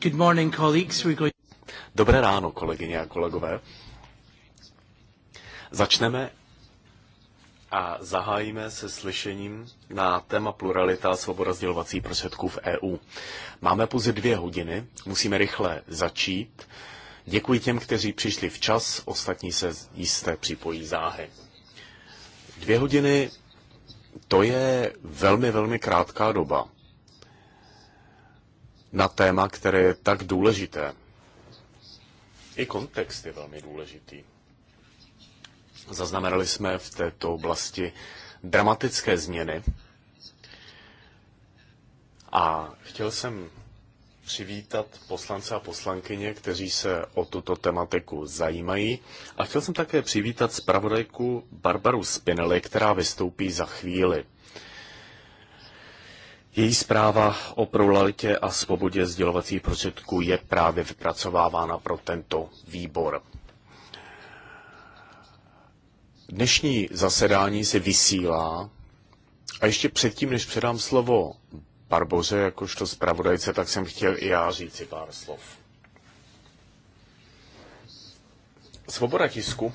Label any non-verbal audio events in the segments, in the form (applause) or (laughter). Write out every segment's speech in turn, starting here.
Good morning, colleagues. We're going... Dobré ráno, kolegyně a kolegové. Začneme a zahájíme se slyšením na téma pluralita a svoboda sdělovacích prostředků v EU. Máme pouze dvě hodiny, musíme rychle začít. Děkuji těm, kteří přišli včas, ostatní se jisté připojí záhy. Dvě hodiny, to je velmi, velmi krátká doba na téma, které je tak důležité. I kontext je velmi důležitý. Zaznamenali jsme v této oblasti dramatické změny a chtěl jsem přivítat poslance a poslankyně, kteří se o tuto tematiku zajímají. A chtěl jsem také přivítat zpravodajku Barbaru Spinelli, která vystoupí za chvíli. Její zpráva o pluralitě a svobodě sdělovacích prostředků je právě vypracovávána pro tento výbor. Dnešní zasedání se vysílá a ještě předtím, než předám slovo Barboře, jakožto zpravodajce, tak jsem chtěl i já říci pár slov. Svoboda tisku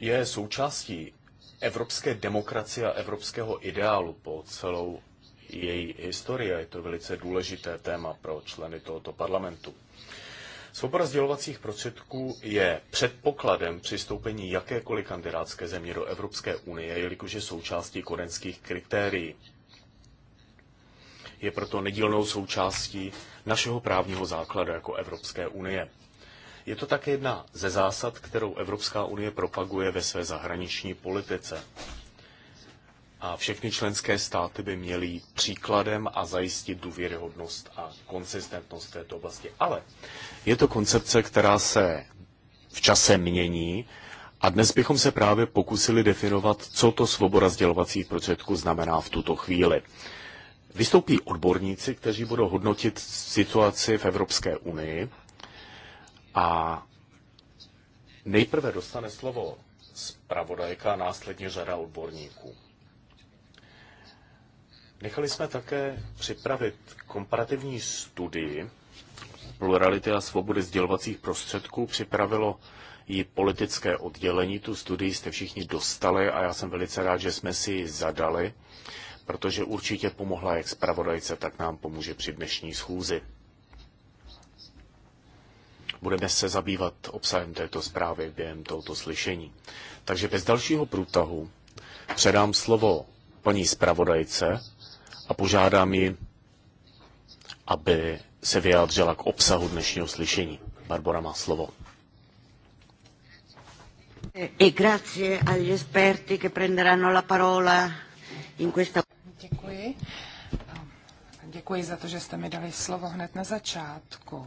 je součástí evropské demokracie a evropského ideálu po celou její historii. Je to velice důležité téma pro členy tohoto parlamentu. Svoboda sdělovacích prostředků je předpokladem přistoupení jakékoliv kandidátské země do Evropské unie, jelikož je součástí kodenských kritérií. Je proto nedílnou součástí našeho právního základu jako Evropské unie. Je to také jedna ze zásad, kterou Evropská unie propaguje ve své zahraniční politice. A všechny členské státy by měly jít příkladem a zajistit důvěryhodnost a konsistentnost této oblasti. Ale je to koncepce, která se v čase mění a dnes bychom se právě pokusili definovat, co to svoboda sdělovacích prostředků znamená v tuto chvíli. Vystoupí odborníci, kteří budou hodnotit situaci v Evropské unii, a nejprve dostane slovo zpravodajka a následně řada odborníků. Nechali jsme také připravit komparativní studii plurality a svobody sdělovacích prostředků. Připravilo ji politické oddělení. Tu studii jste všichni dostali a já jsem velice rád, že jsme si ji zadali, protože určitě pomohla jak zpravodajce, tak nám pomůže při dnešní schůzi. Budeme se zabývat obsahem této zprávy během tohoto slyšení. Takže bez dalšího průtahu předám slovo paní zpravodajce a požádám ji, aby se vyjádřila k obsahu dnešního slyšení. Barbara má slovo. E grazie agli esperti che prenderanno la parola in questa... Děkuji. Děkuji za to, že jste mi dali slovo hned na začátku.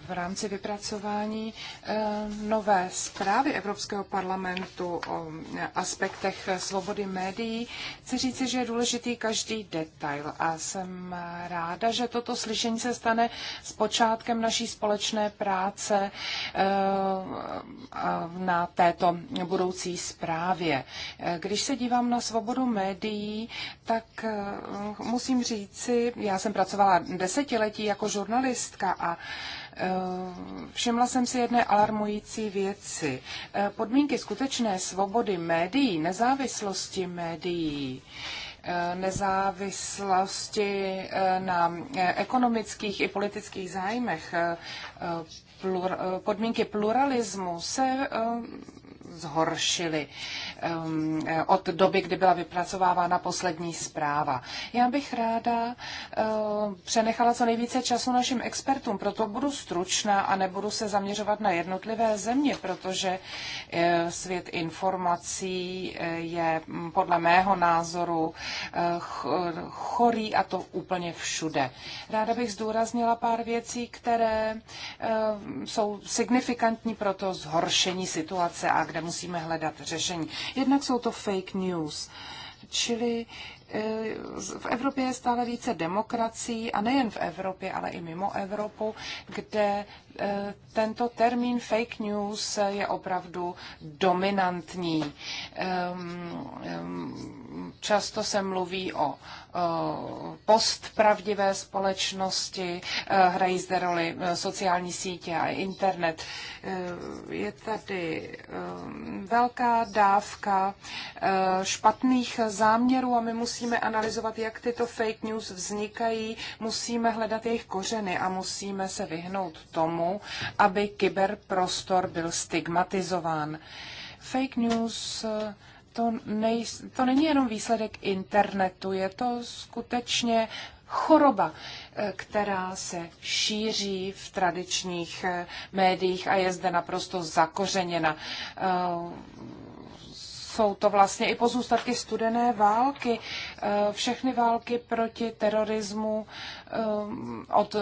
v rámci vypracování eh, nové zprávy Evropského parlamentu o eh, aspektech eh, svobody médií. Chci říci, že je důležitý každý detail a jsem ráda, že toto slyšení se stane s počátkem naší společné práce na této budoucí zprávě. Když se dívám na svobodu médií, tak musím říci, já jsem pracovala desetiletí jako žurnalistka a Všimla jsem si jedné alarmující věci. Eh, podmínky skutečné svobody médií, nezávislosti médií, eh, nezávislosti eh, na ekonomických i politických zájmech, podmínky pluralismu se zhoršily um, eh, od doby, kdy byla vypracovávána poslední zpráva. Já bych ráda eh, přenechala co nejvíce času našim expertům, proto budu stručná a nebudu se zaměřovat na jednotlivé země, protože eh, svět informací je mm, podle mého názoru chorý a to úplně všude. Ráda bych zdůraznila pár věcí, které jsou signifikantní pro to zhoršení situace a kde musíme hledat řešení. Jednak jsou to fake news, čili eh, v Evropě je stále více demokracií a nejen v Evropě, ale i mimo Evropu, kde Eh, tento termín fake news je opravdu dominantní. Ehm, ehm, často se mluví o postpravdivé společnosti, eh, hrají zde roli eh, sociální sítě a internet. Je tady ehm, velká dávka špatných záměrů a my musíme analyzovat, jak tyto fake news vznikají, musíme hledat jejich kořeny a musíme se vyhnout tomu, tomu, aby kyberprostor byl stigmatizován. Fake news to, nej, to není jenom výsledek internetu, je to skutečně choroba, eh, která se šíří v tradičních eh, médiích a je zde naprosto zakořeněna. Eh, jsou to vlastně i pozůstatky studené války, všechny války proti terorismu od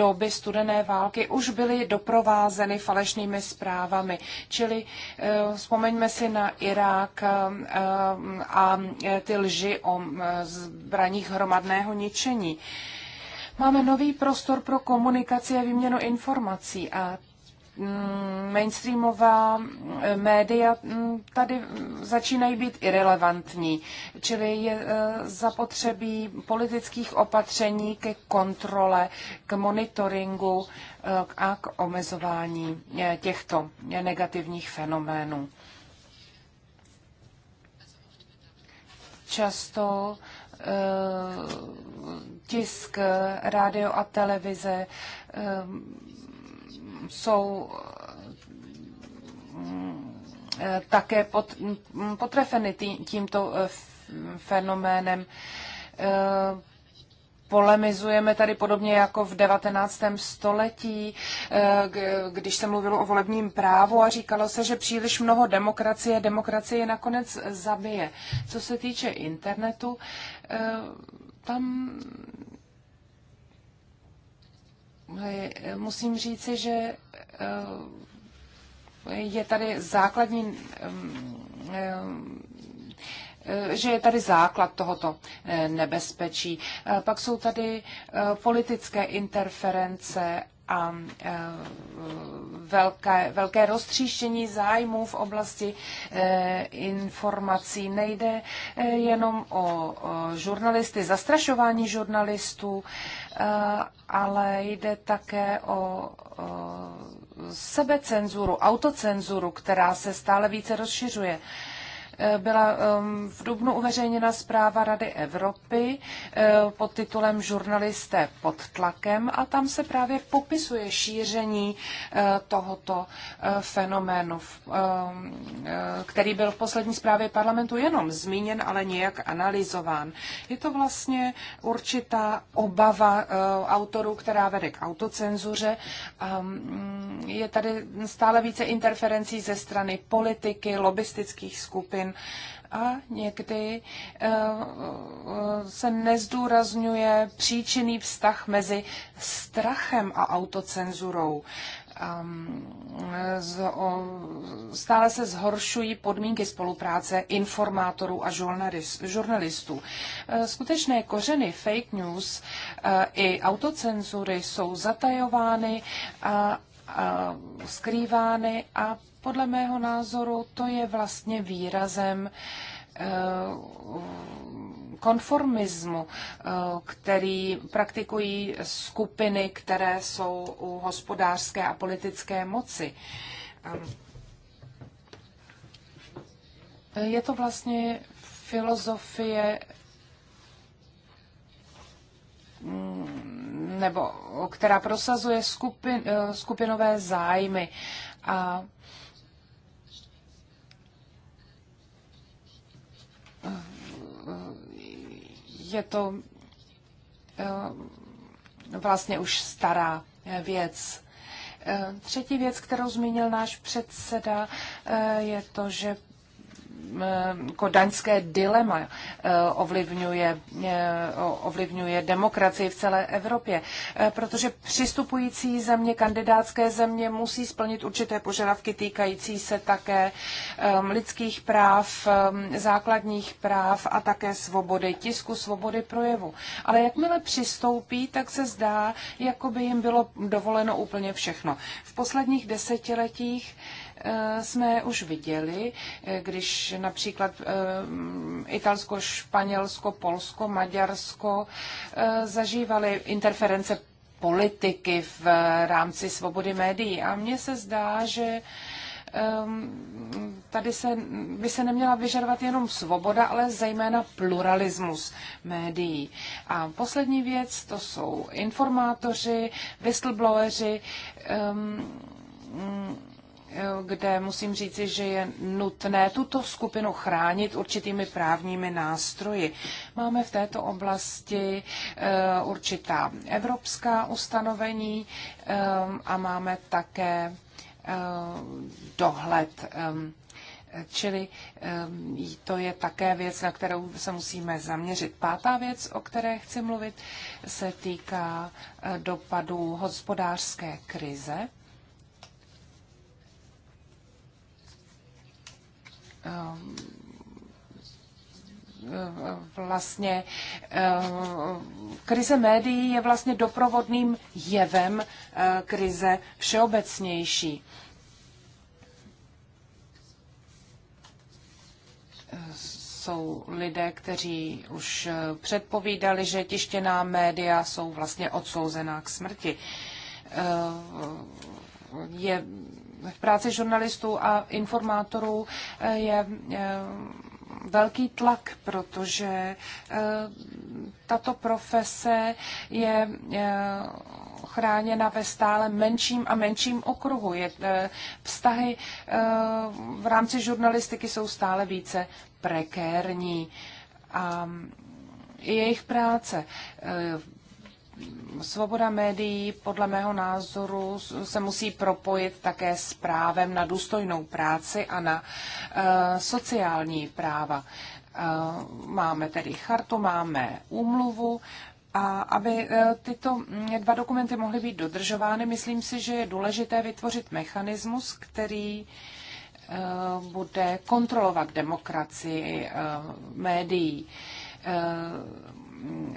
doby studené války už byly doprovázeny falešnými zprávami. Čili eh, vzpomeňme si na Irák eh, eh, a ty lži o zbraních hromadného ničení. Máme nový prostor pro komunikaci a výměnu informací a Mm, mainstreamová mm, média mm, tady začínají být irrelevantní, čili je e, zapotřebí politických opatření ke kontrole, k monitoringu e, a k omezování e, těchto negativních fenoménů. Často tisk, rádio a televize jsou eh, eh, také mm, potrefeny tímto eh, fenoménem. Polemizujeme tady podobně jako v 19. století, když se mluvilo o volebním právu a říkalo se, že příliš mnoho demokracie demokracie nakonec zabije. Co se týče internetu, tam Eh, musím říci, že eh, je tady základní eh, že je tady základ tohoto nebezpečí. Pak jsou tady politické interference a e, velké, velké roztříštění zájmů v oblasti e, informací. Nejde e, jenom o žurnalisty, zastrašování žurnalistů, ale jde také o sebecenzuru, autocenzuru, která se stále více rozšiřuje byla um, v Dubnu uveřejněna zpráva Rady Evropy uh, pod titulem Žurnalisté pod tlakem a tam se právě popisuje šíření uh, tohoto uh, fenoménu, um, který byl v poslední zprávě parlamentu jenom zmíněn, ale nějak analyzován. Je to vlastně určitá obava autorů, která vede k autocenzuře. Um, je tady stále více interferencí ze strany politiky, lobbystických skupin a někdy eh, eh, se nezdůrazňuje příčinný vztah mezi strachem a autocenzurou ehm, stále se zhoršují podmínky spolupráce informátorů a žurnalistů. Eh, skutečné kořeny fake news i autocenzury jsou zatajovány a skrývány a podle mého názoru to je vlastně výrazem e, konformismu, e, který praktikují skupiny, které jsou u hospodářské a politické moci. E, je to vlastně filozofie Mm, nebo která prosazuje skupin, eh, skupinové zájmy. A eh, je to eh, vlastně už stará věc. Třetí věc, kterou zmínil náš předseda, je to, že kodaňské jako dilema eh, ovlivňuje, eh, ovlivňuje demokracii v celé Evropě, eh, protože přistupující země, kandidátské země musí splnit určité požadavky týkající se také lidských práv, základních práv a také svobody tisku, svobody projevu. Ale jakmile přistoupí, tak se zdá, jako by jim bylo dovoleno úplně všechno. V posledních desetiletích Eh, jsme už viděli, eh, když například eh, Italsko, Španělsko, Polsko, Maďarsko zažívali interference politiky v rámci svobody médií. A mně se zdá, že ehm, tady se, by se neměla vyžadovat jenom svoboda, ale zejména pluralismus médií. A poslední věc, to jsou informátoři, whistlebloweri, um, ehm, kde musím říci, že je nutné tuto skupinu chránit určitými právními nástroji. Máme v této oblasti eh, určitá evropská ustanovení eh, a máme také eh, dohled. Čili to je také věc, na kterou se musíme zaměřit. Pátá věc, o které chci mluvit, se týká dopadů hospodářské krize vlastně eh, krize médií je vlastně doprovodným jevem eh, krize všeobecnější. Jsou lidé, kteří už předpovídali, že tištěná média jsou vlastně odsouzená k smrti. Eh, je v práci žurnalistů a informátorů eh, je eh, velký tlak, protože eh, tato profese je chráněna ve stále menším a menším okruhu. Je, vztahy v rámci žurnalistiky jsou stále více prekérní a jejich práce Svoboda médií podle mého názoru se musí propojit také s právem na důstojnou práci a na eh, sociální práva. Eh, máme tedy chartu, máme úmluvu, a aby eh, tyto mm, dva dokumenty mohly být dodržovány, myslím si, že je důležité vytvořit mechanismus, který bude kontrolovat demokracii médií. Mm,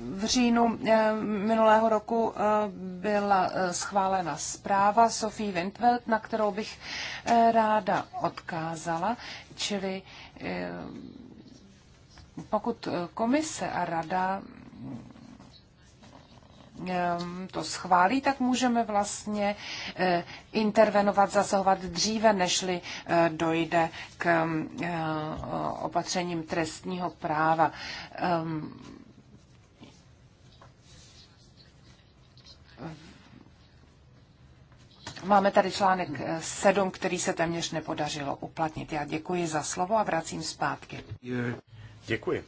v říjnu eh, minulého roku eh, byla eh, schválena zpráva Sofie Windveld, na kterou bych ráda odkázala, čili pokud komise a rada to schválí, tak můžeme vlastně intervenovat, zasahovat dříve, nežli dojde k opatřením trestního práva. Ehm, Máme tady článek 7, eh, který se téměř nepodařilo uplatnit. Já děkuji za slovo a vracím zpátky. Děkuji.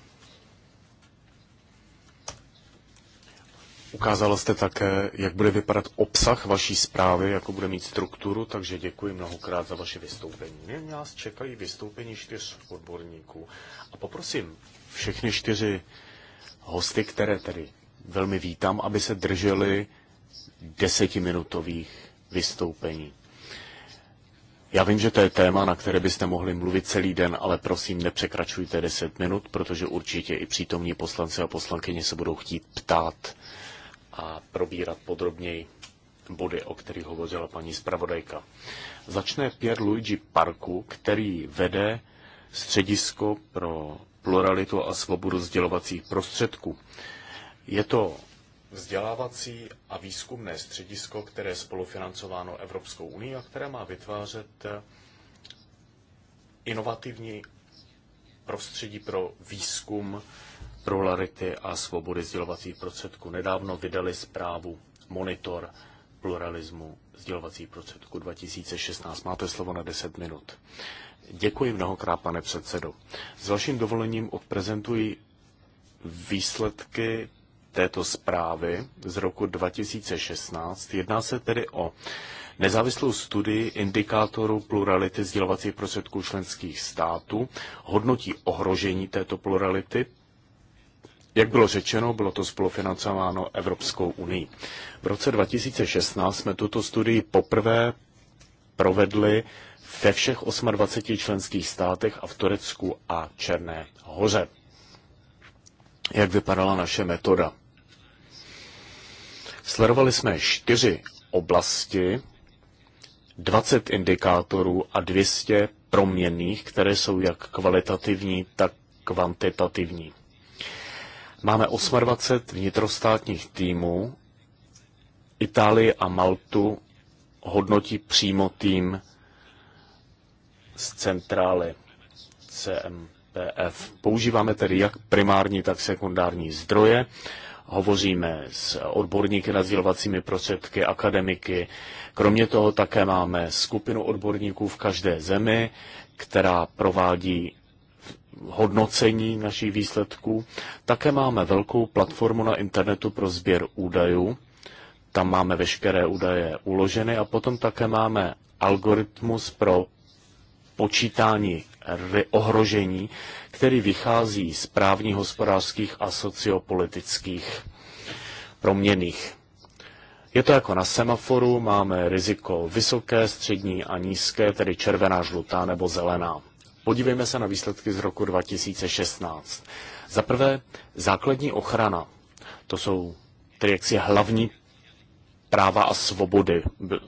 Ukázala jste také, jak bude vypadat obsah vaší zprávy, jako bude mít strukturu, takže děkuji mnohokrát za vaše vystoupení. Mě nás čekají vystoupení čtyř odborníků a poprosím všechny čtyři hosty, které tedy velmi vítám, aby se drželi desetiminutových vystoupení. Já vím, že to je téma, na které byste mohli mluvit celý den, ale prosím, nepřekračujte 10 minut, protože určitě i přítomní poslanci a poslankyně se budou chtít ptát a probírat podrobněji body, o kterých hovořila paní zpravodajka. Začne Pierre Luigi Parku, který vede středisko pro pluralitu a svobodu sdělovacích prostředků. Je to vzdělávací a výzkumné středisko, které je spolufinancováno Evropskou unii a které má vytvářet eh, inovativní prostředí pro výzkum plurality a svobody sdělovacích prostředků. Nedávno vydali zprávu Monitor pluralismu sdělovacích prostředků 2016. Máte slovo na 10 minut. Děkuji mnohokrát, pane předsedo. S vaším dovolením odprezentuji výsledky této zprávy z roku 2016. Jedná se tedy o nezávislou studii indikátoru plurality sdělovacích prostředků členských států, hodnotí ohrožení této plurality, jak bylo řečeno, bylo to spolufinancováno Evropskou unii. V roce 2016 jsme tuto studii poprvé provedli ve všech 28 členských státech a v Turecku a Černé hoře. Jak vypadala naše metoda? Sledovali jsme čtyři oblasti, 20 indikátorů a 200 proměnných, které jsou jak kvalitativní, tak kvantitativní. Máme 28 vnitrostátních týmů. Itálii a Maltu hodnotí přímo tým z centrály CMPF. Používáme tedy jak primární, tak sekundární zdroje hovoříme s odborníky nad sdělovacími prostředky, akademiky. Kromě toho také máme skupinu odborníků v každé zemi, která provádí hodnocení našich výsledků. Také máme velkou platformu na internetu pro sběr údajů. Tam máme veškeré údaje uloženy a potom také máme algoritmus pro počítání ohrožení, který vychází z právních, hospodářských a sociopolitických proměných. Je to jako na semaforu, máme riziko vysoké, střední a nízké, tedy červená, žlutá nebo zelená. Podívejme se na výsledky z roku 2016. Za prvé, základní ochrana. To jsou tedy jaksi hlavní práva a svobody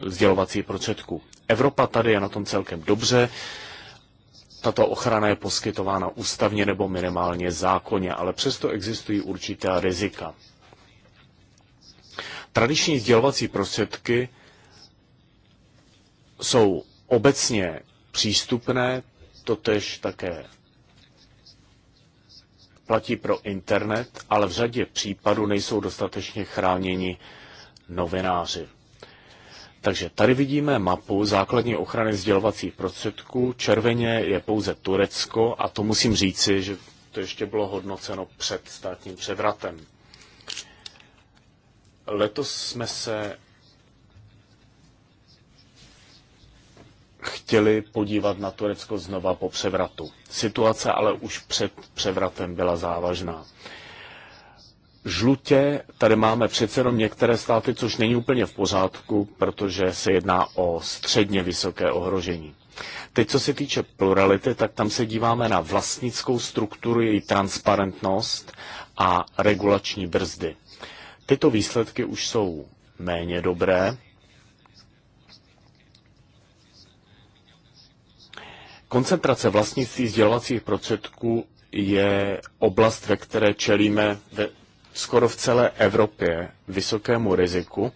sdělovacích prostředků. Evropa tady je na tom celkem dobře tato ochrana je poskytována ústavně nebo minimálně zákonně, ale přesto existují určitá rizika. Tradiční sdělovací prostředky jsou obecně přístupné, totež také platí pro internet, ale v řadě případů nejsou dostatečně chráněni novináři. Takže tady vidíme mapu základní ochrany sdělovacích prostředků. Červeně je pouze Turecko a to musím říci, že to ještě bylo hodnoceno před státním převratem. Letos jsme se chtěli podívat na Turecko znova po převratu. Situace ale už před převratem byla závažná žlutě tady máme přece jenom některé státy, což není úplně v pořádku, protože se jedná o středně vysoké ohrožení. Teď, co se týče plurality, tak tam se díváme na vlastnickou strukturu, její transparentnost a regulační brzdy. Tyto výsledky už jsou méně dobré. Koncentrace vlastnictví sdělovacích prostředků je oblast, ve které čelíme ve skoro v celé Evropě vysokému riziku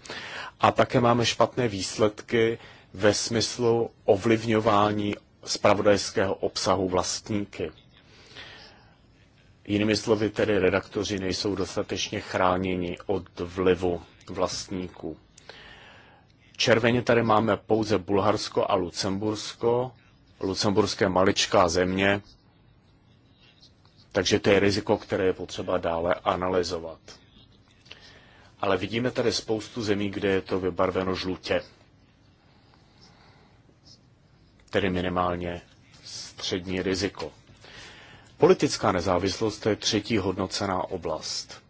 a také máme špatné výsledky ve smyslu ovlivňování spravodajského obsahu vlastníky. Jinými slovy, tedy redaktoři nejsou dostatečně chráněni od vlivu vlastníků. Červeně tady máme pouze Bulharsko a Lucembursko. Lucemburské maličká země, takže to je riziko, které je potřeba dále analyzovat. Ale vidíme tady spoustu zemí, kde je to vybarveno žlutě. Tedy minimálně střední riziko. Politická nezávislost to je třetí hodnocená oblast.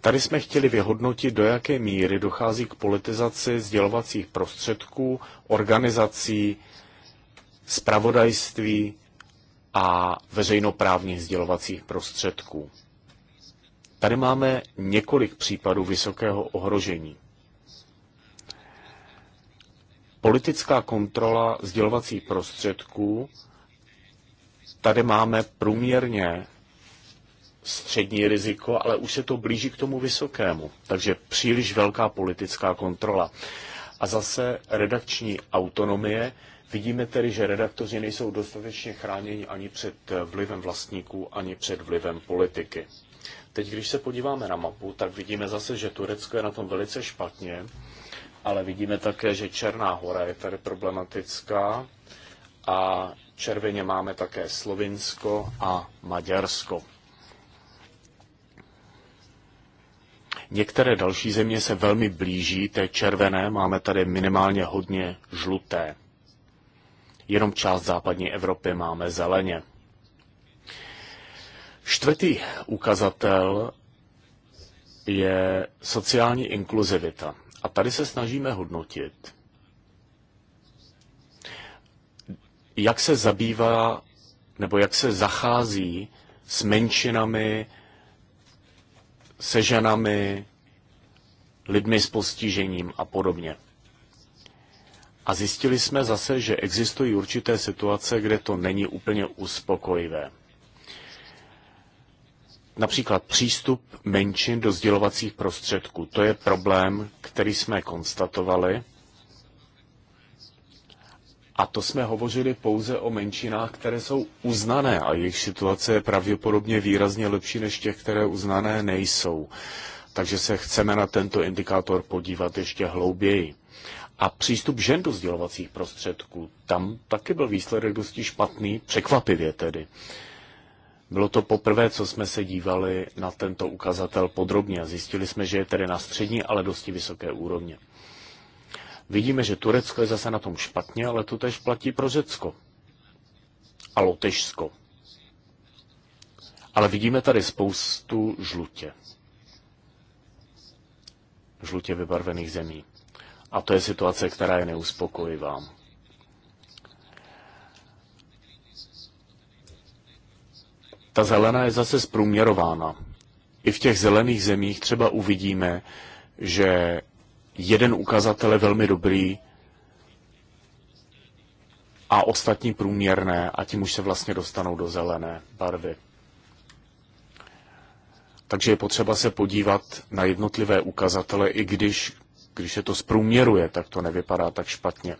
Tady jsme chtěli vyhodnotit, do jaké míry dochází k politizaci sdělovacích prostředků, organizací, spravodajství, a veřejnoprávních sdělovacích prostředků. Tady máme několik případů vysokého ohrožení. Politická kontrola sdělovacích prostředků. Tady máme průměrně střední riziko, ale už se to blíží k tomu vysokému. Takže příliš velká politická kontrola. A zase redakční autonomie Vidíme tedy, že redaktoři nejsou dostatečně chráněni ani před vlivem vlastníků, ani před vlivem politiky. Teď, když se podíváme na mapu, tak vidíme zase, že Turecko je na tom velice špatně, ale vidíme také, že Černá hora je tady problematická a červeně máme také Slovinsko a Maďarsko. Některé další země se velmi blíží té červené, máme tady minimálně hodně žluté jenom část západní Evropy máme zeleně. Čtvrtý ukazatel je sociální inkluzivita. A tady se snažíme hodnotit, jak se zabývá nebo jak se zachází s menšinami, se ženami, lidmi s postižením a podobně. A zjistili jsme zase, že existují určité situace, kde to není úplně uspokojivé. Například přístup menšin do sdělovacích prostředků. To je problém, který jsme konstatovali. A to jsme hovořili pouze o menšinách, které jsou uznané a jejich situace je pravděpodobně výrazně lepší než těch, které uznané nejsou. Takže se chceme na tento indikátor podívat ještě hlouběji. A přístup žen do sdělovacích prostředků, tam taky byl výsledek dosti špatný, překvapivě tedy. Bylo to poprvé, co jsme se dívali na tento ukazatel podrobně a zjistili jsme, že je tedy na střední, ale dosti vysoké úrovně. Vidíme, že Turecko je zase na tom špatně, ale to tež platí pro Řecko a Lotyšsko. Ale vidíme tady spoustu žlutě. Žlutě vybarvených zemí. A to je situace, která je neuspokojivá. Ta zelená je zase zprůměrována. I v těch zelených zemích třeba uvidíme, že jeden ukazatel je velmi dobrý a ostatní průměrné a tím už se vlastně dostanou do zelené barvy. Takže je potřeba se podívat na jednotlivé ukazatele, i když když se to zprůměruje, tak to nevypadá tak špatně.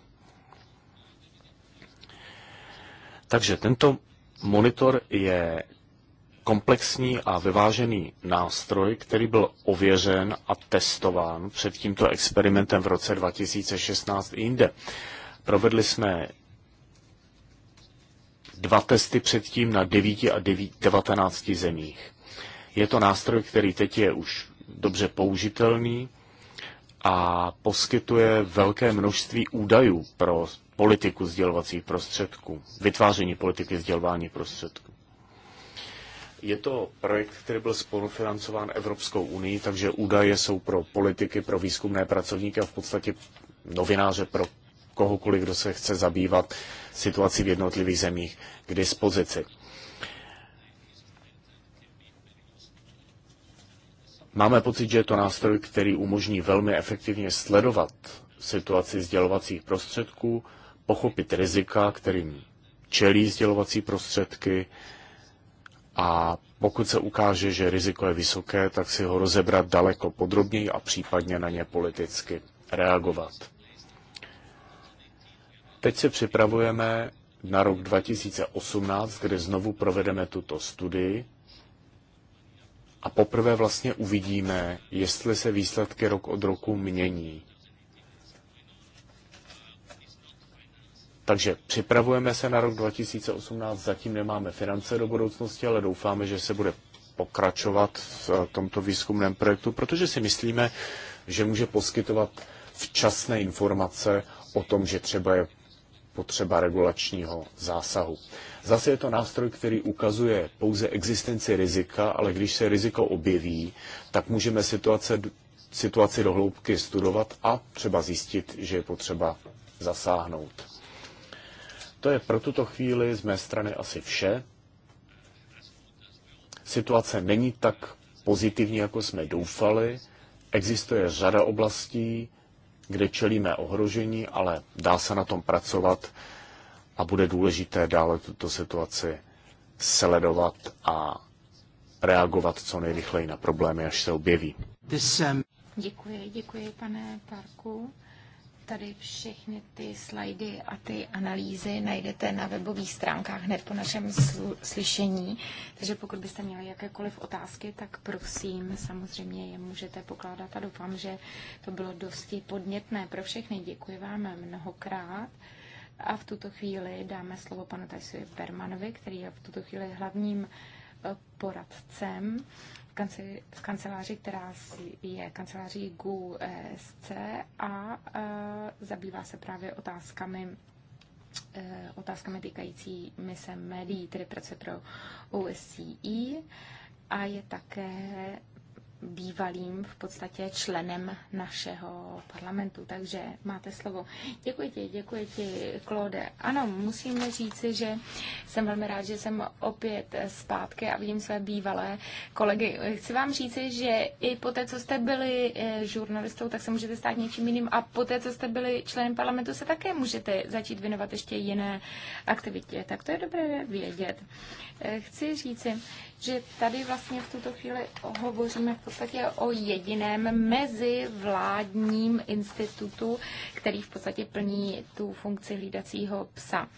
Takže tento monitor je komplexní a vyvážený nástroj, který byl ověřen a testován před tímto experimentem v roce 2016 i jinde. Provedli jsme dva testy předtím na 9 a 9, 19 zemích. Je to nástroj, který teď je už dobře použitelný, a poskytuje velké množství údajů pro politiku sdělovacích prostředků, vytváření politiky sdělování prostředků. Je to projekt, který byl spolufinancován Evropskou unii, takže údaje jsou pro politiky, pro výzkumné pracovníky a v podstatě novináře pro kohokoliv, kdo se chce zabývat situací v jednotlivých zemích k dispozici. Máme pocit, že je to nástroj, který umožní velmi efektivně sledovat situaci sdělovacích prostředků, pochopit rizika, kterým čelí sdělovací prostředky a pokud se ukáže, že riziko je vysoké, tak si ho rozebrat daleko podrobněji a případně na ně politicky reagovat. Teď se připravujeme na rok 2018, kde znovu provedeme tuto studii a poprvé vlastně uvidíme, jestli se výsledky rok od roku mění. Takže připravujeme se na rok 2018, zatím nemáme finance do budoucnosti, ale doufáme, že se bude pokračovat v eh, tomto výzkumném projektu, protože si myslíme, že může poskytovat včasné informace o tom, že třeba je potřeba regulačního zásahu. Zase je to nástroj, který ukazuje pouze existenci rizika, ale když se riziko objeví, tak můžeme situace, situaci dohloubky studovat a třeba zjistit, že je potřeba zasáhnout. To je pro tuto chvíli z mé strany asi vše. Situace není tak pozitivní, jako jsme doufali. Existuje řada oblastí, kde čelíme ohrožení, ale dá se na tom pracovat a bude důležité dále tuto situaci sledovat a reagovat co nejrychleji na problémy, až se objeví. Děkuji, děkuji, pane Parku. Tady všechny ty slajdy a ty analýzy najdete na webových stránkách hned po našem slyšení. Takže pokud byste měli jakékoliv otázky, tak prosím, samozřejmě je můžete pokládat a doufám, že to bylo dosti podnětné pro všechny. Děkuji vám mnohokrát. A v tuto chvíli dáme slovo panu Tajsovi Permanovi, který je v tuto chvíli hlavním eh, poradcem v kanceláři, která je kanceláří GUSC a eh, zabývá se právě otázkami eh, otázkami týkajícími se médií, tedy pracuje pro OSCE a je také bývalým v podstatě členem našeho parlamentu. Takže máte slovo. Děkuji ti, děkuji ti, Klode. Ano, musím říci, že jsem velmi rád, že jsem opět zpátky a vidím své bývalé kolegy. Chci vám říci, že i po té, co jste byli eh, žurnalistou, tak se můžete stát něčím jiným a po té, co jste byli členem parlamentu, se také můžete začít věnovat ještě jiné aktivitě. Tak to je dobré vědět. Eh, chci říci, že tady vlastně v tuto chvíli hovoříme v podstatě o jediném mezivládním institutu, který v podstatě plní tu funkci hlídacího psa.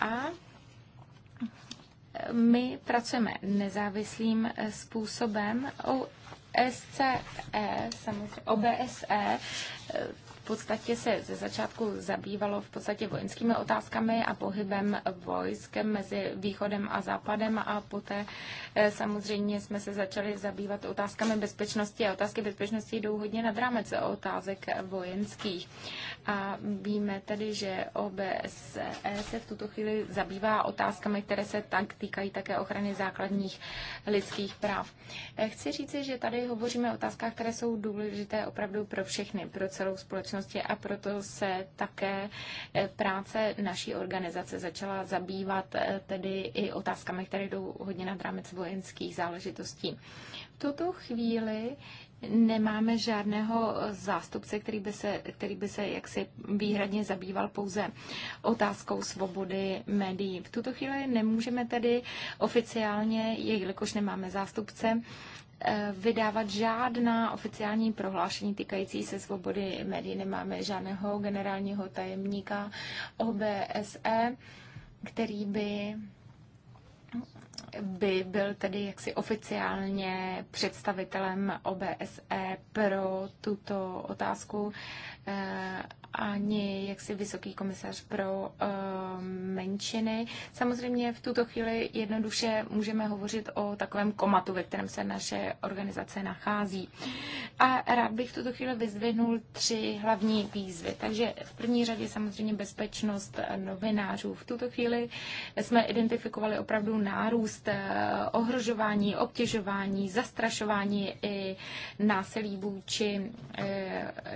A my pracujeme nezávislým způsobem. SCE, samozřejmě OBSE, podstatě se ze začátku zabývalo v podstatě vojenskými otázkami a pohybem vojsk mezi východem a západem a poté eh, samozřejmě jsme se začali zabývat otázkami bezpečnosti a otázky bezpečnosti jdou hodně nad rámec otázek vojenských. A víme tedy, že OBSE se v tuto chvíli zabývá otázkami, které se tak týkají také ochrany základních lidských práv. Eh, chci říci, že tady hovoříme o otázkách, které jsou důležité opravdu pro všechny, pro celou společnost společnosti a proto se také eh, práce naší organizace začala zabývat eh, tedy i otázkami, které jdou hodně nad rámec vojenských záležitostí. V tuto chvíli Nemáme žádného eh, zástupce, který by, se, který by se jaksi výhradně zabýval pouze otázkou svobody médií. V tuto chvíli nemůžeme tedy oficiálně, jelikož nemáme zástupce, Eh, vydávat žádná oficiální prohlášení týkající se svobody médií. Nemáme žádného generálního tajemníka OBSE, který by by byl tedy jaksi oficiálně představitelem OBSE pro tuto otázku. Eh, ani jaksi vysoký komisař pro eh, menšiny. Samozřejmě v tuto chvíli jednoduše můžeme hovořit o takovém komatu, ve kterém se naše organizace nachází. A rád bych v tuto chvíli vyzvihnul tři hlavní výzvy. Takže v první řadě samozřejmě bezpečnost novinářů. V tuto chvíli jsme identifikovali opravdu nárůst eh, ohrožování, obtěžování, zastrašování i násilí vůči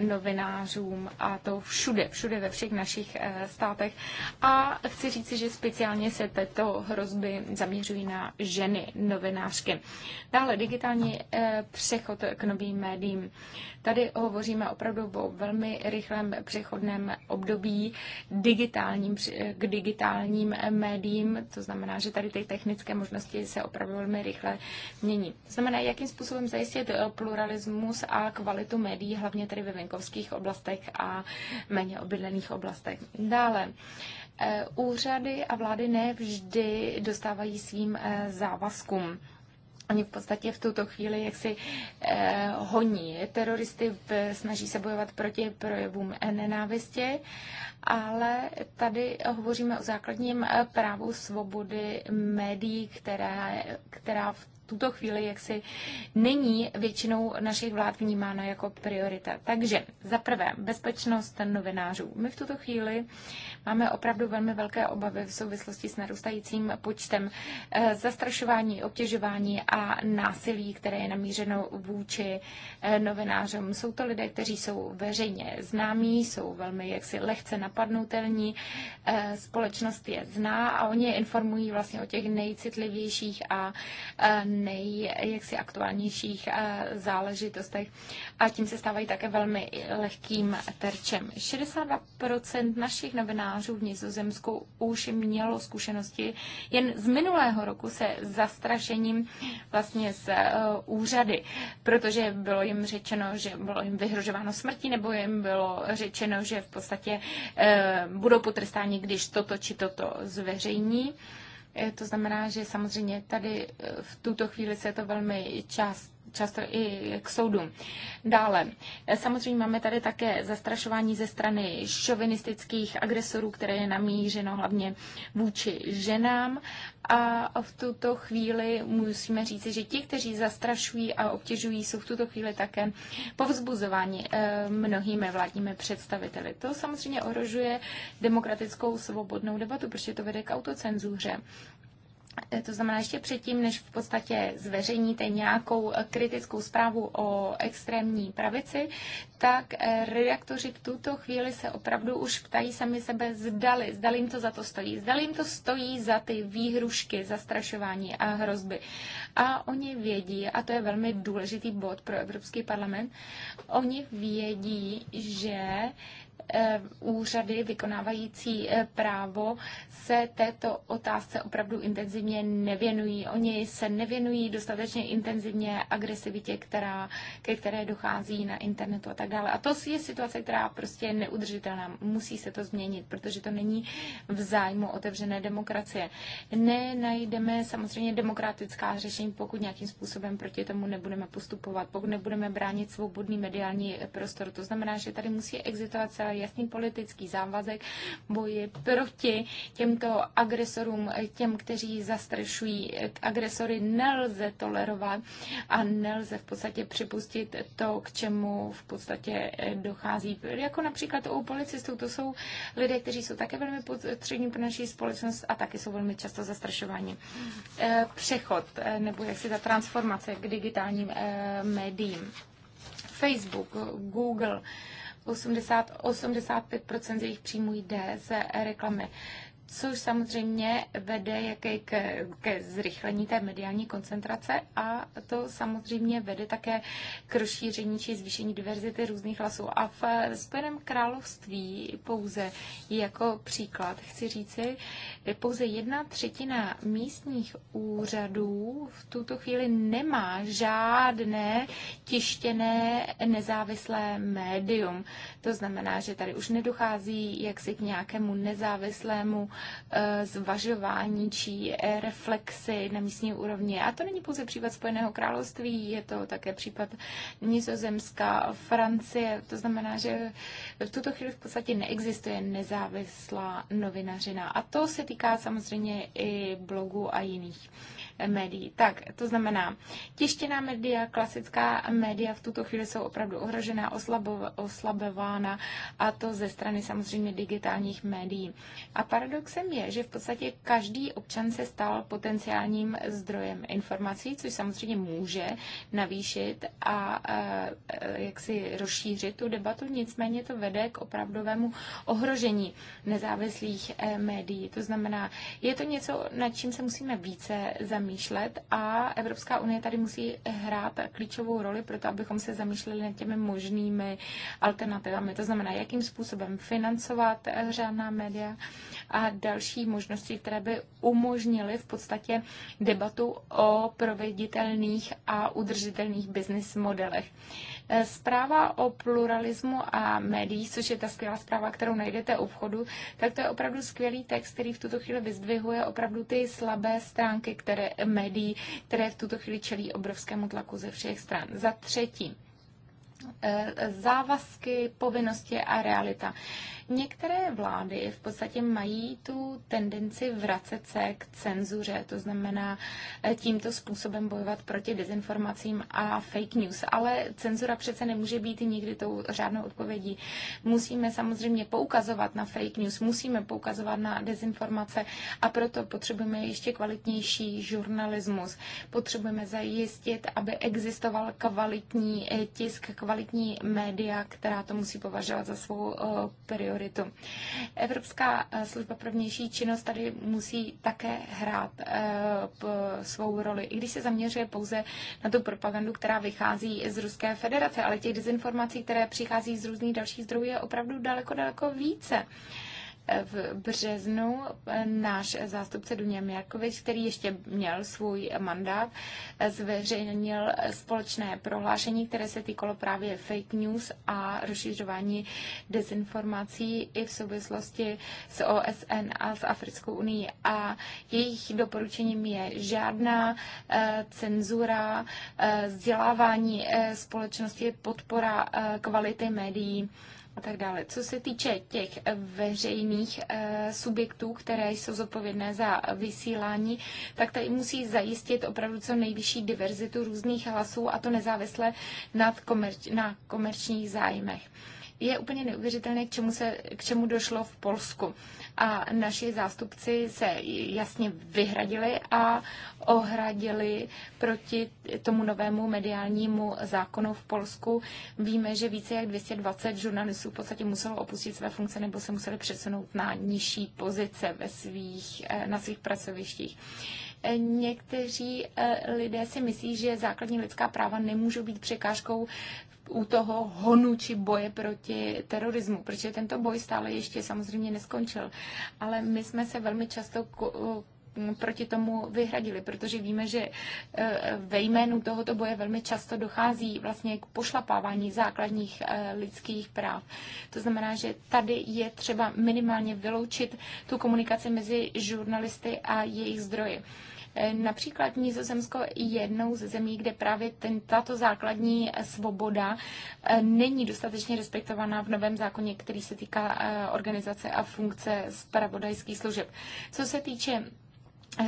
novinářů lékařům a to všude, všude ve všech našich eh, státech. A chci říci, že speciálně se této hrozby zaměřují na ženy novinářky. Dále digitální eh, přechod k novým médiím. Tady hovoříme opravdu o velmi rychlém přechodném období digitálním, eh, k digitálním médiím. To znamená, že tady ty technické možnosti se opravdu velmi rychle mění. To znamená, jakým způsobem zajistit pluralismus a kvalitu médií, hlavně tedy ve venkovských oblastech městech a méně obydlených oblastech. Dále, eh, úřady a vlády ne vždy dostávají svým eh, závazkům. Oni v podstatě v tuto chvíli jaksi eh, honí teroristy, v, snaží se bojovat proti projevům nenávistě, ale tady hovoříme o základním eh, právu svobody médií, která, která v tuto chvíli jaksi není většinou našich vlád vnímána jako priorita. Takže za prvé, bezpečnost novinářů. My v tuto chvíli máme opravdu velmi velké obavy v souvislosti s narůstajícím počtem eh, zastrašování, obtěžování a násilí, které je namířeno vůči eh, novinářům. Jsou to lidé, kteří jsou veřejně známí, jsou velmi jaksi lehce napadnutelní, eh, společnost je zná a oni informují vlastně o těch nejcitlivějších a nejjaksi aktuálnějších eh, záležitostech a tím se stávají také velmi lehkým terčem. 62% našich novinářů v Nizozemsku už mělo zkušenosti jen z minulého roku se zastrašením vlastně z eh, úřady, protože bylo jim řečeno, že bylo jim vyhrožováno smrtí nebo jim bylo řečeno, že v podstatě eh, budou potrestáni, když toto či toto zveřejní. Eh, to znamená, že samozřejmě tady eh, v tuto chvíli se to velmi část často i k soudu. Dále, samozřejmě máme tady také zastrašování ze strany šovinistických agresorů, které je namířeno hlavně vůči ženám. A v tuto chvíli musíme říci, že ti, kteří zastrašují a obtěžují, jsou v tuto chvíli také povzbuzováni eh, mnohými vládními představiteli. To samozřejmě ohrožuje demokratickou svobodnou debatu, protože to vede k autocenzuře. Eh, to znamená ještě předtím, než v podstatě zveřejníte nějakou eh, kritickou zprávu o extrémní pravici, tak eh, redaktoři v tuto chvíli se opravdu už ptají sami sebe, zdali, zdali jim to za to stojí, zdali jim to stojí za ty výhrušky, zastrašování a hrozby. A oni vědí, a to je velmi důležitý bod pro Evropský parlament, oni vědí, že Eh, úřady vykonávající eh, právo se této otázce opravdu intenzivně nevěnují. Oni se nevěnují dostatečně intenzivně agresivitě, která, ke které dochází na internetu a tak dále. A to je situace, která prostě je neudržitelná. Musí se to změnit, protože to není v zájmu otevřené demokracie. Nenajdeme samozřejmě demokratická řešení, pokud nějakým způsobem proti tomu nebudeme postupovat, pokud nebudeme bránit svobodný mediální eh, prostor. To znamená, že tady musí existovat celá jasný politický závazek boji proti těmto agresorům, těm, kteří zastrašují agresory, nelze tolerovat a nelze v podstatě připustit to, k čemu v podstatě dochází. Jako například u policistů, to jsou lidé, kteří jsou také velmi potřební pro naší společnost a také jsou velmi často zastrašováni. Eh, přechod eh, nebo jak si ta transformace k digitálním eh, médiím. Facebook, Google, 80-85% z jejich příjmů jde z eh, reklamy což samozřejmě vede jaké ke, ke zrychlení té mediální koncentrace a to samozřejmě vede také k rozšíření či zvýšení diverzity různých hlasů. A v Spojeném království pouze jako příklad chci říci, pouze jedna třetina místních úřadů v tuto chvíli nemá žádné tištěné nezávislé médium. To znamená, že tady už nedochází jaksi k nějakému nezávislému Eh, zvažování či eh, reflexy na místní úrovni. A to není pouze případ Spojeného království, je to také případ Nizozemska, Francie. To znamená, že v tuto chvíli v podstatě neexistuje nezávislá novinařina. A to se týká samozřejmě i blogu a jiných médií. Tak, to znamená, tištěná média, klasická média v tuto chvíli jsou opravdu ohrožená, oslabována a to ze strany samozřejmě digitálních médií. A paradoxem je, že v podstatě každý občan se stal potenciálním zdrojem informací, což samozřejmě může navýšit a e, e, jak si rozšířit tu debatu, nicméně to vede k opravdovému ohrožení nezávislých e, médií. To znamená, je to něco, nad čím se musíme více zamýšlet zamýšlet a Evropská unie tady musí hrát klíčovou roli pro to, abychom se zamýšleli nad těmi možnými alternativami. To znamená, jakým způsobem financovat řádná média a další možnosti, které by umožnily v podstatě debatu o proveditelných a udržitelných business modelech. Zpráva o pluralismu a médiích, což je ta skvělá zpráva, kterou najdete u vchodu, tak to je opravdu skvělý text, který v tuto chvíli vyzdvihuje opravdu ty slabé stránky které, médií, které v tuto chvíli čelí obrovskému tlaku ze všech stran. Za třetí, Eh, závazky, povinnosti a realita. Některé vlády v podstatě mají tu tendenci vracet se k cenzuře, to znamená eh, tímto způsobem bojovat proti dezinformacím a fake news. Ale cenzura přece nemůže být nikdy tou řádnou odpovědí. Musíme samozřejmě poukazovat na fake news, musíme poukazovat na dezinformace a proto potřebujeme ještě kvalitnější žurnalismus. Potřebujeme zajistit, aby existoval kvalitní eh, tisk, kvalitní kvalitní média, která to musí považovat za svou eh, prioritu. Evropská eh, služba pro vnější činnost tady musí také hrát eh, svou roli, i když se zaměřuje pouze na tu propagandu, která vychází z Ruské federace, ale těch dezinformací, které přichází z různých dalších zdrojů, je opravdu daleko, daleko více v březnu náš zástupce Duně Mirkovič, který ještě měl svůj mandát, zveřejnil společné prohlášení, které se týkalo právě fake news a rozšiřování dezinformací i v souvislosti s OSN a s Africkou unii. A jejich doporučením je žádná eh, cenzura, eh, vzdělávání eh, společnosti, podpora kvality médií a tak dále. Co se týče těch veřejných eh, subjektů, které jsou zodpovědné za vysílání, tak tady musí zajistit opravdu co nejvyšší diverzitu různých hlasů a to nezávisle nad komerč, na komerčních zájmech je úplně neuvěřitelné, k čemu, se, k čemu došlo v Polsku a naši zástupci se jasně vyhradili a ohradili proti tomu novému mediálnímu zákonu v Polsku. Víme, že více jak 220 žurnalistů v podstatě muselo opustit své funkce nebo se museli přesunout na nižší pozice ve svých, eh, na svých pracovištích eh, někteří eh, lidé si myslí, že základní lidská práva nemůžou být překážkou u toho honu či boje proti terorismu, protože tento boj stále ještě samozřejmě neskončil. Ale my jsme se velmi často proti tomu vyhradili, protože víme, že eh, ve jménu tohoto boje velmi často dochází vlastně k pošlapávání základních eh, lidských práv. To znamená, že tady je třeba minimálně vyloučit tu komunikaci mezi žurnalisty a jejich zdroji. Například Nizozemsko je jednou ze zemí, kde právě ten, tato základní svoboda eh, není dostatečně respektovaná v novém zákoně, který se týká eh, organizace a funkce zpravodajských služeb. Co se týče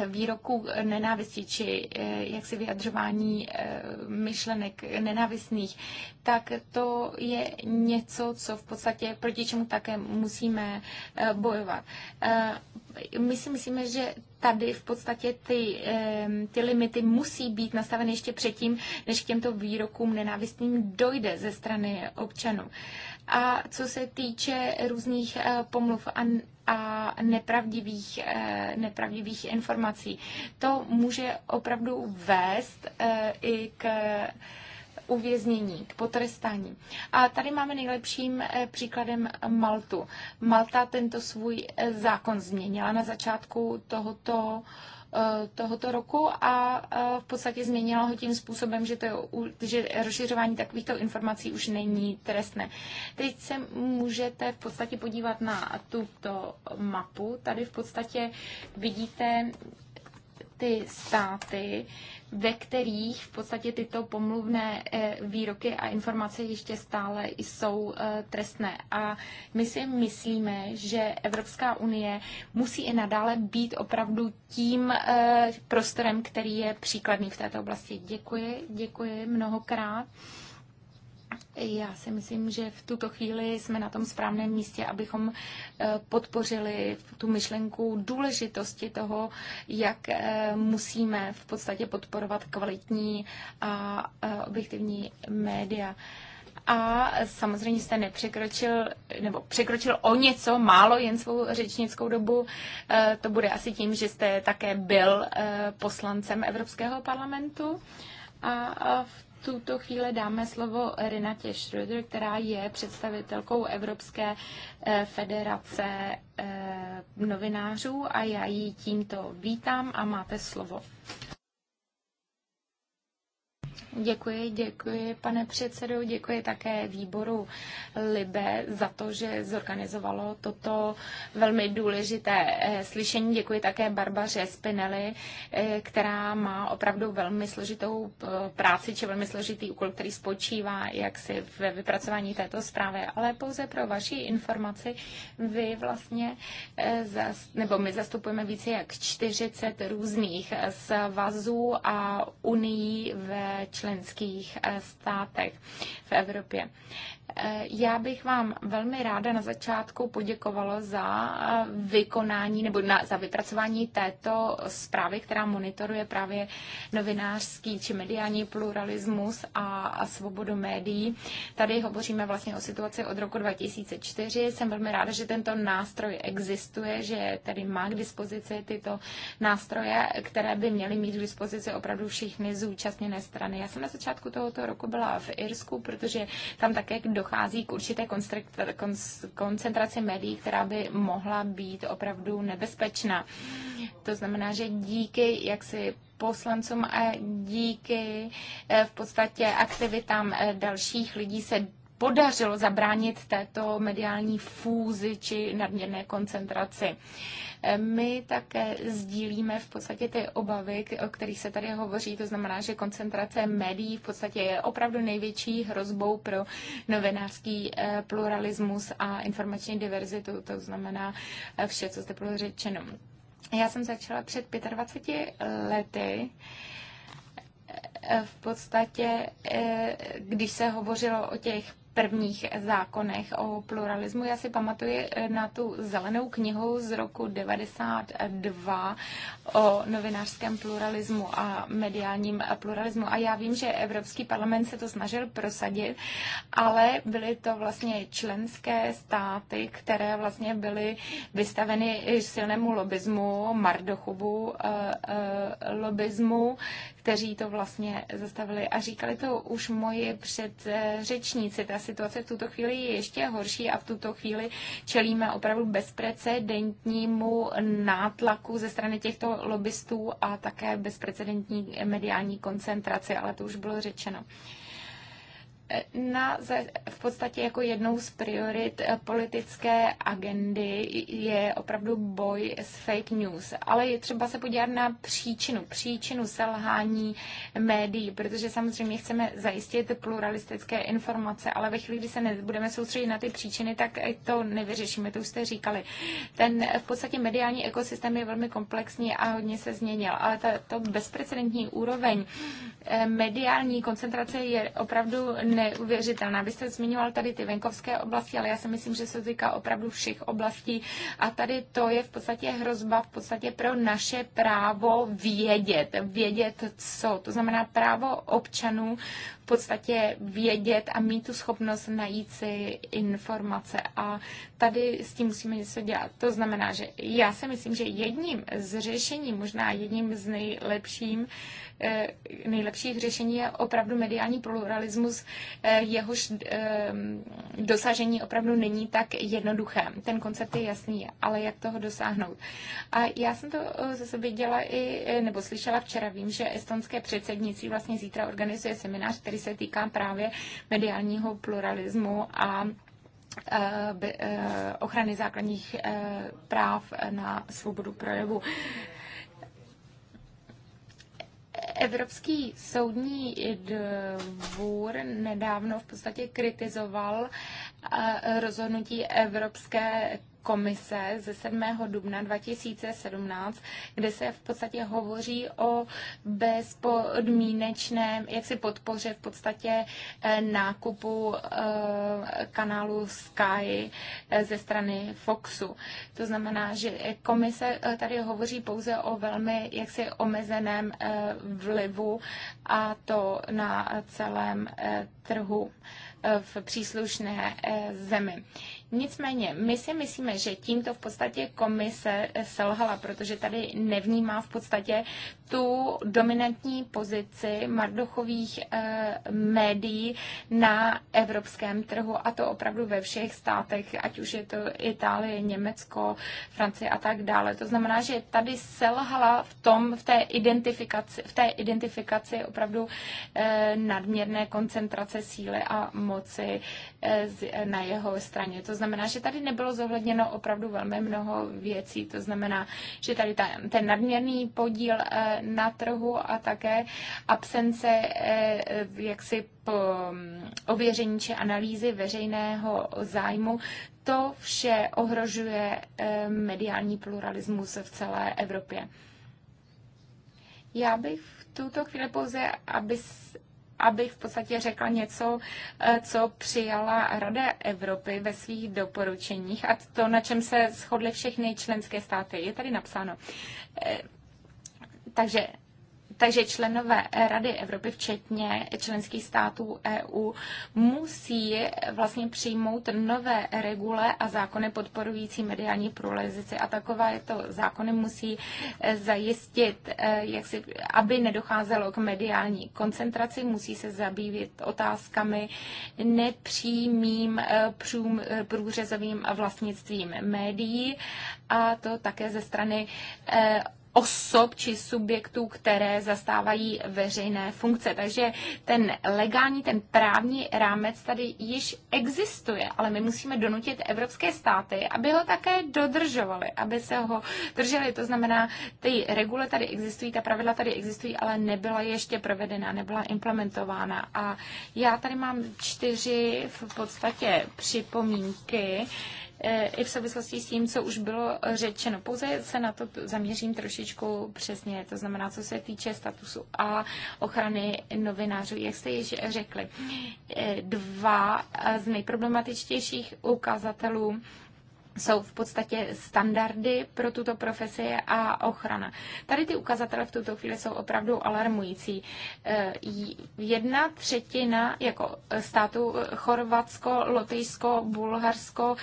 výroku nenávistí či eh, jaksi vyjadřování eh, myšlenek nenávistných, tak to je něco, co v podstatě proti čemu také musíme eh, bojovat. My si myslíme, že tady v podstatě ty, ty limity musí být nastaveny ještě předtím, než k těmto výrokům nenávistným dojde ze strany občanů a co se týče různých eh, pomluv a a nepravdivých, eh, nepravdivých informací. To může opravdu vést eh, i k uvěznění, k potrestání. A tady máme nejlepším příkladem Maltu. Malta tento svůj zákon změnila na začátku tohoto Eh, tohoto roku a eh, v podstatě změnila ho tím způsobem, že, to je, že rozšiřování takovýchto informací už není trestné. Teď se můžete v podstatě podívat na tuto mapu. Tady v podstatě vidíte ty státy, ve kterých v podstatě tyto pomluvné eh, výroky a informace ještě stále jsou eh, trestné. A my si myslíme, že Evropská unie musí i nadále být opravdu tím eh, prostorem, který je příkladný v této oblasti. Děkuji, děkuji mnohokrát. Já si myslím, že v tuto chvíli jsme na tom správném místě, abychom eh, podpořili tu myšlenku důležitosti toho, jak eh, musíme v podstatě podporovat kvalitní a eh, objektivní média a samozřejmě jste nepřekročil, nebo překročil o něco málo jen svou řečnickou dobu. To bude asi tím, že jste také byl poslancem Evropského parlamentu. A v tuto chvíli dáme slovo Renatě Schröder, která je představitelkou Evropské eh, federace eh, novinářů a já ji tímto vítám a máte slovo. Děkuji, děkuji, pane předsedo, děkuji také výboru Libe za to, že zorganizovalo toto velmi důležité eh, slyšení. Děkuji také Barbaře Spinelli, eh, která má opravdu velmi složitou eh, práci, či velmi složitý úkol, který spočívá jaksi ve vypracování této zprávy. Ale pouze pro vaši informaci, vy vlastně, nebo my zastupujeme více jak 40 různých svazů a unii ve členských eh, státech v Evropě. Eh, já bych vám velmi ráda na začátku poděkovala za eh, vykonání nebo na, za vypracování této zprávy, která monitoruje právě novinářský či mediální pluralismus a, a svobodu médií. Tady hovoříme vlastně o situaci od roku 2004. Jsem velmi ráda, že tento nástroj existuje, že tady má k dispozici tyto nástroje, které by měly mít k dispozici opravdu všichni zúčastněné strany. Já jsem na začátku tohoto roku byla v Irsku, protože tam také dochází k určité koncentraci médií, která by mohla být opravdu nebezpečná. To znamená, že díky jaksi poslancům a díky eh, v podstatě aktivitám eh, dalších lidí se podařilo zabránit této mediální fúzi či nadměrné koncentraci. My také sdílíme v podstatě ty obavy, o kterých se tady hovoří, to znamená, že koncentrace médií v podstatě je opravdu největší hrozbou pro novinářský eh, pluralismus a informační diverzitu, to znamená eh, vše, co jste bylo řečeno. Já jsem začala před 25 eh, lety v podstatě, když se hovořilo o těch prvních zákonech o pluralismu. Já si pamatuji eh, na tu zelenou knihu z roku 92 o novinářském pluralismu a mediálním pluralismu. A já vím, že Evropský parlament se to snažil prosadit, ale byly to vlastně členské státy, které vlastně byly vystaveny silnému lobismu, mardochubu eh, eh, lobismu, kteří to vlastně zastavili. A říkali to už moji předřečníci. Ta situace v tuto chvíli je ještě horší a v tuto chvíli čelíme opravdu bezprecedentnímu nátlaku ze strany těchto lobbystů a také bezprecedentní mediální koncentraci, ale to už bylo řečeno na, v podstatě jako jednou z priorit eh, politické agendy je opravdu boj s fake news. Ale je třeba se podívat na příčinu, příčinu selhání médií, protože samozřejmě chceme zajistit pluralistické informace, ale ve chvíli, kdy se nebudeme soustředit na ty příčiny, tak eh, to nevyřešíme, to už jste říkali. Ten eh, v podstatě mediální ekosystém je velmi komplexní a hodně se změnil, ale to, to bezprecedentní úroveň mediální koncentrace je opravdu neuvěřitelná. Vy jste zmiňoval tady ty venkovské oblasti, ale já si myslím, že se týká opravdu všech oblastí a tady to je v podstatě hrozba v podstatě pro naše právo vědět, vědět co. To znamená právo občanů v podstatě vědět a mít tu schopnost najít si informace. A tady s tím musíme něco dělat. To znamená, že já si myslím, že jedním z řešení, možná jedním z nejlepším, eh, nejlepších řešení je opravdu mediální pluralismus Eh, jehož ehm, dosažení opravdu není tak jednoduché. Ten koncept je jasný, ale jak toho dosáhnout. A já jsem to eh, zase viděla i, eh, nebo slyšela včera, vím, že estonské předsednictví vlastně zítra organizuje seminář, který se týká právě mediálního pluralismu a ochrany základních práv na svobodu projevu. Evropský soudní dvůr nedávno v podstatě kritizoval eh, rozhodnutí Evropské komise ze 7. dubna 2017, kde se v podstatě hovoří o bezpodmínečném, jak si podpoře v podstatě eh, nákupu eh, kanálu Sky eh, ze strany Foxu. To znamená, že komise tady hovoří pouze o velmi jaksi omezeném vlivu a to na celém trhu v příslušné eh, zemi. Nicméně, my si myslíme, že tímto v podstatě komise eh, selhala, protože tady nevnímá v podstatě tu dominantní pozici mardochových eh, médií na evropském trhu a to opravdu ve všech státech, ať už je to Itálie, Německo, Francie a tak dále. To znamená, že tady selhala v tom, v té identifikaci, v té identifikaci opravdu nadměrné koncentrace síly a moci moci eh, eh, na jeho straně. To znamená, že tady nebylo zohledněno opravdu velmi mnoho věcí. To znamená, že tady ta, ten nadměrný podíl eh, na trhu a také absence jaksi po mm, ověření či analýzy veřejného zájmu, to vše ohrožuje mediální pluralismus v celé Evropě. Já bych v tuto chvíli pouze, aby, abych v podstatě řekla něco, eh, co přijala Rada Evropy ve svých doporučeních a to, na čem se shodly všechny členské státy. Je tady napsáno. Eh, takže takže členové Rady Evropy, včetně členských států EU, musí vlastně přijmout nové regule a zákony podporující mediální pluralizaci. A taková je to zákony musí eh, zajistit, eh, jak si, aby nedocházelo k mediální koncentraci, musí se zabývat otázkami nepřímým eh, přům, průřezovým vlastnictvím médií a to také ze strany osob či subjektů, které zastávají veřejné funkce. Takže ten legální, ten právní rámec tady již existuje, ale my musíme donutit evropské státy, aby ho také dodržovali, aby se ho drželi. To znamená, ty regule tady existují, ta pravidla tady existují, ale nebyla ještě provedena, nebyla implementována. A já tady mám čtyři v podstatě připomínky E, i v souvislosti s tím, co už bylo řečeno. Pouze se na to zaměřím trošičku přesně, to znamená, co se týče statusu a ochrany novinářů. Jak jste již řekli, e, dva z nejproblematičtějších ukazatelů jsou v podstatě standardy pro tuto profesi a ochrana. Tady ty ukazatele v tuto chvíli jsou opravdu alarmující. Eh, jedna třetina jako eh, státu eh, Chorvatsko, Lotyšsko, Bulharsko,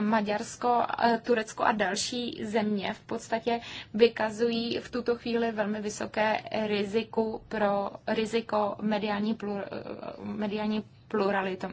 Maďarsko, Turecko a další země v podstatě vykazují v tuto chvíli velmi vysoké riziku pro riziko mediální, plur, mediální pluralitu.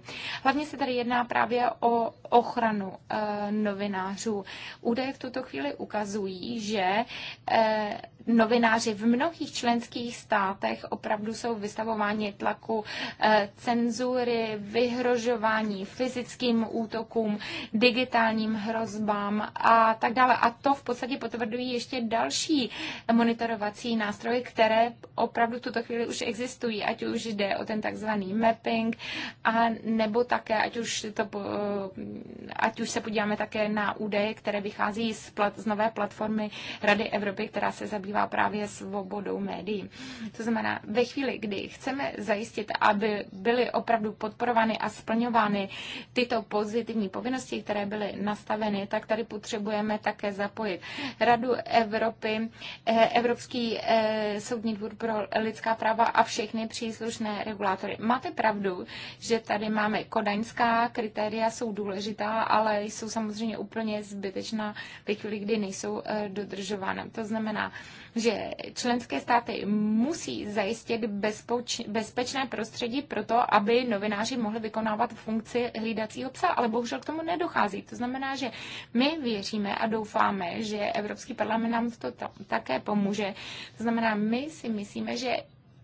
Hlavně se tady jedná právě o ochranu eh, novinářů. Údaje v tuto chvíli ukazují, že eh, novináři v mnohých členských státech opravdu jsou vystavováni tlaku eh, cenzury, vyhrožování, fyzickým útokům, digitálním hrozbám a tak dále. A to v podstatě potvrdují ještě další monitorovací nástroje, které opravdu v tuto chvíli už existují, ať už jde o ten takzvaný mapping, a nebo také, ať už, to, eh, ať už se podíváme také na údaje, které vychází z, plat, z nové platformy Rady Evropy, která se zabývá zabývá právě svobodou médií. To znamená, ve chvíli, kdy chceme zajistit, aby byly opravdu podporovány a splňovány tyto pozitivní povinnosti, které byly nastaveny, tak tady potřebujeme také zapojit Radu Evropy, eh, Evropský eh, soudní dvůr pro lidská práva a všechny příslušné regulátory. Máte pravdu, že tady máme kodaňská kritéria, jsou důležitá, ale jsou samozřejmě úplně zbytečná ve chvíli, kdy nejsou eh, dodržována. To znamená, že členské státy musí zajistit bezpoč- bezpečné prostředí pro to, aby novináři mohli vykonávat funkci hlídacího psa, ale bohužel k tomu nedochází. To znamená, že my věříme a doufáme, že Evropský parlament nám to také pomůže. To znamená, my si myslíme, že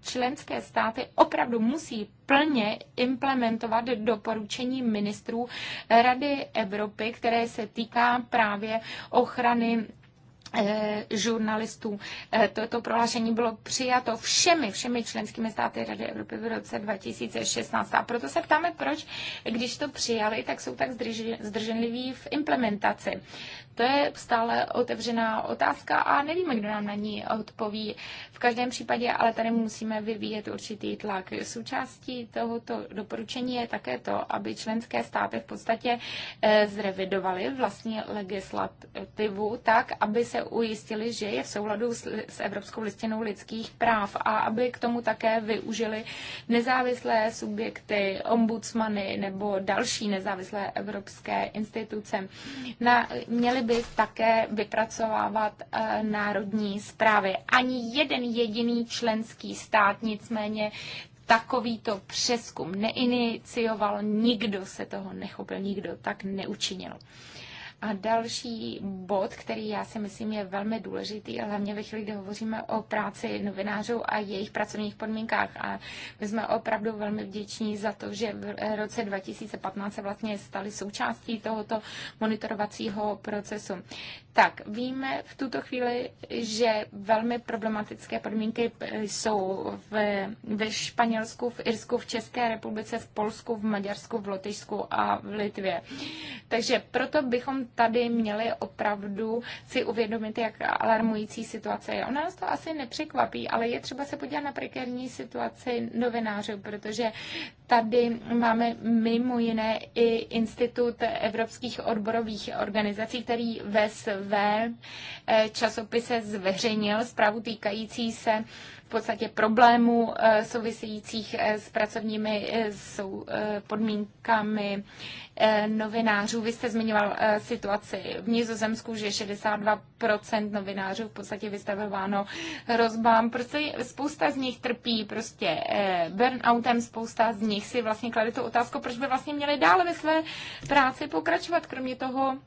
členské státy opravdu musí plně implementovat doporučení ministrů Rady Evropy, které se týká právě ochrany Eh, žurnalistů. Eh, toto prohlášení bylo přijato všemi, všemi členskými státy Rady Evropy v roce 2016. A proto se ptáme, proč, když to přijali, tak jsou tak zdrženliví v implementaci. To je stále otevřená otázka a nevíme, kdo nám na ní odpoví. V každém případě ale tady musíme vyvíjet určitý tlak. Součástí tohoto doporučení je také to, aby členské státy v podstatě eh, zrevidovaly vlastní legislativu tak, aby se ujistili, že je v souladu s, Evropskou listinou lidských práv a aby k tomu také využili nezávislé subjekty, ombudsmany nebo další nezávislé evropské instituce. Na, měli by by také vypracovávat eh, národní zprávy. Ani jeden jediný členský stát nicméně takovýto přeskum neinicioval, nikdo se toho nechopil, nikdo tak neučinil. A další bod, který já si myslím je velmi důležitý, hlavně ve chvíli, kdy hovoříme o práci novinářů a jejich pracovních podmínkách. A my jsme opravdu velmi vděční za to, že v roce 2015 se vlastně stali součástí tohoto monitorovacího procesu tak víme v tuto chvíli, že velmi problematické podmínky jsou ve, ve Španělsku, v Irsku, v České republice, v Polsku, v Maďarsku, v Lotyšsku a v Litvě. Takže proto bychom tady měli opravdu si uvědomit, jak alarmující situace je. O nás to asi nepřekvapí, ale je třeba se podívat na prekérní situaci novinářů, protože tady máme mimo jiné i Institut evropských odborových organizací, který ve ve eh, časopise zveřejnil zprávu týkající se v podstatě problémů eh, souvisejících eh, s pracovními podmínkami novinářů. Vy jste zmiňoval situaci v Nizozemsku, že 62% novinářů v podstatě vystavováno hrozbám. Prostě spousta z nich trpí prostě burnoutem, spousta z nich si vlastně klade tu otázku, proč by vlastně měli dále ve své práci pokračovat. Kromě toho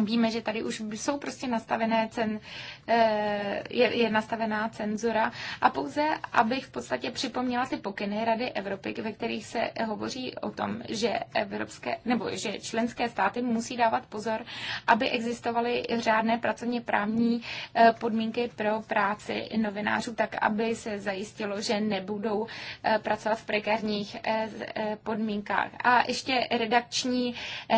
Víme, že tady už jsou prostě nastavené cen, eh, je, je nastavená cenzura a pouze, abych v podstatě připomněla ty pokyny Rady Evropy, ve kterých se hovoří o tom, že evropské, nebo že členské státy musí dávat pozor, aby existovaly řádné pracovně právní eh, podmínky pro práci novinářů, tak aby se zajistilo, že nebudou eh, pracovat v prekárních podmínkách. A ještě redakční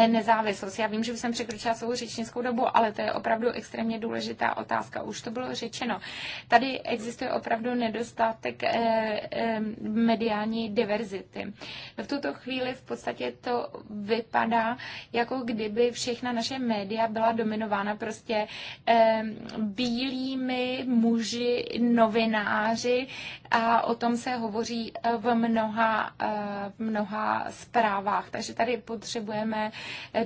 nezávislost. Já vím, že už jsem překročila svou řečnickou dobu, ale to je opravdu extrémně důležitá otázka. Už to bylo řečeno. Tady existuje opravdu nedostatek eh, eh, mediální diverzity. V tuto chvíli v podstatě to vypadá, jako kdyby všechna naše média byla dominována prostě eh, bílými muži, novináři a o tom se hovoří v mnoha, v mnoha zprávách. Takže tady potřebujeme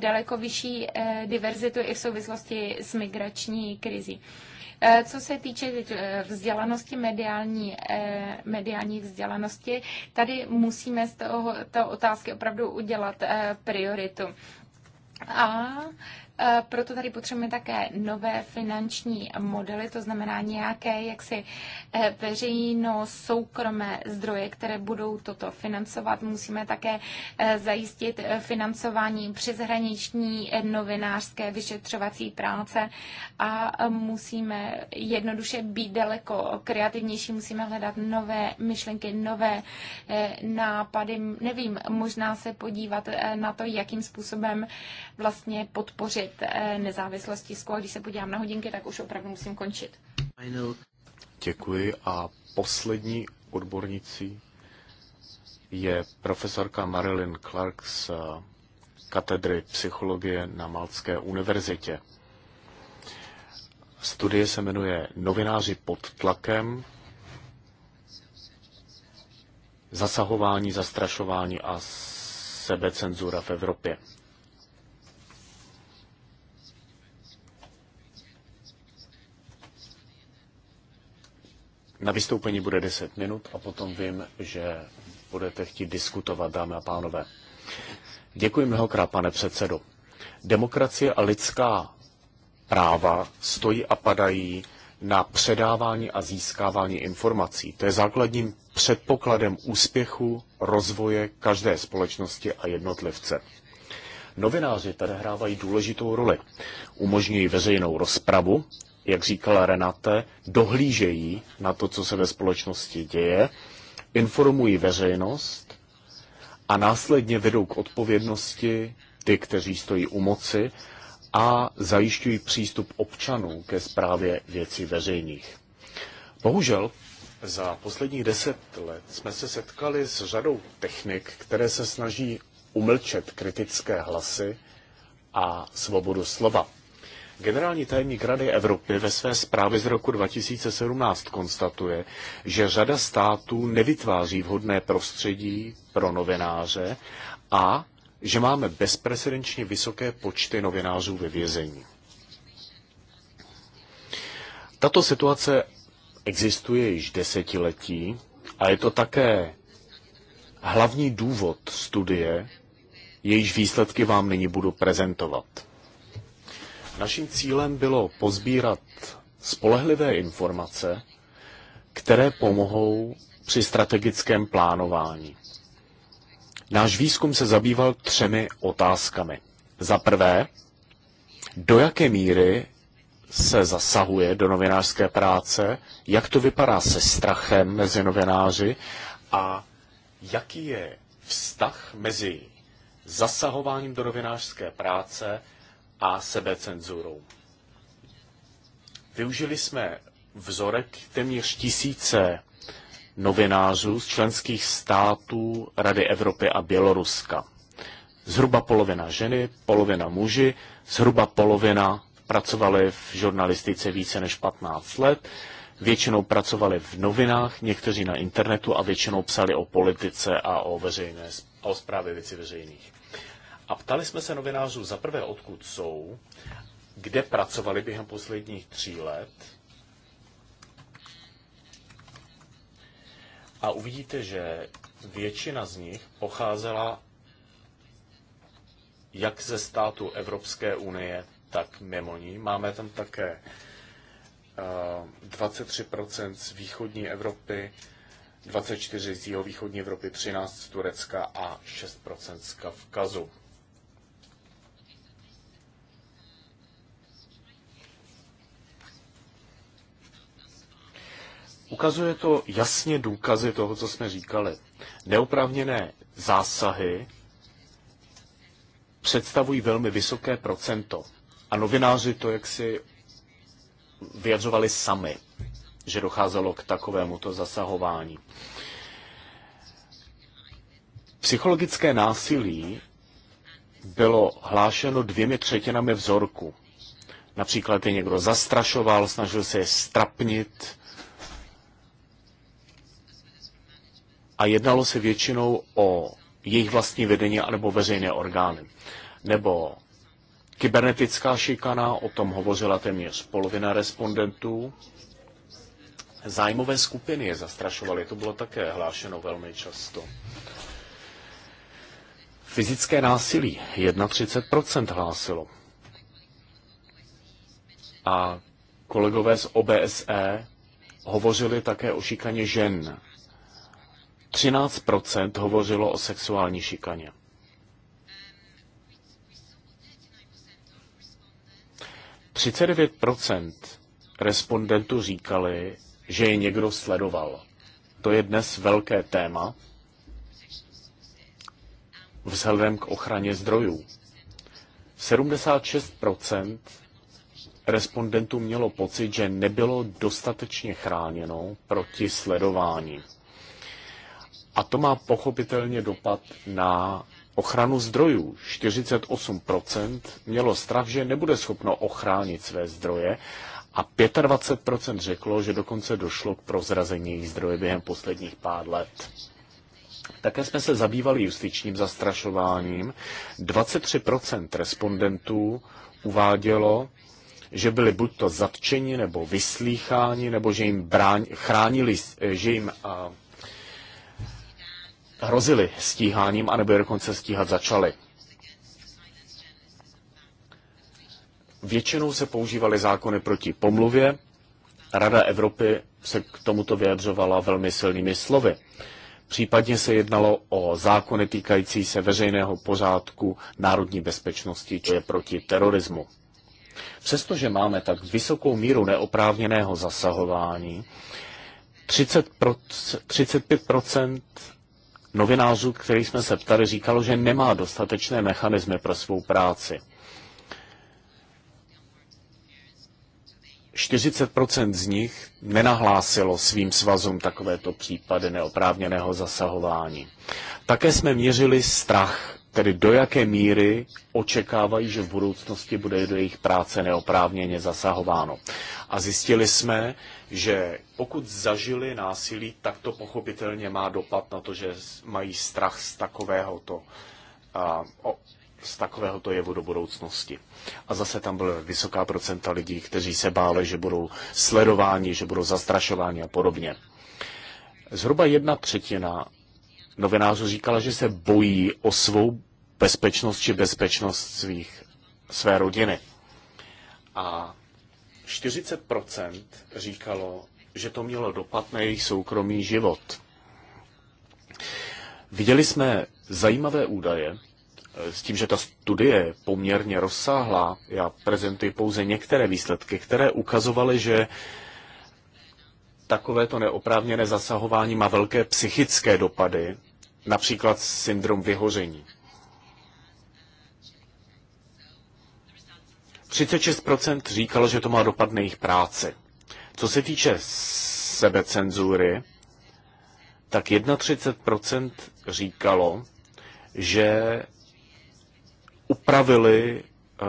daleko vyšší diverzitu diverzitu i v souvislosti s migrační krizí. Eh, co se týče eh, vzdělanosti, mediální, eh, mediální vzdělanosti, tady musíme z toho, toho otázky opravdu udělat prioritu. A E, proto tady potřebujeme také nové finanční modely, to znamená nějaké jaksi e, veřejno soukromé zdroje, které budou toto financovat. Musíme také e, zajistit financování přeshraniční novinářské vyšetřovací práce a musíme jednoduše být daleko kreativnější, musíme hledat nové myšlenky, nové nápady. Nevím, možná se podívat na to, jakým způsobem vlastně podpořit dosáhnout eh, nezávislost tisku. A když se podívám na hodinky, tak už opravdu musím končit. Děkuji a poslední odbornicí je profesorka Marilyn Clark z eh, katedry psychologie na Malcké univerzitě. Studie se jmenuje Novináři pod tlakem, zasahování, zastrašování a sebecenzura v Evropě. Na vystoupení bude 10 minut a potom vím, že budete chtít diskutovat, dámy a pánové. Děkuji mnohokrát, pane předsedo. Demokracie a lidská práva stojí a padají na předávání a získávání informací. To je základním předpokladem úspěchu, rozvoje každé společnosti a jednotlivce. Novináři tady hrávají důležitou roli. Umožňují veřejnou rozpravu, jak říkala Renate, dohlížejí na to, co se ve společnosti děje, informují veřejnost a následně vedou k odpovědnosti ty, kteří stojí u moci a zajišťují přístup občanů ke zprávě věcí veřejných. Bohužel za posledních deset let jsme se setkali s řadou technik, které se snaží umlčet kritické hlasy a svobodu slova. Generální tajemník Rady Evropy ve své zprávě z roku 2017 konstatuje, že řada států nevytváří vhodné prostředí pro novináře a že máme bezprecedenčně vysoké počty novinářů ve vězení. Tato situace existuje již desetiletí a je to také hlavní důvod studie, jejíž výsledky vám nyní budu prezentovat. Naším cílem bylo pozbírat spolehlivé informace, které pomohou při strategickém plánování. Náš výzkum se zabýval třemi otázkami. Za prvé, do jaké míry se zasahuje do novinářské práce, jak to vypadá se strachem mezi novináři a jaký je vztah mezi zasahováním do novinářské práce a sebecenzurou. Využili jsme vzorek téměř tisíce novinářů z členských států Rady Evropy a Běloruska. Zhruba polovina ženy, polovina muži, zhruba polovina pracovali v žurnalistice více než 15 let, většinou pracovali v novinách, někteří na internetu a většinou psali o politice a o, veřejné, o zprávě věci veřejných. A ptali jsme se novinářů za prvé, odkud jsou, kde pracovali během posledních tří let. A uvidíte, že většina z nich pocházela jak ze státu Evropské unie, tak mimo ní. Máme tam také 23% eh, z východní Evropy, 24 z jihovýchodní Evropy, 13 z Turecka a 6% z Kavkazu. Ukazuje to jasně důkazy toho, co jsme říkali. Neoprávněné zásahy představují velmi vysoké procento. A novináři to jak si vyjadřovali sami, že docházelo k takovému to zasahování. Psychologické násilí bylo hlášeno dvěmi třetinami vzorku. Například je někdo zastrašoval, snažil se je strapnit, a jednalo se většinou o jejich vlastní vedení anebo veřejné orgány. Nebo kybernetická šikana, o tom hovořila téměř polovina respondentů. Zájmové skupiny je zastrašovaly, to bylo také hlášeno velmi často. Fyzické násilí 31% hlásilo. A kolegové z OBSE hovořili také o šikaně žen 13% hovořilo o sexuální šikaně. procent respondentů říkali, že je někdo sledoval. To je dnes velké téma vzhledem k ochraně zdrojů. 76 respondentů mělo pocit, že nebylo dostatečně chráněno proti sledování. A to má pochopitelně dopad na ochranu zdrojů. 48% mělo strach, že nebude schopno ochránit své zdroje a 25% řeklo, že dokonce došlo k prozrazení jejich zdroje během posledních pár let. Také jsme se zabývali justičním zastrašováním. 23% respondentů uvádělo, že byli buď to zatčeni nebo vyslýcháni, nebo že jim bráň, chránili, že jim a, hrozili stíháním, anebo je dokonce stíhat začali. Většinou se používaly zákony proti pomluvě. Rada Evropy se k tomuto vyjadřovala velmi silnými slovy. Případně se jednalo o zákony týkající se veřejného pořádku, národní bezpečnosti, či je proti terorismu. Přestože máme tak vysokou míru neoprávněného zasahování, 30 35 novinářů, který jsme se ptali, říkalo, že nemá dostatečné mechanismy pro svou práci. 40% z nich nenahlásilo svým svazům takovéto případy neoprávněného zasahování. Také jsme měřili strach tedy do jaké míry očekávají, že v budoucnosti bude do jejich práce neoprávněně zasahováno. A zjistili jsme, že pokud zažili násilí, tak to pochopitelně má dopad na to, že mají strach z takovéhoto, a, o, z takovéhoto jevu do budoucnosti. A zase tam byla vysoká procenta lidí, kteří se báli, že budou sledováni, že budou zastrašováni a podobně. Zhruba jedna třetina novinářů říkala, že se bojí o svou bezpečnost či bezpečnost svých, své rodiny. A 40% říkalo, že to mělo dopad na jejich soukromý život. Viděli jsme zajímavé údaje, eh, s tím, že ta studie je poměrně rozsáhlá, já prezentuji pouze některé výsledky, které ukazovaly, že takovéto neoprávněné zasahování má velké psychické dopady například syndrom vyhoření. 36% říkalo, že to má dopad na jejich práci. Co se týče sebecenzury, tak 31% říkalo, že upravili uh,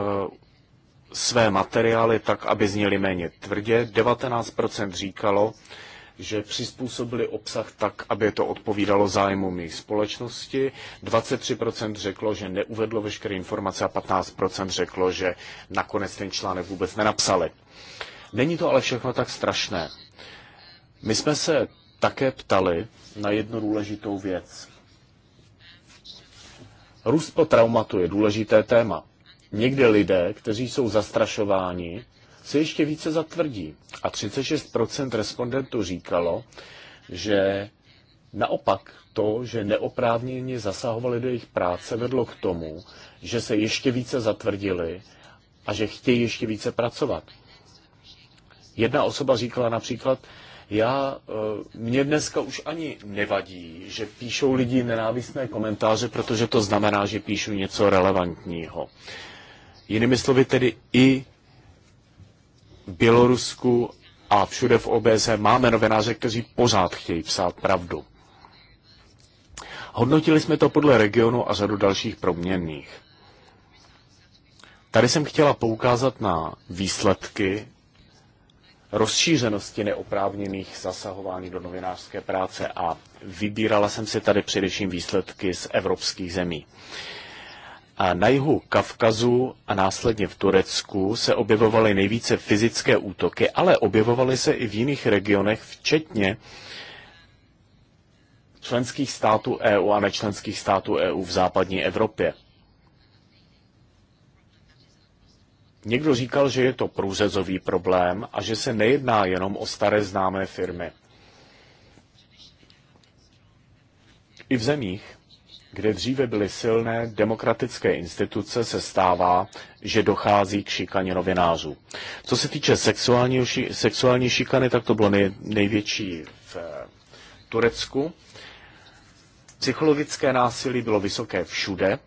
své materiály tak, aby zněly méně tvrdě. 19% říkalo, že přizpůsobili obsah tak, aby to odpovídalo zájmům jejich společnosti. 23% řeklo, že neuvedlo veškeré informace a 15% řeklo, že nakonec ten článek vůbec nenapsali. Není to ale všechno tak strašné. My jsme se také ptali na jednu důležitou věc. Růst po traumatu je důležité téma. Někde lidé, kteří jsou zastrašováni, se ještě více zatvrdí. A 36% respondentů říkalo, že naopak to, že neoprávněně zasahovali do jejich práce, vedlo k tomu, že se ještě více zatvrdili a že chtějí ještě více pracovat. Jedna osoba říkala například, já, e, mě dneska už ani nevadí, že píšou lidi nenávistné komentáře, protože to znamená, že píšu něco relevantního. Jinými slovy tedy i Bělorusku a všude v OBZ máme novináře, kteří pořád chtějí psát pravdu. Hodnotili jsme to podle regionu a řadu dalších proměnných. Tady jsem chtěla poukázat na výsledky rozšířenosti neoprávněných zasahování do novinářské práce a vybírala jsem si tady především výsledky z evropských zemí. A na jihu Kavkazu a následně v Turecku se objevovaly nejvíce fyzické útoky, ale objevovaly se i v jiných regionech, včetně členských států EU a nečlenských států EU v západní Evropě. Někdo říkal, že je to průřezový problém a že se nejedná jenom o staré známé firmy. I v zemích, kde dříve byly silné demokratické instituce, se stává, že dochází k šikaně novinářů. Co se týče sexuální, sexuální šikany, tak to bylo nej, největší v eh, Turecku. Psychologické násilí bylo vysoké všude,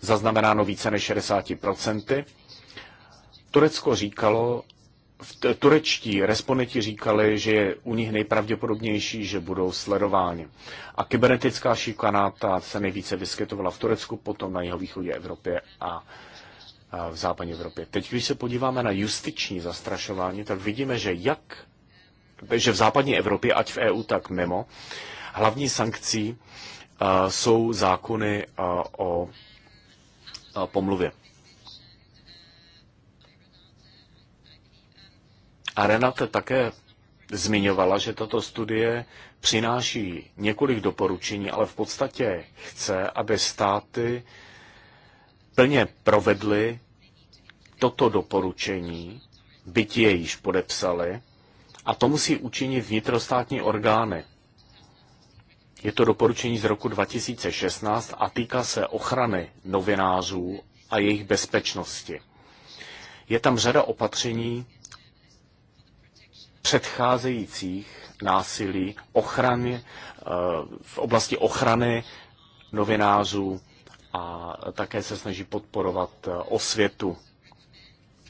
zaznamenáno více než 60%. Turecko říkalo, v turečtí respondenti říkali, že je u nich nejpravděpodobnější, že budou sledováni. A kybernetická šikanáta se nejvíce vyskytovala v Turecku, potom na jeho východě Evropě a v západní Evropě. Teď, když se podíváme na justiční zastrašování, tak vidíme, že jak že v západní Evropě, ať v EU, tak mimo, hlavní sankcí uh, jsou zákony uh, o uh, pomluvě. A Renate také zmiňovala, že tato studie přináší několik doporučení, ale v podstatě chce, aby státy plně provedly toto doporučení, byť je již podepsali, a to musí učinit vnitrostátní orgány. Je to doporučení z roku 2016 a týká se ochrany novinářů a jejich bezpečnosti. Je tam řada opatření, předcházejících násilí, ochrany, eh, v oblasti ochrany novinářů a také se snaží podporovat eh, osvětu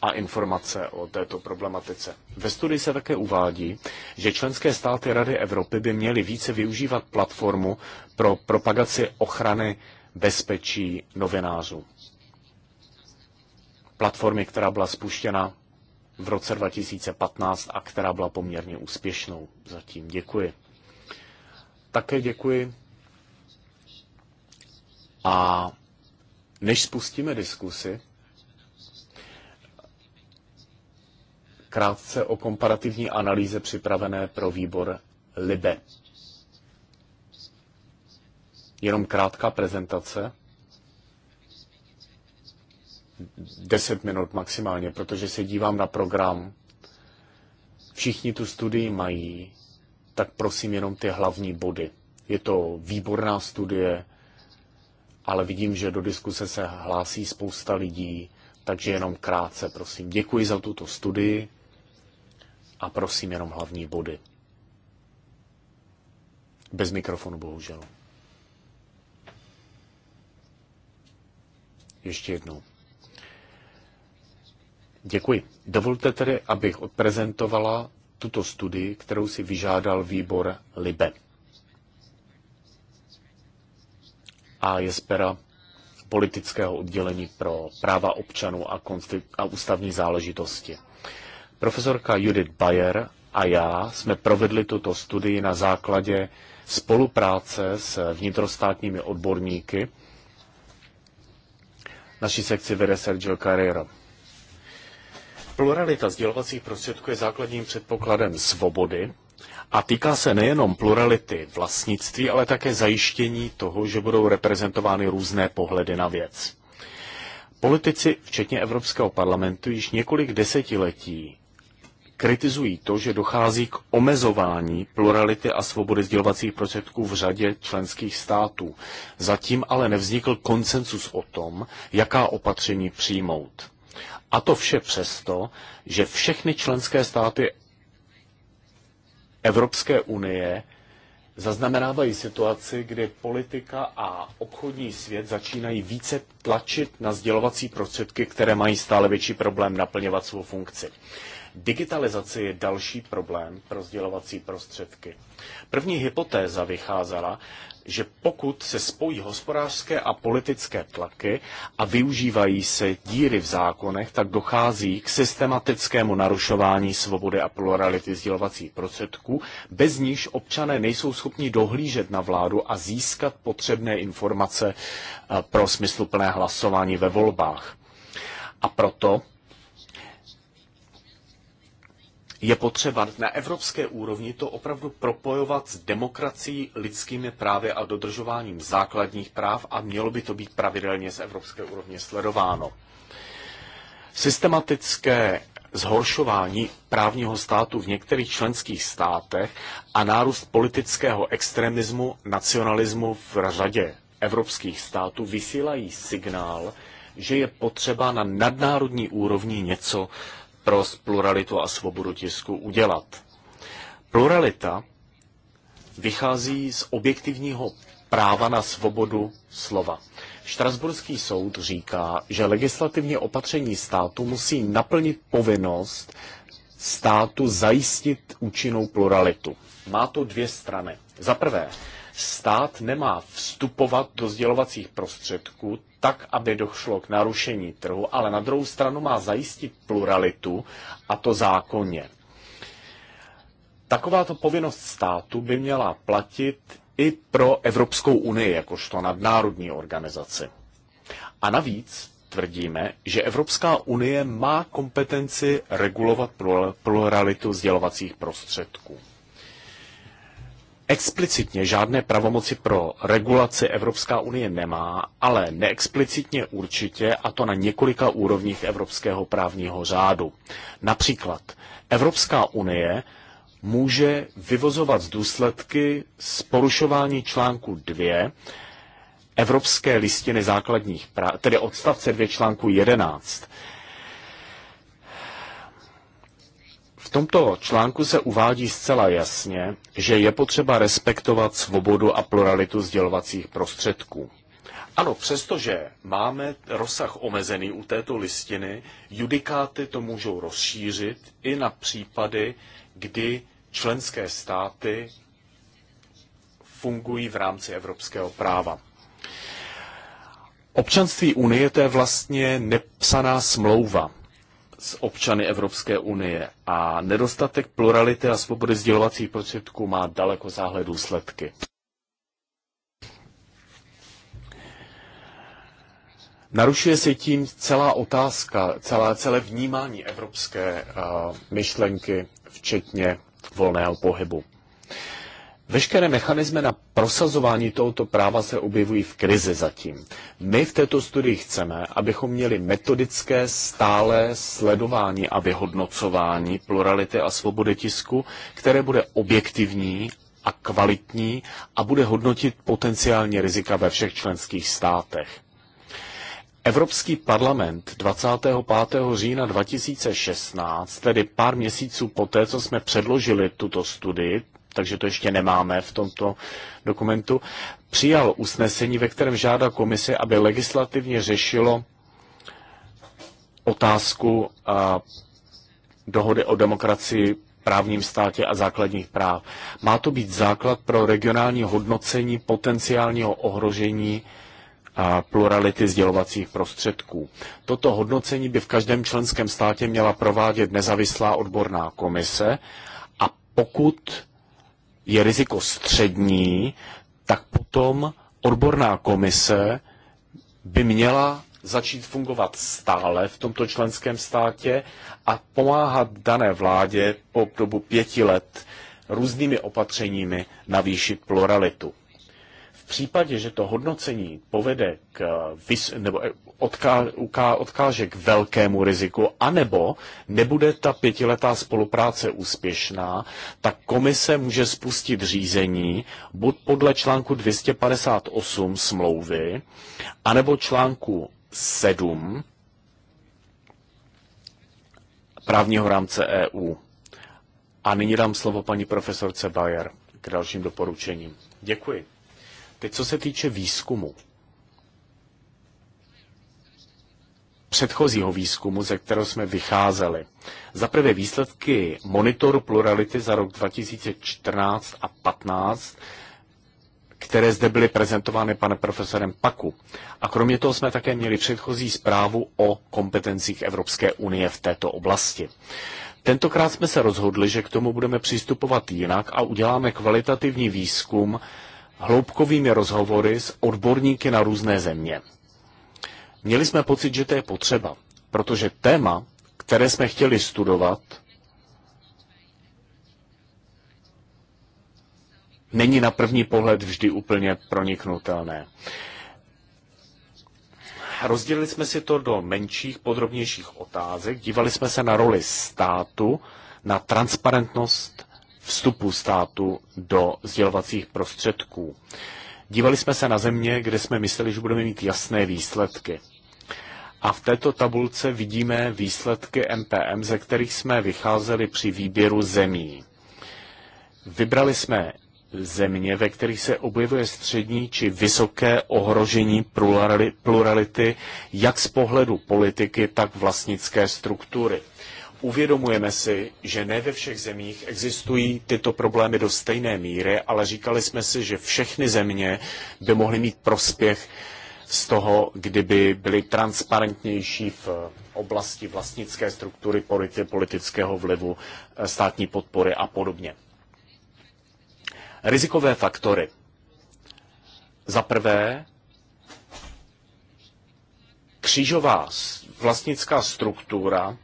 a informace o této problematice. Ve studii se také uvádí, že členské státy Rady Evropy by měly více využívat platformu pro propagaci ochrany bezpečí novinářů. Platformy, která byla spuštěna v roce 2015 a která byla poměrně úspěšnou. Zatím děkuji. Také děkuji. A než spustíme diskusy, krátce o komparativní analýze připravené pro výbor LIBE. Jenom krátká prezentace. 10 minut maximálně, protože se dívám na program. Všichni tu studii mají, tak prosím jenom ty hlavní body. Je to výborná studie, ale vidím, že do diskuse se hlásí spousta lidí, takže jenom krátce, prosím. Děkuji za tuto studii a prosím jenom hlavní body. Bez mikrofonu, bohužel. Ještě jednou. Děkuji. Dovolte tedy, abych odprezentovala tuto studii, kterou si vyžádal výbor LIBE. A je z pera politického oddělení pro práva občanů a, a ústavní záležitosti. Profesorka Judith Bayer a já jsme provedli tuto studii na základě spolupráce s vnitrostátními odborníky. Naší sekci vede Sergio Carrera. Pluralita sdělovacích prostředků je základním předpokladem svobody a týká se nejenom plurality vlastnictví, ale také zajištění toho, že budou reprezentovány různé pohledy na věc. Politici, včetně Evropského parlamentu, již několik desetiletí kritizují to, že dochází k omezování plurality a svobody sdělovacích prostředků v řadě členských států. Zatím ale nevznikl konsensus o tom, jaká opatření přijmout. A to vše přesto, že všechny členské státy Evropské unie zaznamenávají situaci, kdy politika a obchodní svět začínají více tlačit na sdělovací prostředky, které mají stále větší problém naplňovat svou funkci. Digitalizace je další problém pro sdělovací prostředky. První hypotéza vycházela že pokud se spojí hospodářské a politické tlaky a využívají se díry v zákonech, tak dochází k systematickému narušování svobody a plurality sdělovacích prostředků, bez níž občané nejsou schopni dohlížet na vládu a získat potřebné informace eh, pro smysluplné hlasování ve volbách. A proto je potřeba na evropské úrovni to opravdu propojovat s demokracií, lidskými právy a dodržováním základních práv a mělo by to být pravidelně z evropské úrovně sledováno. Systematické zhoršování právního státu v některých členských státech a nárůst politického extremismu, nacionalismu v řadě evropských států vysílají signál, že je potřeba na nadnárodní úrovni něco pro pluralitu a svobodu tisku udělat. Pluralita vychází z objektivního práva na svobodu slova. Štrasburský soud říká, že legislativní opatření státu musí naplnit povinnost státu zajistit účinnou pluralitu. Má to dvě strany. Za prvé, stát nemá vstupovat do sdělovacích prostředků, tak, aby došlo k narušení trhu, ale na druhou stranu má zajistit pluralitu a to zákonně. Takováto povinnost státu by měla platit i pro Evropskou unii, jakožto nadnárodní organizaci. A navíc tvrdíme, že Evropská unie má kompetenci regulovat pluralitu sdělovacích prostředků. Explicitně žádné pravomoci pro regulaci Evropská unie nemá, ale neexplicitně určitě, a to na několika úrovních evropského právního řádu. Například Evropská unie může vyvozovat z důsledky z porušování článku 2 Evropské listiny základních práv, tedy odstavce 2 článku 11. tomto článku se uvádí zcela jasně, že je potřeba respektovat svobodu a pluralitu sdělovacích prostředků. Ano, přestože máme rozsah omezený u této listiny, judikáty to můžou rozšířit i na případy, kdy členské státy fungují v rámci evropského práva. Občanství Unie to je vlastně nepsaná smlouva s občany Evropské unie a nedostatek plurality a svobody sdělovacích prostředků má daleko záhle důsledky. Narušuje se tím celá otázka, celá, celé vnímání evropské uh, myšlenky, včetně volného pohybu. Veškeré mechanismy na prosazování tohoto práva se objevují v krizi zatím. My v této studii chceme, abychom měli metodické stále sledování a vyhodnocování plurality a svobody tisku, které bude objektivní a kvalitní a bude hodnotit potenciální rizika ve všech členských státech. Evropský parlament 25. října 2016, tedy pár měsíců poté, co jsme předložili tuto studii, takže to ještě nemáme v tomto dokumentu, přijal usnesení, ve kterém žádá Komise, aby legislativně řešilo otázku a, dohody o demokracii, právním státě a základních práv. Má to být základ pro regionální hodnocení potenciálního ohrožení a plurality sdělovacích prostředků. Toto hodnocení by v každém členském státě měla provádět nezávislá odborná komise a pokud je riziko střední, tak potom odborná komise by měla začít fungovat stále v tomto členském státě a pomáhat dané vládě po dobu pěti let různými opatřeními navýšit pluralitu případě, že to hodnocení povede k vys, nebo odká, uká, odkáže k velkému riziku, anebo nebude ta pětiletá spolupráce úspěšná, tak komise může spustit řízení buď podle článku 258 smlouvy, anebo článku 7 právního rámce EU. A nyní dám slovo paní profesorce Bayer k dalším doporučením. Děkuji. Teď co se týče výzkumu. Předchozího výzkumu, ze kterého jsme vycházeli. Za prvé výsledky monitoru plurality za rok 2014 a 2015 které zde byly prezentovány panem profesorem Paku. A kromě toho jsme také měli předchozí zprávu o kompetencích Evropské unie v této oblasti. Tentokrát jsme se rozhodli, že k tomu budeme přistupovat jinak a uděláme kvalitativní výzkum hloubkovými rozhovory s odborníky na různé země. Měli jsme pocit, že to je potřeba, protože téma, které jsme chtěli studovat, není na první pohled vždy úplně proniknutelné. Rozdělili jsme si to do menších, podrobnějších otázek. Dívali jsme se na roli státu, na transparentnost vstupu státu do sdělovacích prostředků. Dívali jsme se na země, kde jsme mysleli, že budeme mít jasné výsledky. A v této tabulce vidíme výsledky MPM, ze kterých jsme vycházeli při výběru zemí. Vybrali jsme země, ve kterých se objevuje střední či vysoké ohrožení plurality jak z pohledu politiky, tak vlastnické struktury. Uvědomujeme si, že ne ve všech zemích existují tyto problémy do stejné míry, ale říkali jsme si, že všechny země by mohly mít prospěch z toho, kdyby byly transparentnější v oblasti vlastnické struktury polity, politického vlivu, eh, státní podpory a podobně. Rizikové faktory. Za prvé, křížová vlastnická struktura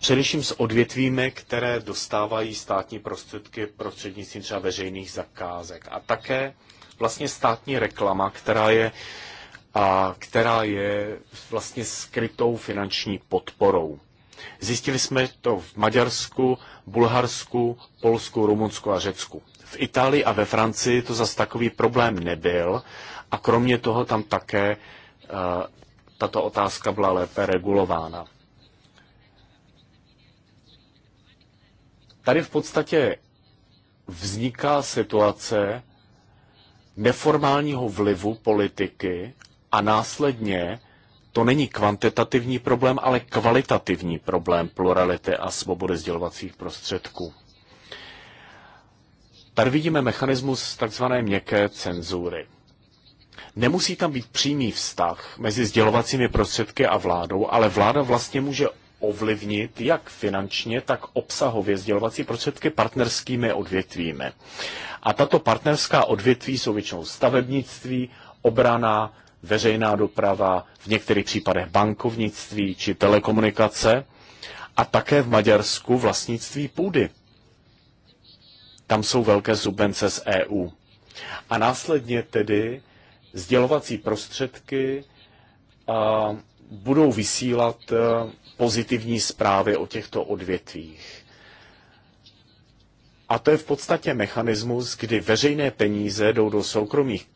především s odvětvími, které dostávají státní prostředky prostřednictvím třeba veřejných zakázek. A také vlastně státní reklama, která je, a která je vlastně skrytou finanční podporou. Zjistili jsme to v Maďarsku, Bulharsku, Polsku, Rumunsku a Řecku. V Itálii a ve Francii to zas takový problém nebyl a kromě toho tam také uh, tato otázka byla lépe regulována. Tady v podstatě vzniká situace neformálního vlivu politiky a následně to není kvantitativní problém, ale kvalitativní problém plurality a svobody sdělovacích prostředků. Tady vidíme mechanismus takzvané měkké cenzury. Nemusí tam být přímý vztah mezi sdělovacími prostředky a vládou, ale vláda vlastně může ovlivnit jak finančně, tak obsahově sdělovací prostředky partnerskými odvětvími. A tato partnerská odvětví jsou většinou stavebnictví, obrana, veřejná doprava, v některých případech bankovnictví či telekomunikace a také v Maďarsku vlastnictví půdy. Tam jsou velké subvence z EU. A následně tedy sdělovací prostředky, a budou vysílat eh, pozitivní zprávy o těchto odvětvích. A to je v podstatě mechanismus, kdy veřejné peníze jdou do soukromých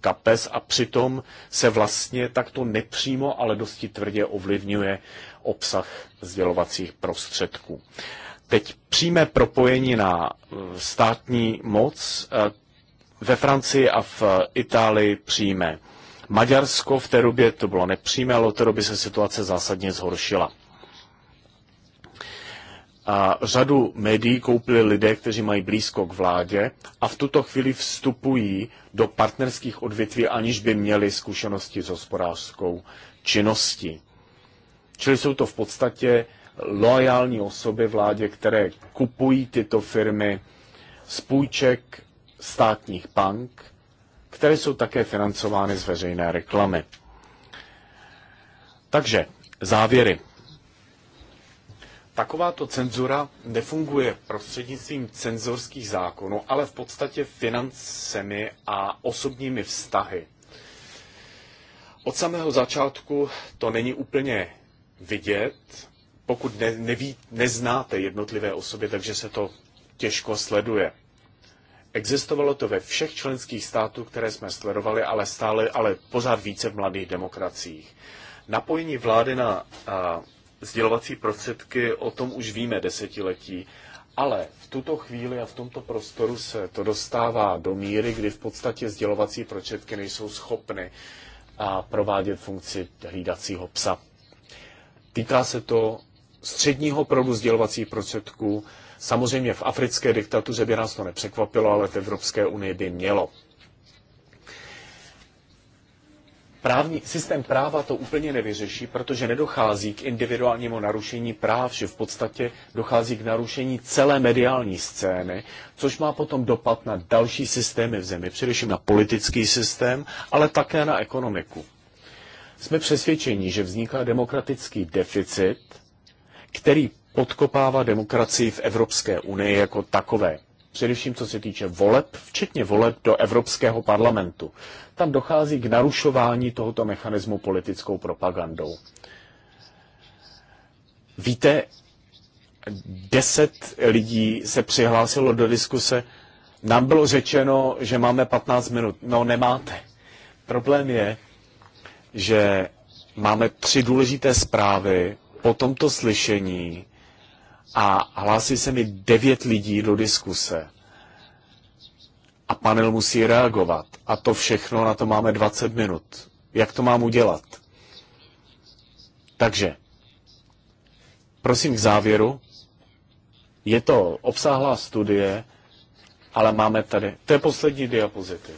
kapes a přitom se vlastně takto nepřímo, ale dosti tvrdě ovlivňuje obsah sdělovacích prostředků. Teď přímé propojení na eh, státní moc eh, ve Francii a v Itálii přímé. Maďarsko v té době to bylo nepřímé, ale od té doby se situace zásadně zhoršila. A řadu médií koupili lidé, kteří mají blízko k vládě a v tuto chvíli vstupují do partnerských odvětví, aniž by měli zkušenosti s hospodářskou činností. Čili jsou to v podstatě loajální osoby vládě, které kupují tyto firmy z půjček státních bank které jsou také financovány z veřejné reklamy. Takže závěry. Takováto cenzura nefunguje prostřednictvím cenzorských zákonů, ale v podstatě financemi a osobními vztahy. Od samého začátku to není úplně vidět. Pokud ne, neví, neznáte jednotlivé osoby, takže se to těžko sleduje. Existovalo to ve všech členských států, které jsme sledovali, ale stále, ale pořád více v mladých demokraciích. Napojení vlády na a, sdělovací prostředky, o tom už víme desetiletí, ale v tuto chvíli a v tomto prostoru se to dostává do míry, kdy v podstatě sdělovací prostředky nejsou schopny a provádět funkci hlídacího psa. Týká se to středního proudu sdělovacích prostředků, Samozřejmě v africké diktatuře by nás to nepřekvapilo, ale v Evropské unii by mělo. Právní, systém práva to úplně nevyřeší, protože nedochází k individuálnímu narušení práv, že v podstatě dochází k narušení celé mediální scény, což má potom dopad na další systémy v zemi, především na politický systém, ale také na ekonomiku. Jsme přesvědčeni, že vzniká demokratický deficit, který podkopává demokracii v Evropské unii jako takové. Především co se týče voleb, včetně voleb do Evropského parlamentu. Tam dochází k narušování tohoto mechanismu politickou propagandou. Víte, deset lidí se přihlásilo do diskuse. Nám bylo řečeno, že máme 15 minut. No, nemáte. Problém je, že máme tři důležité zprávy po tomto slyšení a hlásí se mi devět lidí do diskuse. A panel musí reagovat. A to všechno, na to máme 20 minut. Jak to mám udělat? Takže, prosím k závěru. Je to obsáhlá studie, ale máme tady, to je poslední diapozitiv.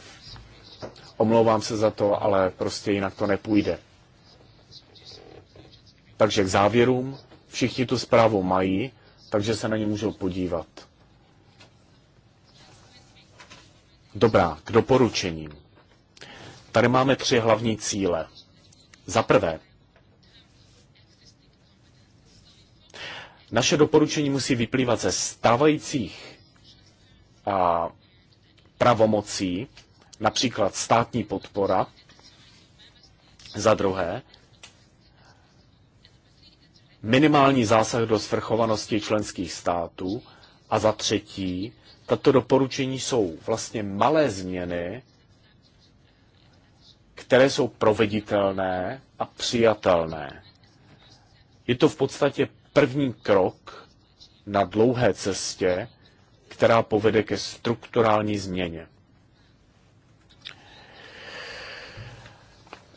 Omlouvám se za to, ale prostě jinak to nepůjde. Takže k závěrům, všichni tu zprávu mají, takže se na ně můžou podívat. Dobrá, k doporučením. Tady máme tři hlavní cíle. Za prvé, naše doporučení musí vyplývat ze stávajících a, pravomocí, například státní podpora. Za druhé, minimální zásah do svrchovanosti členských států a za třetí, tato doporučení jsou vlastně malé změny, které jsou proveditelné a přijatelné. Je to v podstatě první krok na dlouhé cestě, která povede ke strukturální změně.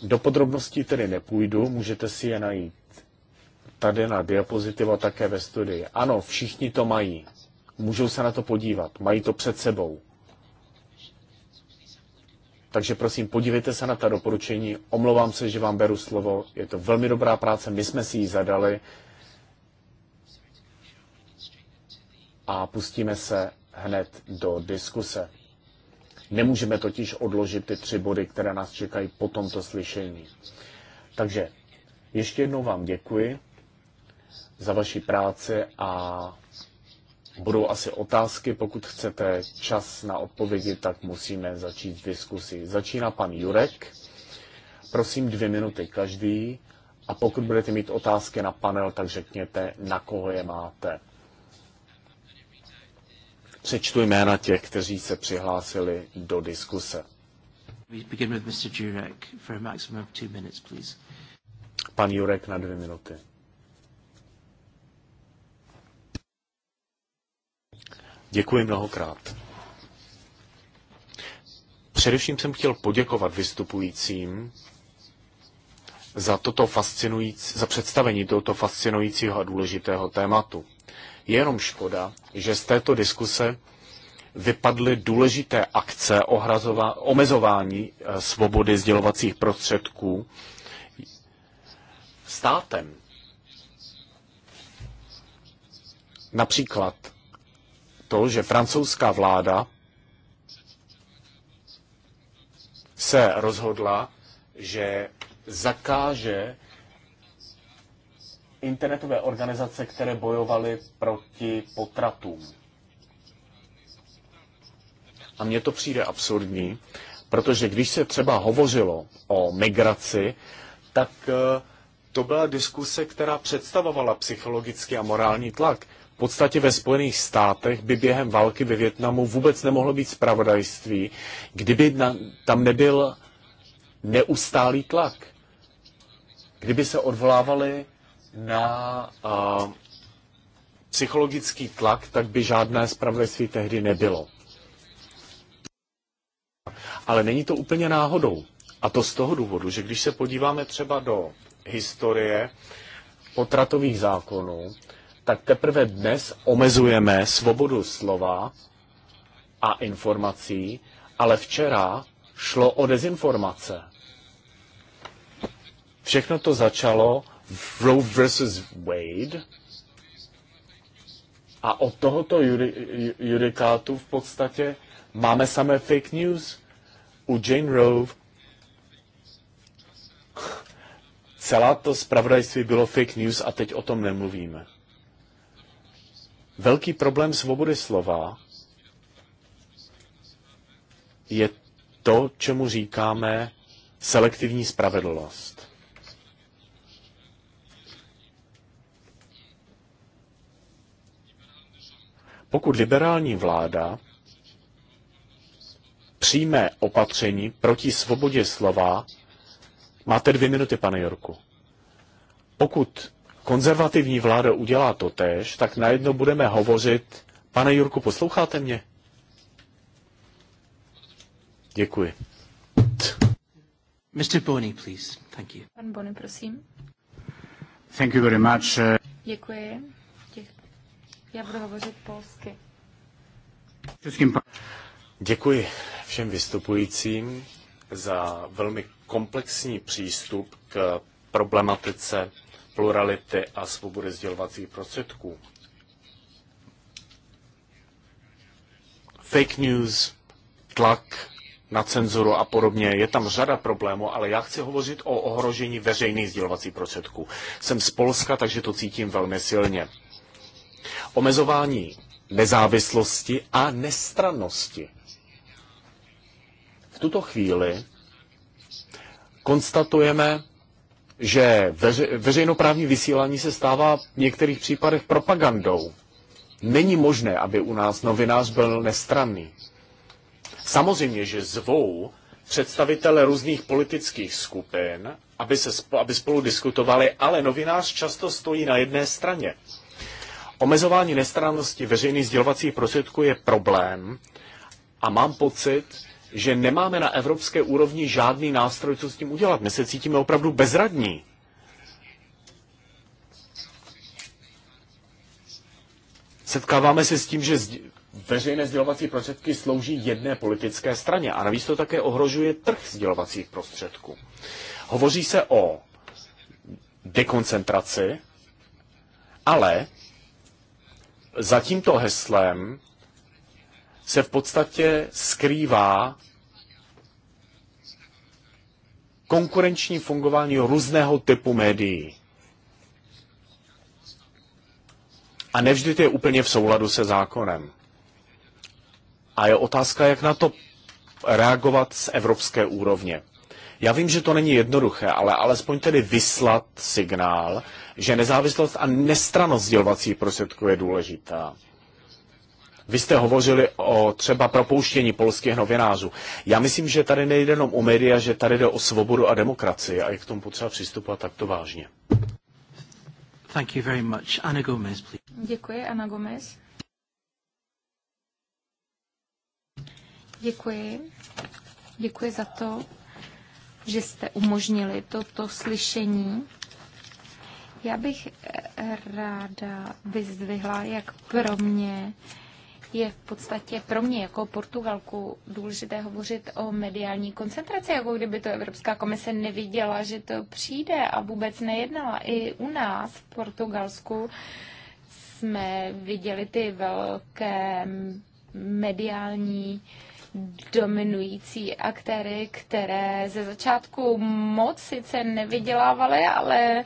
Do podrobností tedy nepůjdu, můžete si je najít tady na diapozitiva také ve studii. Ano, všichni to mají. Můžou se na to podívat. Mají to před sebou. Takže prosím, podívejte se na ta doporučení. Omlouvám se, že vám beru slovo. Je to velmi dobrá práce, my jsme si ji zadali. A pustíme se hned do diskuse. Nemůžeme totiž odložit ty tři body, které nás čekají po tomto slyšení. Takže ještě jednou vám děkuji za vaši práci a budou asi otázky. Pokud chcete čas na odpovědi, tak musíme začít diskusi. Začíná pan Jurek. Prosím dvě minuty každý. A pokud budete mít otázky na panel, tak řekněte, na koho je máte. Přečtu jména těch, kteří se přihlásili do diskuse. Pan Jurek na dvě minuty. Děkuji mnohokrát. Především jsem chtěl poděkovat vystupujícím za, toto fascinující, za představení tohoto fascinujícího a důležitého tématu. Je jenom škoda, že z této diskuse vypadly důležité akce ohrazova, omezování eh, svobody sdělovacích prostředků státem. Například to, že francouzská vláda se rozhodla, že zakáže internetové organizace, které bojovaly proti potratům. A mně to přijde absurdní, protože když se třeba hovořilo o migraci, tak eh, to byla diskuse, která představovala psychologický a morální tlak podstatě ve Spojených státech by během války ve Větnamu vůbec nemohlo být spravodajství, kdyby na, tam nebyl neustálý tlak. Kdyby se odvolávali na a, psychologický tlak, tak by žádné spravodajství tehdy nebylo. Ale není to úplně náhodou. A to z toho důvodu, že když se podíváme třeba do historie potratových zákonů, tak teprve dnes omezujeme svobodu slova a informací, ale včera šlo o dezinformace. Všechno to začalo v Roe versus Wade a od tohoto judikátu v podstatě máme samé fake news. U Jane Roe celá to spravodajství bylo fake news a teď o tom nemluvíme velký problém svobody slova je to, čemu říkáme selektivní spravedlnost. Pokud liberální vláda přijme opatření proti svobodě slova, máte dvě minuty, pane Jorku. Pokud konzervativní vláda udělá to tež, tak najednou budeme hovořit. Pane Jurku, posloucháte mě? Děkuji. Mr. Boni, please. Thank you. Pan Boni, prosím. Thank you very much. Uh, Děkuji. Já budu hovořit polsky. Děkuji všem vystupujícím za velmi komplexní přístup k problematice plurality a svobody sdělovacích prostředků. Fake news, tlak na cenzuru a podobně. Je tam řada problémů, ale já chci hovořit o ohrožení veřejných sdělovacích prostředků. Jsem z Polska, takže to cítím velmi silně. Omezování nezávislosti a nestrannosti. V tuto chvíli konstatujeme že veřejnoprávní vysílání se stává v některých případech propagandou. Není možné, aby u nás novinář byl nestranný. Samozřejmě, že zvou představitele různých politických skupin, aby, se, aby spolu diskutovali, ale novinář často stojí na jedné straně. Omezování nestrannosti veřejných sdělovacích prostředků je problém a mám pocit, že nemáme na evropské úrovni žádný nástroj, co s tím udělat. My se cítíme opravdu bezradní. Setkáváme se s tím, že veřejné sdělovací prostředky slouží jedné politické straně a navíc to také ohrožuje trh sdělovacích prostředků. Hovoří se o dekoncentraci, ale za tímto heslem se v podstatě skrývá konkurenční fungování různého typu médií. A nevždy to je úplně v souladu se zákonem. A je otázka, jak na to reagovat z evropské úrovně. Já vím, že to není jednoduché, ale alespoň tedy vyslat signál, že nezávislost a nestranost sdělovacích prostředků je důležitá. Vy jste hovořili o třeba propouštění polských novinářů. Já myslím, že tady nejde jenom o média, že tady jde o svobodu a demokracii a je k tomu potřeba přistupovat takto vážně. Thank you very much. Ana Gomez, please. Děkuji, Ana Gomez. Děkuji. Děkuji za to, že jste umožnili toto slyšení. Já bych eh, ráda vyzdvihla, jak pro mě je v podstatě pro mě jako Portugalku důležité hovořit o mediální koncentraci, jako kdyby to Evropská komise neviděla, že to přijde a vůbec nejednala. I u nás v Portugalsku jsme viděli ty velké mediální dominující aktéry, které ze začátku moc sice nevydělávaly, ale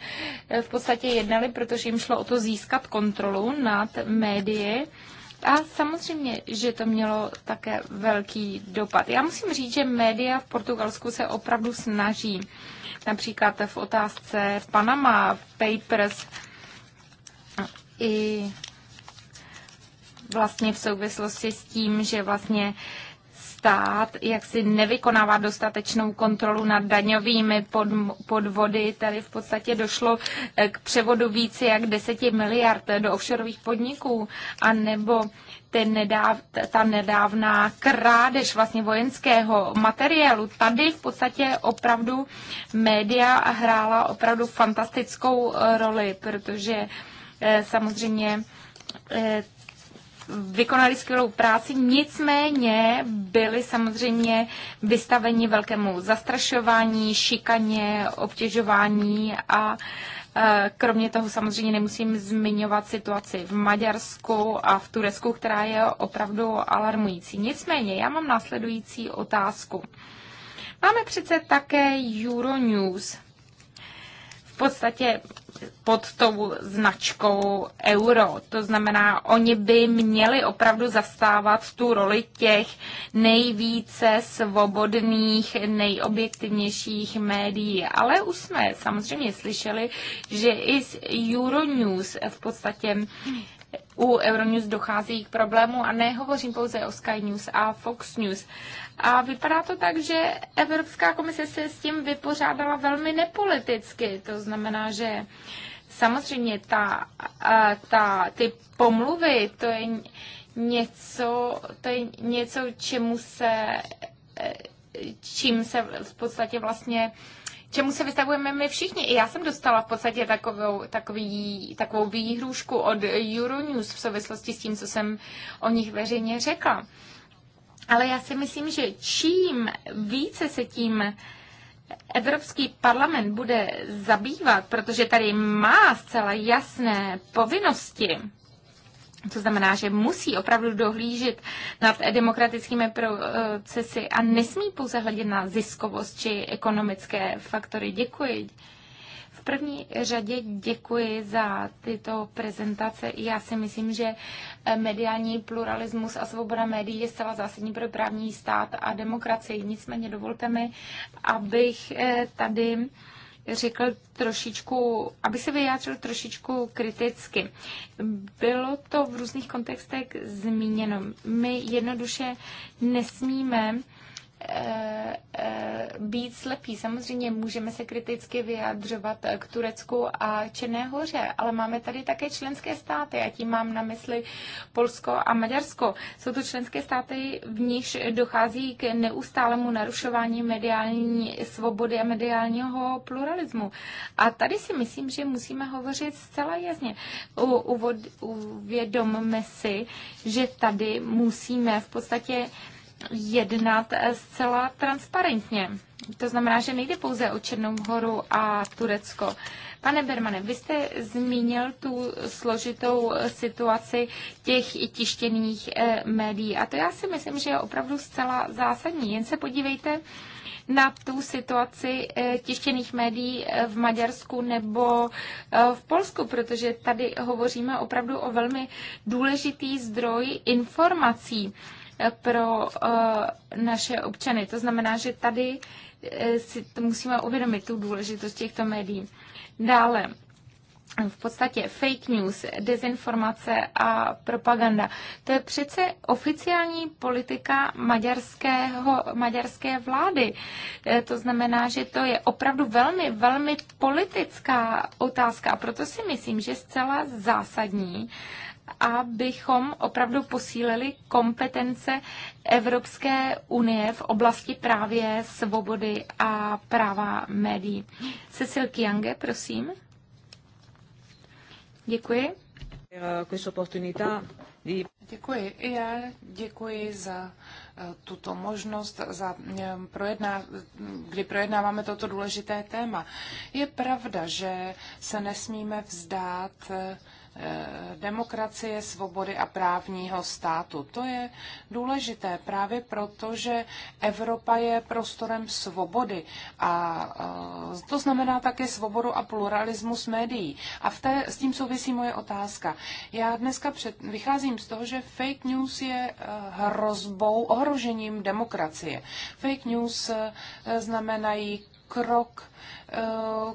v podstatě jednali, protože jim šlo o to získat kontrolu nad médii. A samozřejmě, že to mělo také velký dopad. Já musím říct, že média v Portugalsku se opravdu snaží. Například v otázce Panama Papers i vlastně v souvislosti s tím, že vlastně stát jak si nevykonává dostatečnou kontrolu nad daňovými podvody. Tady v podstatě došlo eh, k převodu více jak 10 miliard eh, do offshoreových podniků, a nebo ten nedáv, ta nedávná krádež vlastně vojenského materiálu. Tady v podstatě opravdu média hrála opravdu fantastickou eh, roli, protože samozřejmě vykonali skvělou práci, nicméně byli samozřejmě vystaveni velkému zastrašování, šikaně, obtěžování a e, Kromě toho samozřejmě nemusím zmiňovat situaci v Maďarsku a v Turecku, která je opravdu alarmující. Nicméně já mám následující otázku. Máme přece také Euronews, v podstatě pod tou značkou euro. To znamená, oni by měli opravdu zastávat tu roli těch nejvíce svobodných, nejobjektivnějších médií. Ale už jsme samozřejmě slyšeli, že i z Euronews v podstatě u Euronews dochází k problému a nehovořím pouze o Sky News a Fox News. A vypadá to tak, že Evropská komise se s tím vypořádala velmi nepoliticky. To znamená, že samozřejmě ta, ta, ty pomluvy, to je něco, to je něco čemu se, e, čím se v podstatě vlastně čemu se vystavujeme my všichni. I já jsem dostala v podstatě takovou, takový, takovou výhrušku od Euronews v souvislosti s tím, co jsem o nich veřejně řekla. Ale já si myslím, že čím více se tím Evropský parlament bude zabývat, protože tady má zcela jasné povinnosti, to znamená, že musí opravdu dohlížet nad demokratickými procesy a nesmí pouze hledět na ziskovost či ekonomické faktory. Děkuji. V první řadě děkuji za tyto prezentace. Já si myslím, že mediální pluralismus a svoboda médií je zcela zásadní pro právní stát a demokracii. Nicméně dovolte mi, abych eh, tady řekl trošičku, aby se vyjádřil trošičku kriticky. Bylo to v různých kontextech zmíněno. My jednoduše nesmíme Eh, eh, být slepí. Samozřejmě můžeme se kriticky vyjadřovat k Turecku a Černé hoře, ale máme tady také členské státy a tím mám na mysli Polsko a Maďarsko. Jsou to členské státy, v nichž dochází k neustálému narušování mediální svobody a mediálního pluralismu. A tady si myslím, že musíme hovořit zcela jasně. Uvod, uvědomme si, že tady musíme v podstatě jednat zcela transparentně. To znamená, že nejde pouze o Černou horu a Turecko. Pane Bermane, vy jste zmínil tu složitou situaci těch tištěných eh, médií. A to já si myslím, že je opravdu zcela zásadní. Jen se podívejte na tu situaci eh, tištěných médií eh, v Maďarsku nebo v Polsku, protože tady hovoříme opravdu o velmi důležitý zdroj informací pro eh, naše občany. To znamená, že tady eh, si to musíme uvědomit, tu důležitost těchto médií. Dále, v podstatě fake news, dezinformace a propaganda. To je přece oficiální politika maďarského, maďarské vlády. Eh, to znamená, že to je opravdu velmi, velmi politická otázka. A proto si myslím, že zcela zásadní, abychom opravdu posílili kompetence Evropské unie v oblasti právě svobody a práva médií. Cecil Kiange, prosím. Děkuji. Děkuji. já děkuji za eh, tuto možnost, za eh, projedná, kdy projednáváme toto důležité téma. Je pravda, že se nesmíme vzdát eh, Eh, demokracie, svobody a právního státu. To je důležité právě proto, že Evropa je prostorem svobody a eh, to znamená také svobodu a pluralismus médií. A v té, s tím souvisí moje otázka. Já dneska před, vycházím z toho, že fake news je eh, hrozbou, ohrožením demokracie. Fake news znamenají krok,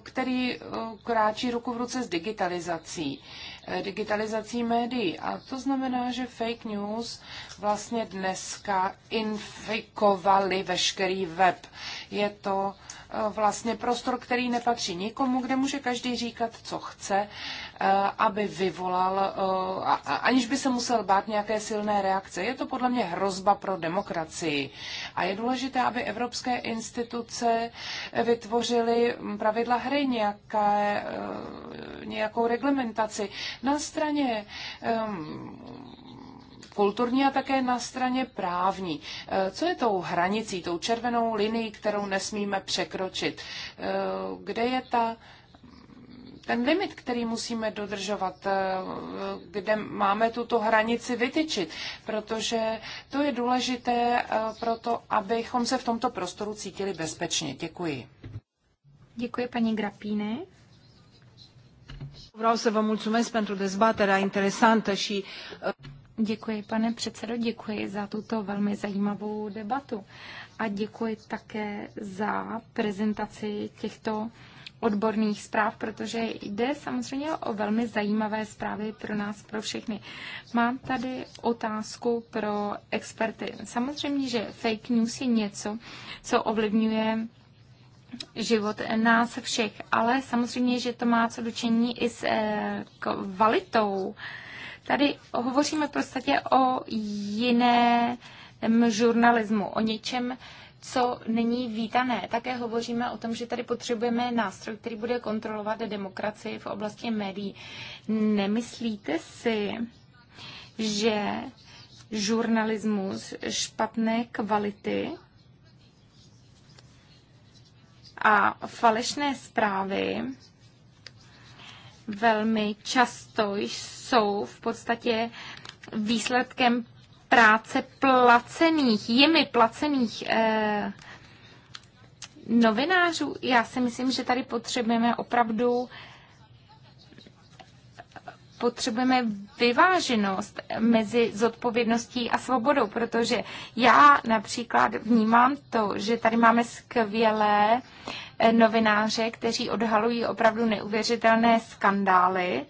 který kráčí ruku v ruce s digitalizací digitalizací médií. A to znamená, že fake news vlastně dneska infikovali veškerý web. Je to Eh, vlastně prostor, který nepatří nikomu, kde může každý říkat, co chce, eh, aby vyvolal, eh, aniž by se musel bát nějaké silné reakce. Je to podle mě hrozba pro demokracii. A je důležité, aby evropské instituce vytvořily hm, pravidla hry, nějaké, nějakou reglementaci. Na straně hm, kulturní a také na straně právní. Eh, co je tou hranicí, tou červenou linií, kterou nesmíme překročit? Eh, kde je ta ten limit, který musíme dodržovat, eh, kde máme tuto hranici vytyčit, protože to je důležité pro to, abychom se v tomto prostoru cítili bezpečně. Děkuji. Děkuji paní Grapíny. Vreau să vă mulțumesc pentru dezbaterea interesantă și Děkuji, pane předsedo, děkuji za tuto velmi zajímavou debatu a děkuji také za prezentaci těchto odborných zpráv, protože jde samozřejmě o velmi zajímavé zprávy pro nás, pro všechny. Mám tady otázku pro experty. Samozřejmě, že fake news je něco, co ovlivňuje život nás všech, ale samozřejmě, že to má co dočení i s eh, kvalitou eh, Tady hovoříme v podstatě o jiném žurnalismu, o něčem, co není vítané. Také hovoříme o tom, že tady potřebujeme nástroj, který bude kontrolovat demokracii v oblasti médií. Nemyslíte si, že žurnalismus špatné kvality a falešné zprávy velmi často jsou v podstatě výsledkem práce placených, jimi placených eh, novinářů. Já si myslím, že tady potřebujeme opravdu eh, potřebujeme vyváženost mezi zodpovědností a svobodou, protože já například vnímám to, že tady máme skvělé eh, novináře, kteří odhalují opravdu neuvěřitelné skandály,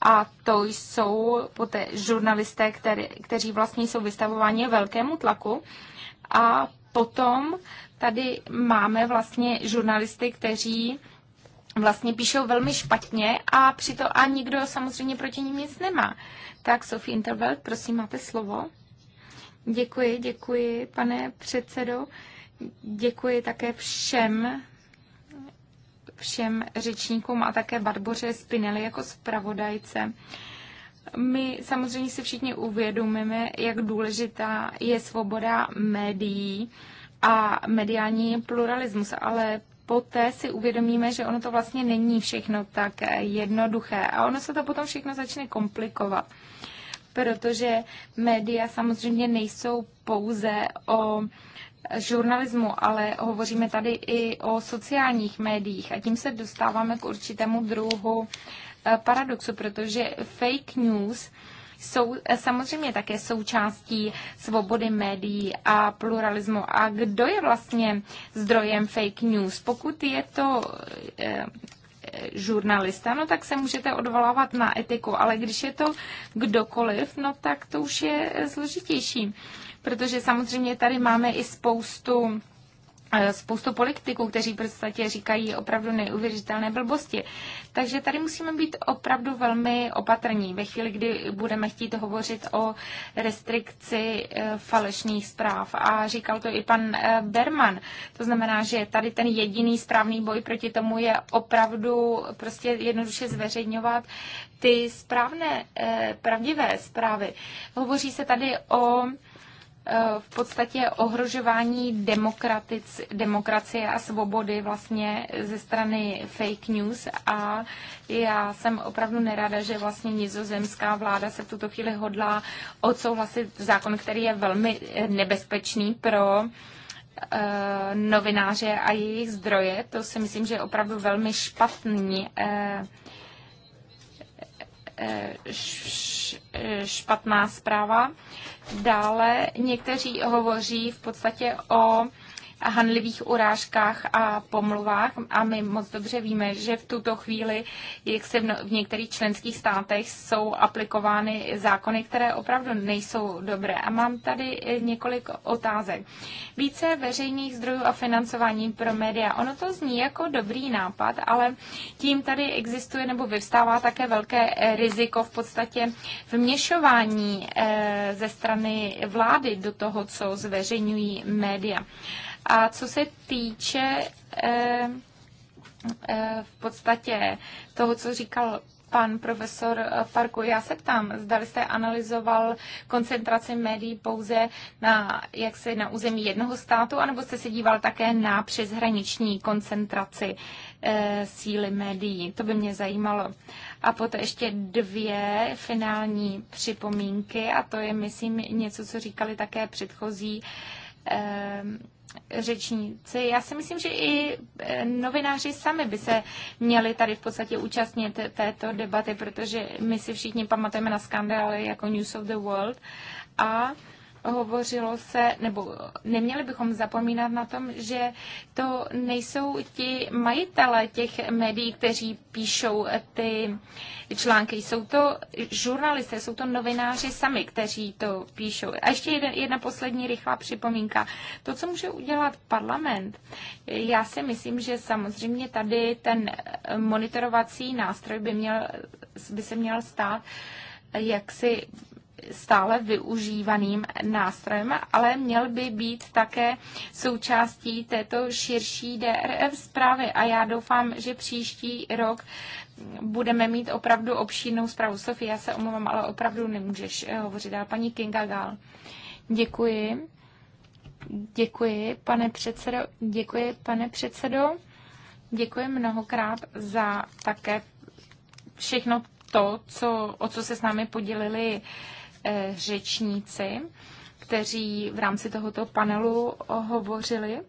a to jsou poté žurnalisté, který, kteří vlastně jsou vystavováni velkému tlaku. A potom tady máme vlastně žurnalisty, kteří vlastně píšou velmi špatně a přitom a nikdo samozřejmě proti ním nic nemá. Tak Sofie Intervelt, prosím, máte slovo. Děkuji, děkuji, pane předsedo. Děkuji také všem všem řečníkům a také Barboře Spinelli jako zpravodajce. My samozřejmě si všichni uvědomíme, jak důležitá je svoboda médií a mediální pluralismus, ale poté si uvědomíme, že ono to vlastně není všechno tak jednoduché a ono se to potom všechno začne komplikovat. Protože média samozřejmě nejsou pouze o žurnalismu, ale hovoříme tady i o sociálních médiích a tím se dostáváme k určitému druhu eh, paradoxu, protože fake news jsou eh, samozřejmě také součástí svobody médií a pluralismu. A kdo je vlastně zdrojem fake news? Pokud je to eh, žurnalista, no tak se můžete odvolávat na etiku, ale když je to kdokoliv, no tak to už je eh, složitější, protože samozřejmě tady máme i spoustu spoustu politiků, kteří v podstatě říkají opravdu neuvěřitelné blbosti. Takže tady musíme být opravdu velmi opatrní ve chvíli, kdy budeme chtít hovořit o restrikci eh, falešných zpráv. A říkal to i pan eh, Berman. To znamená, že tady ten jediný správný boj proti tomu je opravdu prostě jednoduše zveřejňovat ty správné, eh, pravdivé zprávy. Hovoří se tady o v podstatě ohrožování demokracie a svobody vlastně ze strany fake news a já jsem opravdu nerada, že vlastně nizozemská vláda se v tuto chvíli hodlá odsouhlasit zákon, který je velmi nebezpečný pro eh, novináře a jejich zdroje. To si myslím, že je opravdu velmi špatný eh, špatná zpráva. Dále někteří hovoří v podstatě o hanlivých urážkách a pomluvách. A my moc dobře víme, že v tuto chvíli, jak se v no-, některých členských státech jsou aplikovány zákony, které opravdu nejsou dobré. A mám tady eh, několik otázek. Více veřejných zdrojů a financování pro média. Ono to zní jako dobrý nápad, ale tím tady existuje nebo vyvstává také velké eh, riziko v podstatě vměšování eh, ze strany vlády do toho, co zveřejňují média. A co se týče eh, eh, v podstatě toho, co říkal pan profesor Parku. Eh, já se ptám, zda jste analyzoval koncentraci médií pouze na, jak se, na území jednoho státu, anebo jste se díval také na přeshraniční koncentraci síly médií. To by mě zajímalo. A poté ještě dvě finální připomínky a to je, myslím, něco, co říkali také předchozí Eh, řečníci. Já si myslím, že i eh, novináři sami by se měli tady v podstatě účastnit této debaty, protože my si všichni pamatujeme na skandály jako News of the World a hovořilo se, nebo neměli bychom zapomínat na tom, že to nejsou ti majitele těch médií, kteří píšou ty články. Jsou to žurnalisté, jsou to novináři sami, kteří to píšou. A ještě jedna, jedna poslední rychlá připomínka. To, co může udělat parlament, já si myslím, že samozřejmě tady ten monitorovací nástroj by, měl, by se měl stát jaksi stále využívaným nástrojem, ale měl by být také součástí této širší DRF zprávy a já doufám, že příští rok budeme mít opravdu obšírnou zprávu. Sofie, já se omluvám, ale opravdu nemůžeš eh, hovořit dál. Paní Kinga Gál. Děkuji. Děkuji, pane předsedo. Děkuji, pane předsedo. Děkuji mnohokrát za také všechno to, co, o co se s námi podělili Eh, řečníci, kteří v rámci tohoto panelu hovořili.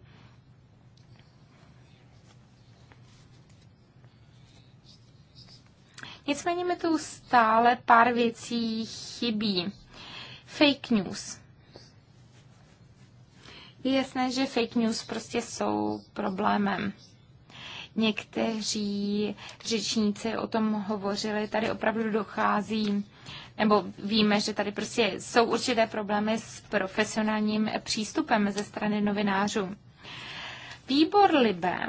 Nicméně mi tu stále pár věcí chybí. Fake news. Je jasné, že fake news prostě jsou problémem. Někteří řečníci o tom hovořili, tady opravdu dochází nebo víme, že tady prostě jsou určité problémy s profesionálním přístupem ze strany novinářů. Výbor Libe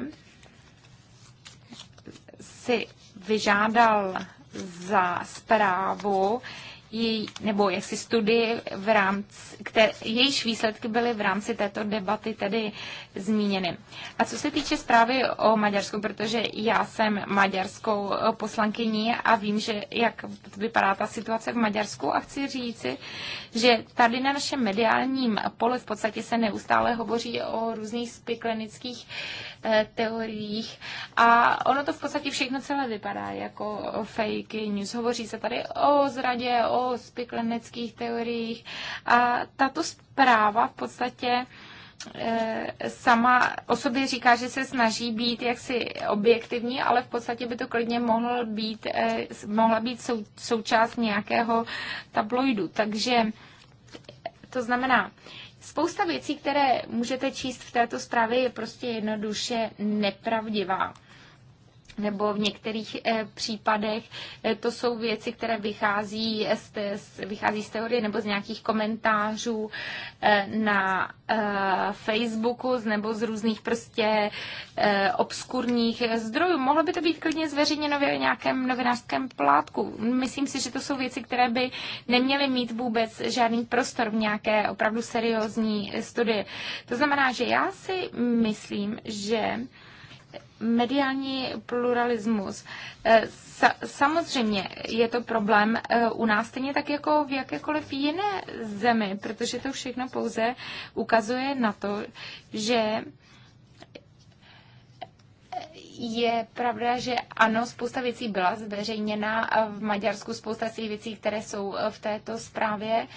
si vyžádal za zprávu její, nebo jaksi studii, v rámci, které, jejíž výsledky byly v rámci této debaty tedy zmíněny. A co se týče zprávy o Maďarsku, protože já jsem maďarskou eh, poslankyní a vím, že jak vypadá ta situace v Maďarsku a chci říci, že tady na našem mediálním poli v podstatě se neustále hovoří o různých spiklenických uh, Eh, teoriích a ono to v podstatě všechno celé vypadá jako fake news. Hovoří se tady o zradě, o spikleneckých teoriích a tato zpráva v podstatě eh, sama o sobě říká, že se snaží být jaksi objektivní, ale v podstatě by to klidně mohlo být, eh, mohla být sou, součást nějakého tabloidu. Takže to znamená, Spousta věcí, které můžete číst v této zprávě, je prostě jednoduše nepravdivá nebo v některých eh, případech eh, to jsou věci, které vychází z, vychází z teorie nebo z nějakých komentářů eh, na Facebooku nebo z různých prostě obskurních zdrojů. Mohlo by to být klidně zveřejněno v nějakém novinářském plátku. Myslím si, že to jsou věci, které by neměly mít vůbec žádný prostor v nějaké opravdu seriózní studii. To znamená, že já si myslím, že mediální pluralismus. Eh, samozřejmě je to problém eh, u nás stejně tak jako v jakékoliv jiné zemi, protože to všechno pouze ukazuje na to, že je pravda, že ano, spousta věcí byla zveřejněna v Maďarsku, spousta těch věcí, které jsou eh, v této zprávě.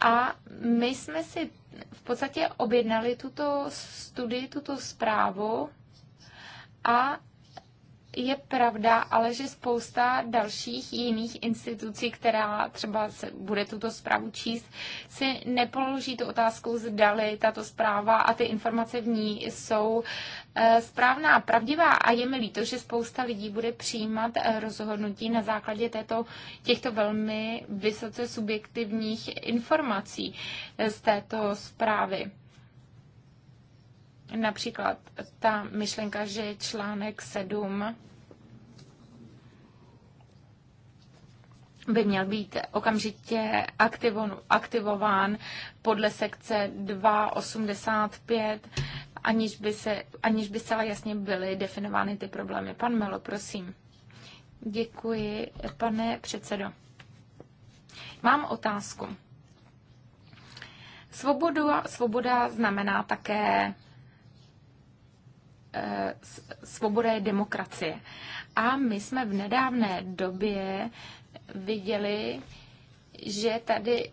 A my jsme si v podstatě objednali tuto studii, tuto zprávu a je pravda, ale že spousta dalších jiných institucí, která třeba se bude tuto zprávu číst, si nepoloží tu otázku, zdali tato zpráva a ty informace v ní jsou eh, správná, pravdivá a je mi líto, že spousta lidí bude přijímat eh, rozhodnutí na základě této, těchto velmi vysoce subjektivních informací eh, z této zprávy. Například ta myšlenka, že článek 7 by měl být okamžitě aktivován podle sekce 285, aniž by, se, aniž by zcela jasně byly definovány ty problémy. Pan Melo, prosím. Děkuji, pane předsedo. Mám otázku. Svobodu, svoboda znamená také svoboda je demokracie. A my jsme v nedávné době viděli, že tady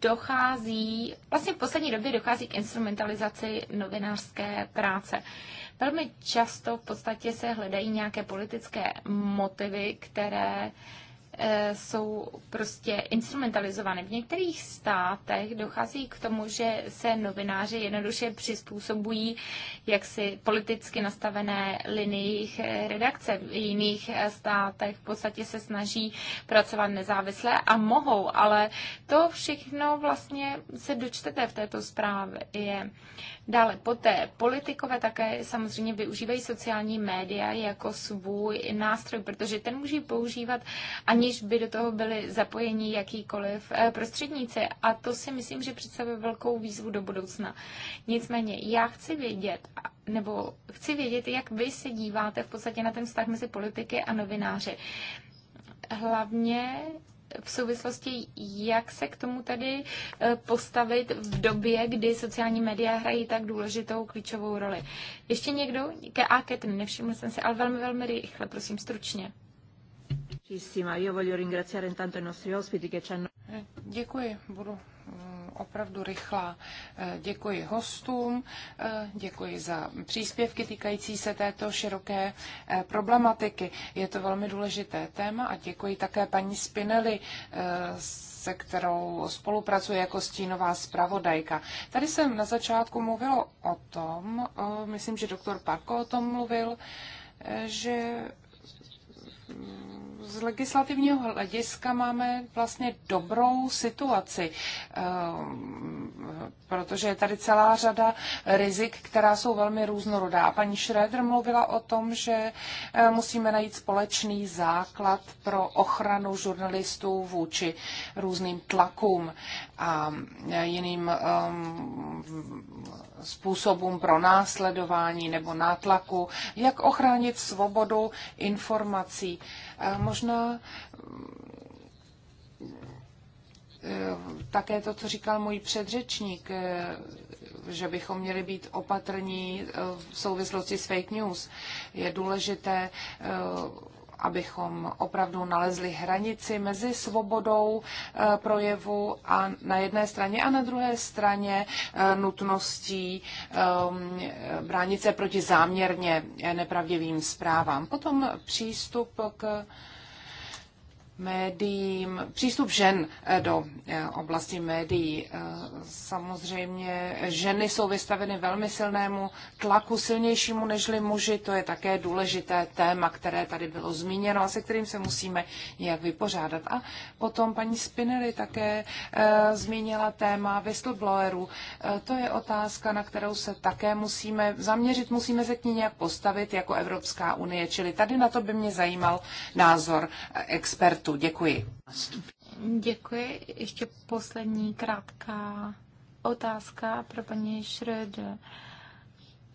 dochází, vlastně v poslední době dochází k instrumentalizaci novinářské práce. Velmi často v podstatě se hledají nějaké politické motivy, které Eh, jsou prostě instrumentalizovány. V některých státech dochází k tomu, že se novináři jednoduše přizpůsobují jaksi politicky nastavené linii eh, redakce. V jiných eh, státech v podstatě se snaží pracovat nezávisle a mohou, ale to všechno vlastně se dočtete v této zprávě. Dále poté politikové také samozřejmě využívají sociální média jako svůj nástroj, protože ten může používat, aniž by do toho byly zapojeni jakýkoliv eh, prostředníci. A to si myslím, že představuje velkou výzvu do budoucna. Nicméně já chci vědět, nebo chci vědět, jak vy se díváte v podstatě na ten vztah mezi politiky a novináři. Hlavně v souvislosti, jak se k tomu tedy eh, postavit v době, kdy sociální média hrají tak důležitou klíčovou roli. Ještě někdo? Ke a Ketrin, nevšiml jsem se, ale velmi, velmi rychle, prosím, stručně. Děkuji, budu opravdu rychlá. Eh, děkuji hostům, eh, děkuji za příspěvky týkající se této široké eh, problematiky. Je to velmi důležité téma a děkuji také paní Spinelli se kterou spolupracuje jako stínová zpravodajka. Tady jsem na začátku mluvilo o tom, myslím, že doktor Parko o tom mluvil, že z legislativního hlediska máme vlastně dobrou situaci, eh, protože je tady celá řada rizik, která jsou velmi různorodá. Paní Schroeder mluvila o tom, že eh, musíme najít společný základ pro ochranu žurnalistů vůči různým tlakům a eh, jiným způsobům pro následování nebo nátlaku, jak ochránit svobodu informací Možná eh, také to, co říkal můj předřečník, eh, že bychom měli být opatrní eh, v souvislosti s fake news. Je důležité abychom opravdu nalezli hranici mezi svobodou eh, projevu a na jedné straně a na druhé straně eh, nutností ehm, bránit se proti záměrně nepravdivým zprávám. Potom přístup k médiím, přístup žen eh, do eh, oblasti médií. Eh, samozřejmě ženy jsou vystaveny velmi silnému tlaku, silnějšímu nežli muži. To je také důležité téma, které tady bylo zmíněno a se kterým se musíme nějak vypořádat. A potom paní Spinelli také zmínila téma whistleblowerů. To je otázka, na kterou se také musíme zaměřit, musíme se k ní nějak postavit jako Evropská unie. Čili tady na to by mě zajímal názor expertů projektu. Děkuji. Děkuji. Ještě poslední krátká otázka pro paní Schröder.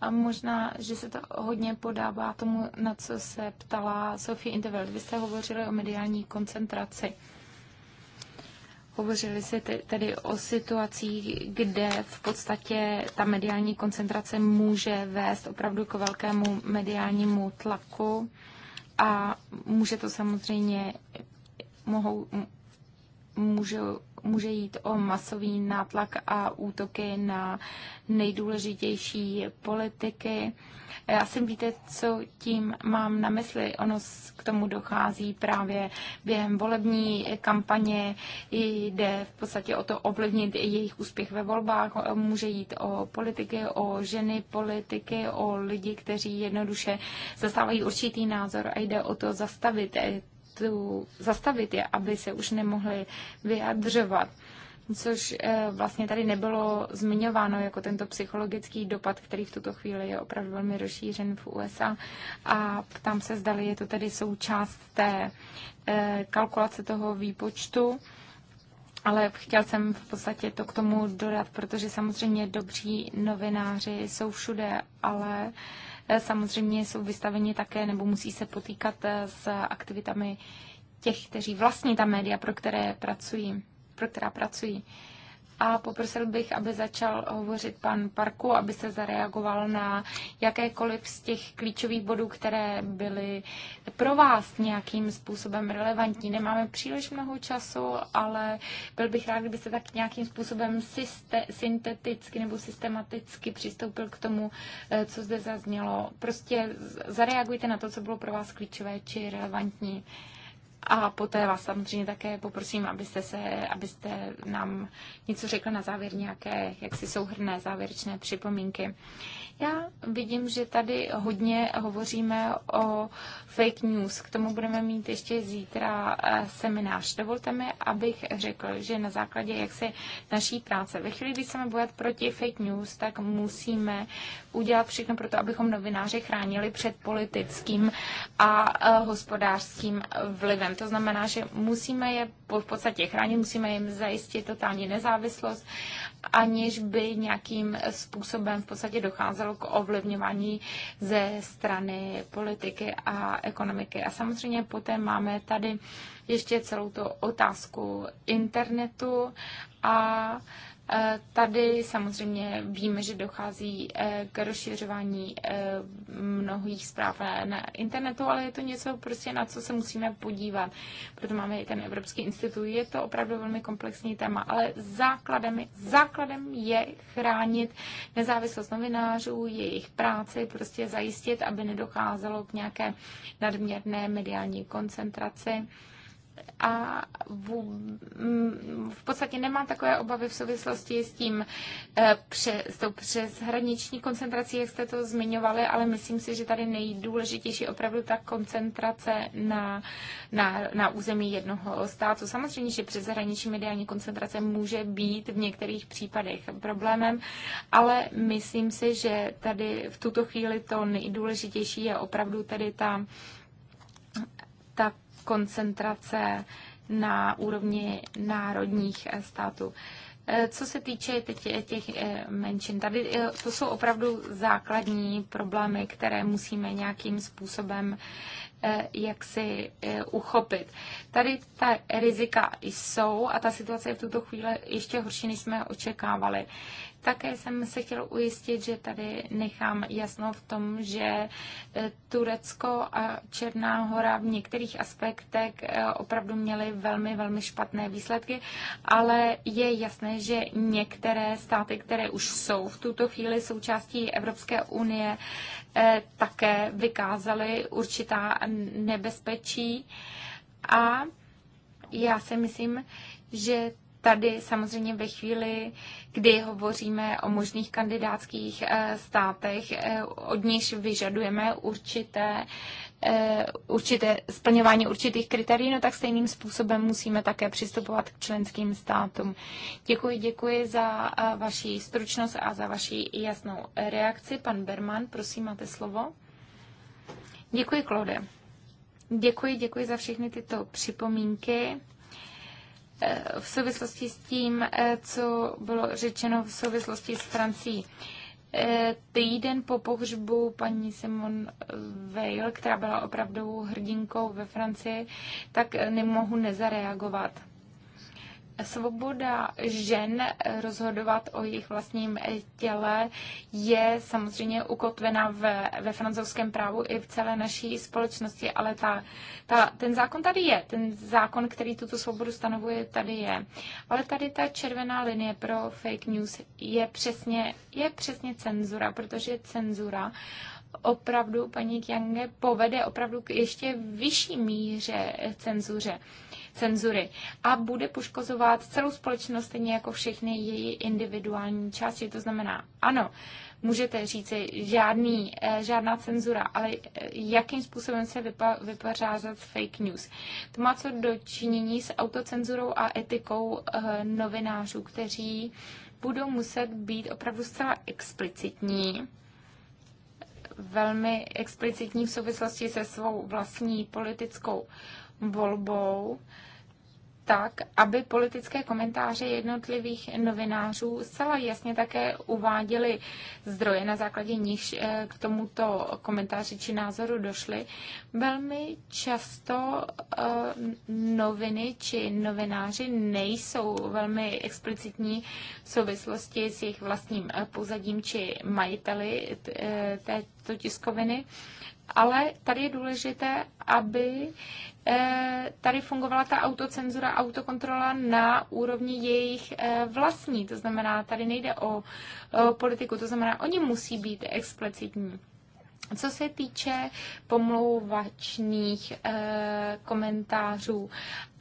A možná, že se to hodně podává tomu, na co se ptala Sofie Intervelt. Vy jste hovořili o mediální koncentraci. Hovořili jste tedy o situacích, kde v podstatě ta mediální koncentrace může vést opravdu k velkému mediálnímu tlaku a může to samozřejmě mohou, může, může jít o masový nátlak a útoky na nejdůležitější politiky. Já si víte, co tím mám na mysli. Ono k tomu dochází právě během volební kampaně. Jde v podstatě o to ovlivnit jejich úspěch ve volbách. Může jít o politiky, o ženy politiky, o lidi, kteří jednoduše zastávají určitý názor a jde o to zastavit tu, zastavit je, aby se už nemohli vyjadřovat což eh, vlastně tady nebylo zmiňováno jako tento psychologický dopad, který v tuto chvíli je opravdu velmi rozšířen v USA. A tam se zdali, je to tedy součást té eh, kalkulace toho výpočtu. Ale chtěl jsem v podstatě to k tomu dodat, protože samozřejmě dobří novináři jsou všude, ale uh, samozřejmě jsou vystaveni také nebo musí se potýkat eh, s aktivitami těch, kteří vlastní ta média, pro které pracují, pro která pracují a poprosil bych, aby začal hovořit pan Parku, aby se zareagoval na jakékoliv z těch klíčových bodů, které byly pro vás nějakým způsobem relevantní. Nemáme příliš mnoho času, ale byl bych rád, kdyby se tak nějakým způsobem syste- synteticky nebo systematicky přistoupil k tomu, eh, co zde zaznělo. Prostě zareagujte na to, co bylo pro vás klíčové či relevantní. A poté vás samozřejmě také poprosím, abyste, se, abyste nám něco řekl na závěr, nějaké jaksi souhrné závěrečné připomínky. Já vidím, že tady hodně hovoříme o fake news. K tomu budeme mít ještě zítra eh, seminář. Dovolte mi, abych řekl, že na základě jak se naší práce, ve chvíli, kdy chceme bojovat proti fake news, tak musíme udělat všechno pro to, abychom novináře chránili před politickým a eh, hospodářským vlivem. To znamená, že musíme je v podstatě chránit, musíme jim zajistit totální nezávislost, aniž by nějakým způsobem v podstatě docházelo k ovlivňování ze strany politiky a ekonomiky. A samozřejmě poté máme tady ještě celou tu otázku internetu a Eh, tady samozřejmě víme, že dochází eh, k rozšiřování eh, mnohých zpráv na internetu, ale je to něco prostě, na co se musíme podívat. Proto máme i ten Evropský institut. Je to opravdu velmi komplexní téma, ale základem, základem je chránit nezávislost novinářů, jejich práci, prostě zajistit, aby nedocházelo k nějaké nadměrné mediální koncentraci a mm, v podstatě nemám takové obavy v souvislosti s tím, eh, pře, s tou přeshraniční koncentrací, jak jste to zmiňovali, ale myslím si, že tady nejdůležitější opravdu ta koncentrace na, na, na území jednoho státu. Samozřejmě, že přeshraniční mediální koncentrace může být v některých případech problémem, ale myslím si, že tady v tuto chvíli to nejdůležitější je opravdu tedy ta ta koncentrace na úrovni národních eh, států. Eh, co se týče teď eh, těch menšin, tady to jsou opravdu základní problémy, které musíme nějakým způsobem jak si uchopit. Tady ta rizika jsou a ta situace je v tuto chvíli ještě horší, než jsme očekávali. Také jsem se chtěl ujistit, že tady nechám jasno v tom, že e, Turecko a Černá hora v některých aspektech e, opravdu měly velmi, velmi špatné výsledky, ale je jasné, že některé státy, které už jsou v tuto chvíli součástí Evropské unie, e, také vykázaly určitá nebezpečí. A já si myslím, že tady samozřejmě ve chvíli, kdy hovoříme o možných kandidátských eh, státech, eh, od nich vyžadujeme určité eh, určité, splňování určitých kritérií, no tak stejným způsobem musíme také přistupovat k členským státům. Děkuji, děkuji za vaši stručnost a za vaši jasnou reakci. Pan Berman, prosím, máte slovo. Děkuji, Klode. Děkuji, děkuji za všechny tyto připomínky v souvislosti s tím, eh, co bylo řečeno v souvislosti s Francí. Eh, týden po pohřbu paní Simon Weil, která byla opravdu hrdinkou ve Francii, tak nemohu nezareagovat. Svoboda žen rozhodovat o jejich vlastním těle je samozřejmě ukotvena ve, ve francouzském právu i v celé naší společnosti, ale ta, ta, ten zákon tady je, ten zákon, který tuto svobodu stanovuje, tady je. Ale tady ta červená linie pro fake news je přesně, je přesně cenzura, protože cenzura opravdu paní Kiange povede opravdu k ještě vyšší míře cenzuře cenzury a bude poškozovat celou společnost stejně jako všechny její individuální části. To znamená, ano, můžete říci žádný, eh, žádná cenzura, ale eh, jakým způsobem se vypa, vypořázat fake news. To má co dočinění s autocenzurou a etikou eh, novinářů, kteří budou muset být opravdu zcela explicitní velmi explicitní v souvislosti se svou vlastní politickou volbou tak, aby politické komentáře jednotlivých novinářů zcela jasně také uváděly zdroje, na základě nichž eh, k tomuto komentáři či názoru došly. Velmi často eh, noviny či novináři nejsou velmi explicitní v souvislosti s jejich vlastním eh, pozadím či majiteli této tiskoviny ale tady je důležité, aby Eh, tady fungovala ta autocenzura, autokontrola na úrovni jejich eh, vlastní. To znamená, tady nejde o politiku, to znamená, oni musí být explicitní. Co se týče pomlouvačných e, eh, komentářů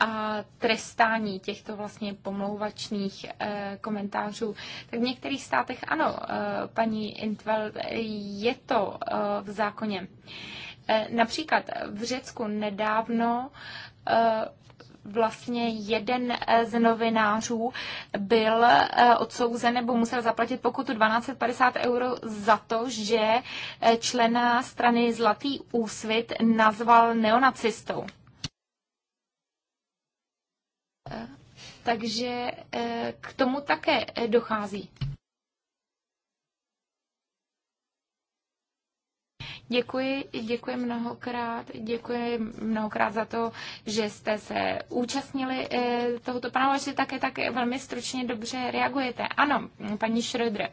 a trestání těchto vlastně pomlouvačných e, komentářů, tak v některých státech ano, e, paní Intval, je to e, v zákoně. E, E, například v Řecku nedávno e, vlastně jeden e, z novinářů byl odsouzen nebo musel zaplatit pokutu 1250 euro za to, že člena strany Zlatý úsvit nazval neonacistou. Takže k tomu také dochází. Děkuji, děkuji mnohokrát, děkuji mnohokrát za to, že jste se účastnili eh, tohoto panelu že také, také velmi stručně dobře reagujete. Ano, paní Schröder,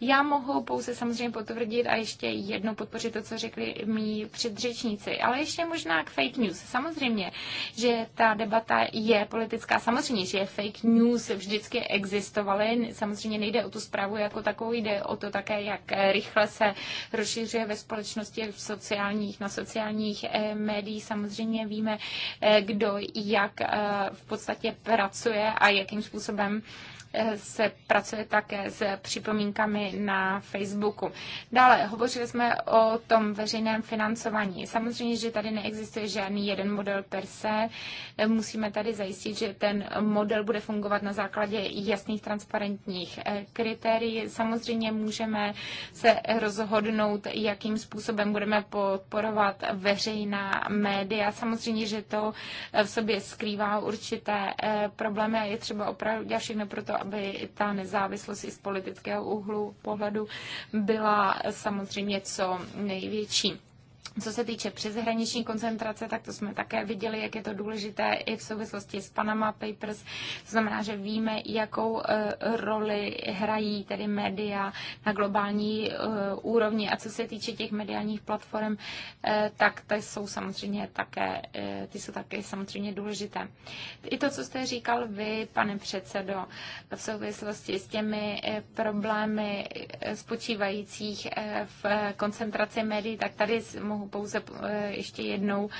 já mohu pouze samozřejmě potvrdit a ještě jedno podpořit to, co řekli mý předřečníci, ale ještě možná k fake news. Samozřejmě, že ta debata je politická, samozřejmě, že fake news vždycky existovaly, samozřejmě nejde o tu zprávu jako takovou, jde o to také, jak rychle se rozšiřuje ve společnosti společnosti, v sociálních, na sociálních eh, médií. Samozřejmě víme, eh, kdo jak eh, v podstatě pracuje a jakým způsobem se pracuje také s připomínkami na Facebooku. Dále, hovořili jsme o tom veřejném financování. Samozřejmě, že tady neexistuje žádný jeden model per se. Musíme tady zajistit, že ten model bude fungovat na základě jasných transparentních eh, kritérií. Samozřejmě můžeme se rozhodnout, jakým způsobem budeme podporovat veřejná média. Samozřejmě, že to eh, v sobě skrývá určité eh, problémy a je třeba opravdu dělat všechno pro to, aby ta nezávislost i z politického úhlu pohledu byla samozřejmě co největší. Co se týče přeshraniční koncentrace, tak to jsme také viděli, jak je to důležité i v souvislosti s Panama Papers. To znamená, že víme, jakou eh, roli hrají tedy média na globální eh, úrovni. A co se týče těch mediálních platform, eh, tak ty jsou samozřejmě také, ty jsou také samozřejmě důležité. I to, co jste říkal vy, pane předsedo, v souvislosti s těmi problémy spočívajících v koncentraci médií, tak tady mohu pouze eh, ještě jednou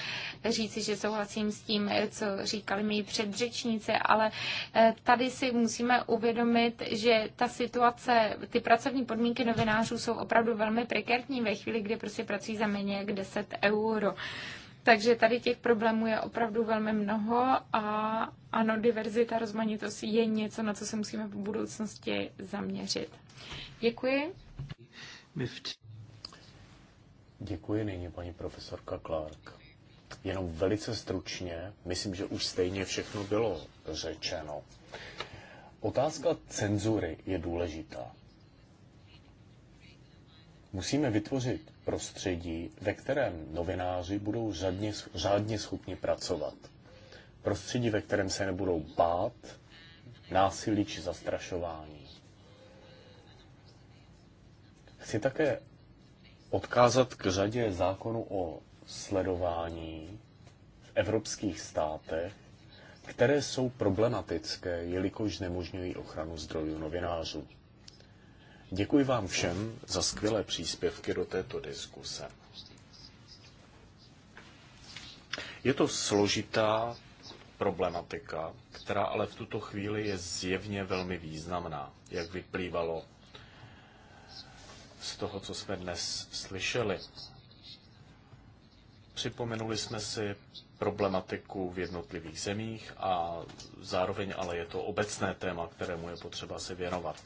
říci, že souhlasím s tím, eh, co říkali mi předřečníci, ale eh, tady si musíme uvědomit, že ta situace, ty pracovní podmínky novinářů jsou opravdu velmi prekertní ve chvíli, kdy prostě pracují za méně jak 10 euro. Takže tady těch problémů je opravdu velmi mnoho a ano, diverzita, rozmanitost je něco, na co se musíme v budoucnosti zaměřit. Děkuji. Děkuji nyní, paní profesorka Clark. Jenom velice stručně, myslím, že už stejně všechno bylo řečeno. Otázka cenzury je důležitá. Musíme vytvořit prostředí, ve kterém novináři budou řádně, řádně schopni pracovat. Prostředí, ve kterém se nebudou bát násilí či zastrašování. Chci také odkázat k řadě zákonů o sledování v evropských státech, které jsou problematické, jelikož znemožňují ochranu zdrojů novinářů. Děkuji vám všem za skvělé příspěvky do této diskuse. Je to složitá problematika, která ale v tuto chvíli je zjevně velmi významná, jak vyplývalo z toho, co jsme dnes slyšeli. Připomenuli jsme si problematiku v jednotlivých zemích a zároveň ale je to obecné téma, kterému je potřeba se věnovat.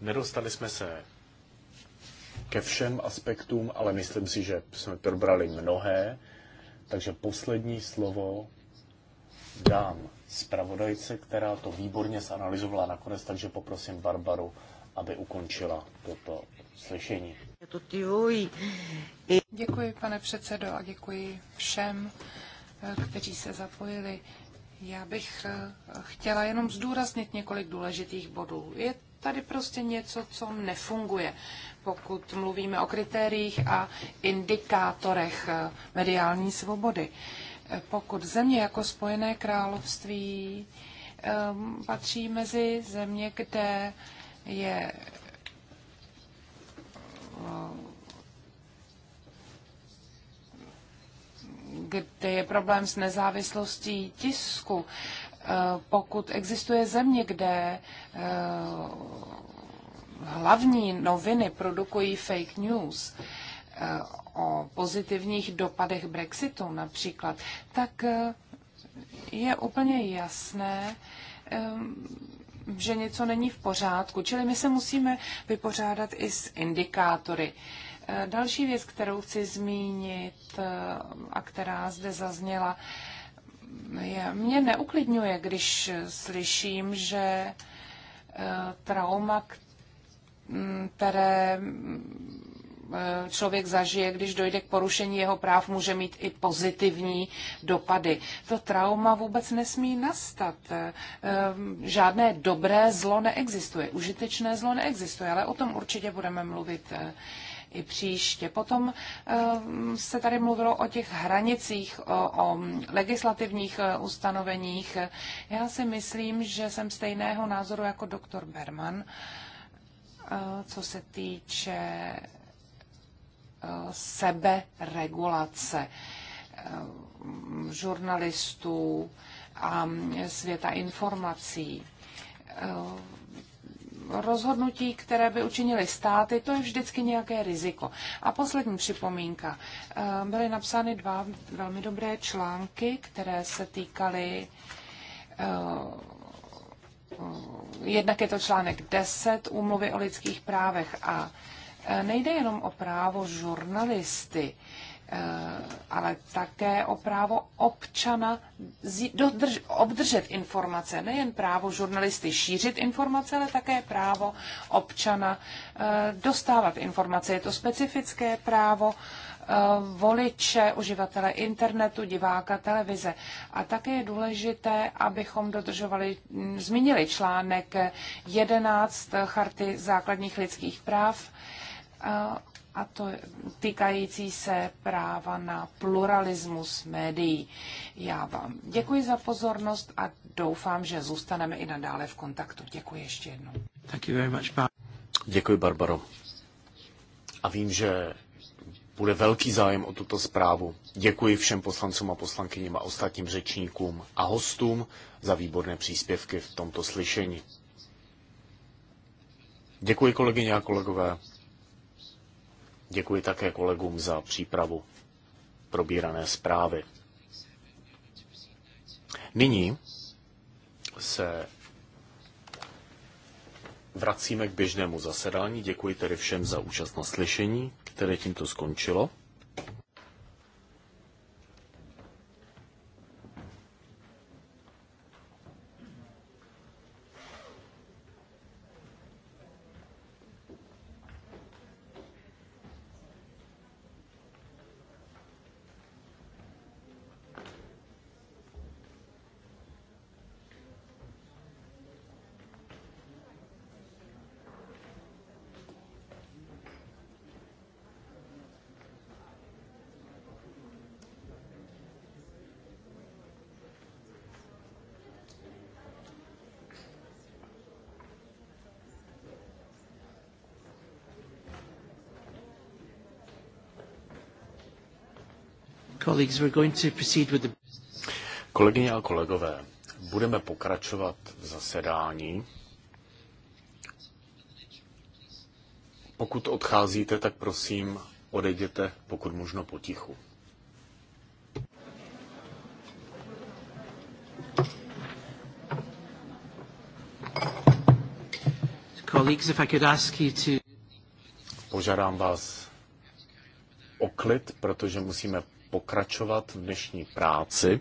Nedostali jsme se ke všem aspektům, ale myslím si, že jsme probrali mnohé, takže poslední slovo dám zpravodajce, která to výborně zanalizovala nakonec, takže poprosím Barbaru aby ukončila toto slyšení. Děkuji, pane předsedo, a děkuji všem, eh, kteří se zapojili. Já bych eh, chtěla jenom zdůraznit několik důležitých bodů. Je tady prostě něco, co nefunguje, pokud mluvíme o kritériích a indikátorech eh, mediální svobody. Pokud země jako Spojené království patří mezi země, kde je eh, kde je problém s nezávislostí tisku. Eh, pokud existuje země, kde eh, hlavní noviny produkují fake news o pozitivních dopadech Brexitu například, tak je úplně jasné, že něco není v pořádku. Čili my se musíme vypořádat i s indikátory. Eh, další věc, kterou chci zmínit eh, a která zde zazněla, je, mě neuklidňuje, když slyším, že eh, trauma, které E, člověk zažije, když dojde k porušení jeho práv, může mít i pozitivní dopady. To trauma vůbec nesmí nastat. E, e, žádné dobré zlo neexistuje, užitečné zlo neexistuje, ale o tom určitě budeme mluvit i příště. Potom se tady mluvilo o těch hranicích, o, o legislativních ustanoveních. Já si myslím, že jsem stejného názoru jako doktor Berman, co se týče seberegulace eh, žurnalistů a světa informací. Eh, rozhodnutí, které by učinili státy, to je vždycky nějaké riziko. A poslední připomínka. Eh, byly napsány dva velmi dobré články, které se týkaly Jednak je to článek 10 úmluvy o lidských právech a Eh, nejde jenom o právo žurnalisty, eh, ale také o právo občana obdržet informace. Nejen právo žurnalisty šířit informace, ale také právo občana eh, dostávat informace. Je to specifické právo voliče, uživatele internetu, diváka, televize. A také je důležité, abychom dodržovali, hm, zmínili článek 11 Charty základních lidských práv, a to týkající se práva na pluralismus médií. Já vám děkuji za pozornost a doufám, že zůstaneme i nadále v kontaktu. Děkuji ještě jednou. Thank you very much, děkuji, Barbaro. A vím, že bude velký zájem o tuto zprávu. Děkuji všem poslancům a poslankyním a ostatním řečníkům a hostům za výborné příspěvky v tomto slyšení. Děkuji kolegyně a kolegové. Děkuji také kolegům za přípravu probírané zprávy. Nyní se vracíme k běžnému zasedání. Děkuji tedy všem za účast na slyšení, které tímto skončilo. colleagues, we're going to proceed with the... Kolegyně a kolegové, budeme pokračovat v zasedání. Pokud odcházíte, tak prosím odejděte pokud možno potichu. Colleagues, if I could ask you to... Požádám vás o klid, protože musíme pokračovat v dnešní práci.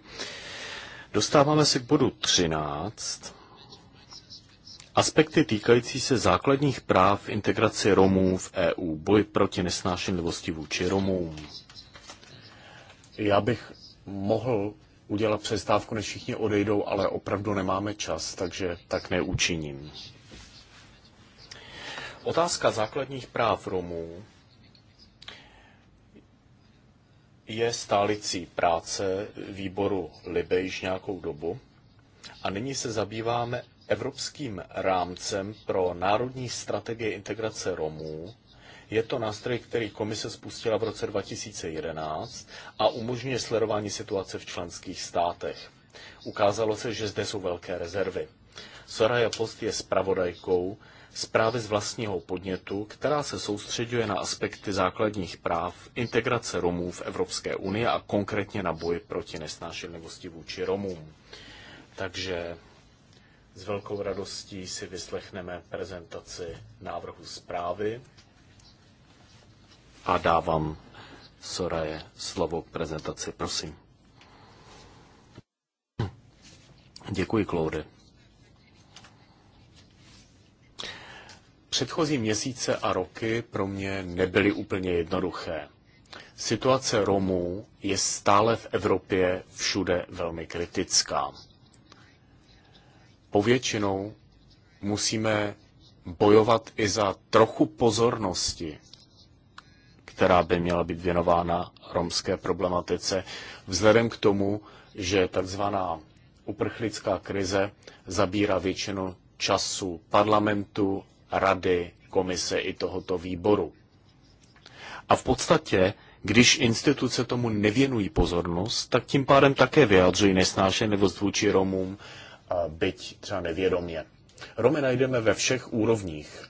Dostáváme se k bodu 13. Aspekty týkající se základních práv integraci Romů v EU, boj proti nesnášenlivosti vůči Romům. Já bych mohl udělat přestávku, než všichni odejdou, ale opravdu nemáme čas, takže tak neučiním. Otázka základních práv Romů je stálicí práce výboru Libe již nějakou dobu a nyní se zabýváme evropským rámcem pro národní strategie integrace Romů. Je to nástroj, který komise spustila v roce 2011 a umožňuje sledování situace v členských státech. Ukázalo se, že zde jsou velké rezervy. Soraya Post je spravodajkou zprávy z vlastního podnětu, která se soustředuje na aspekty základních práv, integrace Romů v Evropské unii a konkrétně na boj proti nesnášenlivosti vůči Romům. Takže s velkou radostí si vyslechneme prezentaci návrhu zprávy a dávám Soraje slovo k prezentaci, prosím. Děkuji, Claude. Předchozí měsíce a roky pro mě nebyly úplně jednoduché. Situace Romů je stále v Evropě všude velmi kritická. Povětšinou musíme bojovat i za trochu pozornosti, která by měla být věnována romské problematice, vzhledem k tomu, že takzvaná uprchlická krize zabírá většinu času parlamentu rady, komise i tohoto výboru. A v podstatě, když instituce tomu nevěnují pozornost, tak tím pádem také vyjadřují nesnášenlivost vůči Romům, byť třeba nevědomě. Romy najdeme ve všech úrovních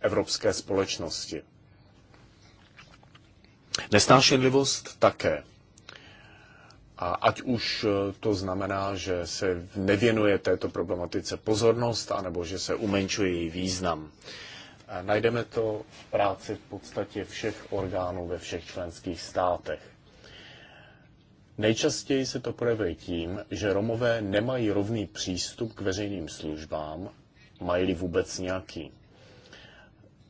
evropské společnosti. Nesnášenlivost také. A ať už eh, to znamená, že se nevěnuje této problematice pozornost, anebo že se umenšuje její význam. Eh, najdeme to v práci v podstatě všech orgánů ve všech členských státech. Nejčastěji se to projevuje tím, že Romové nemají rovný přístup k veřejným službám, mají-li vůbec nějaký.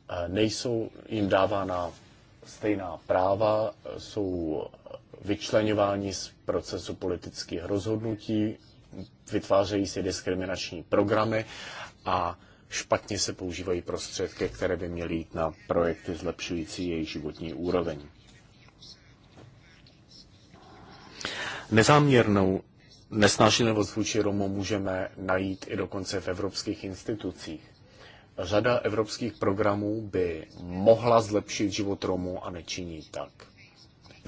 Eh, nejsou jim dávána stejná práva, jsou vyčlenování z procesu politických rozhodnutí, vytvářejí se diskriminační programy a špatně se používají prostředky, které by měly jít na projekty zlepšující její životní úroveň. Nezáměrnou nesnášenlivost vůči Romu můžeme najít i dokonce v evropských institucích. Řada evropských programů by mohla zlepšit život Romů a nečiní tak.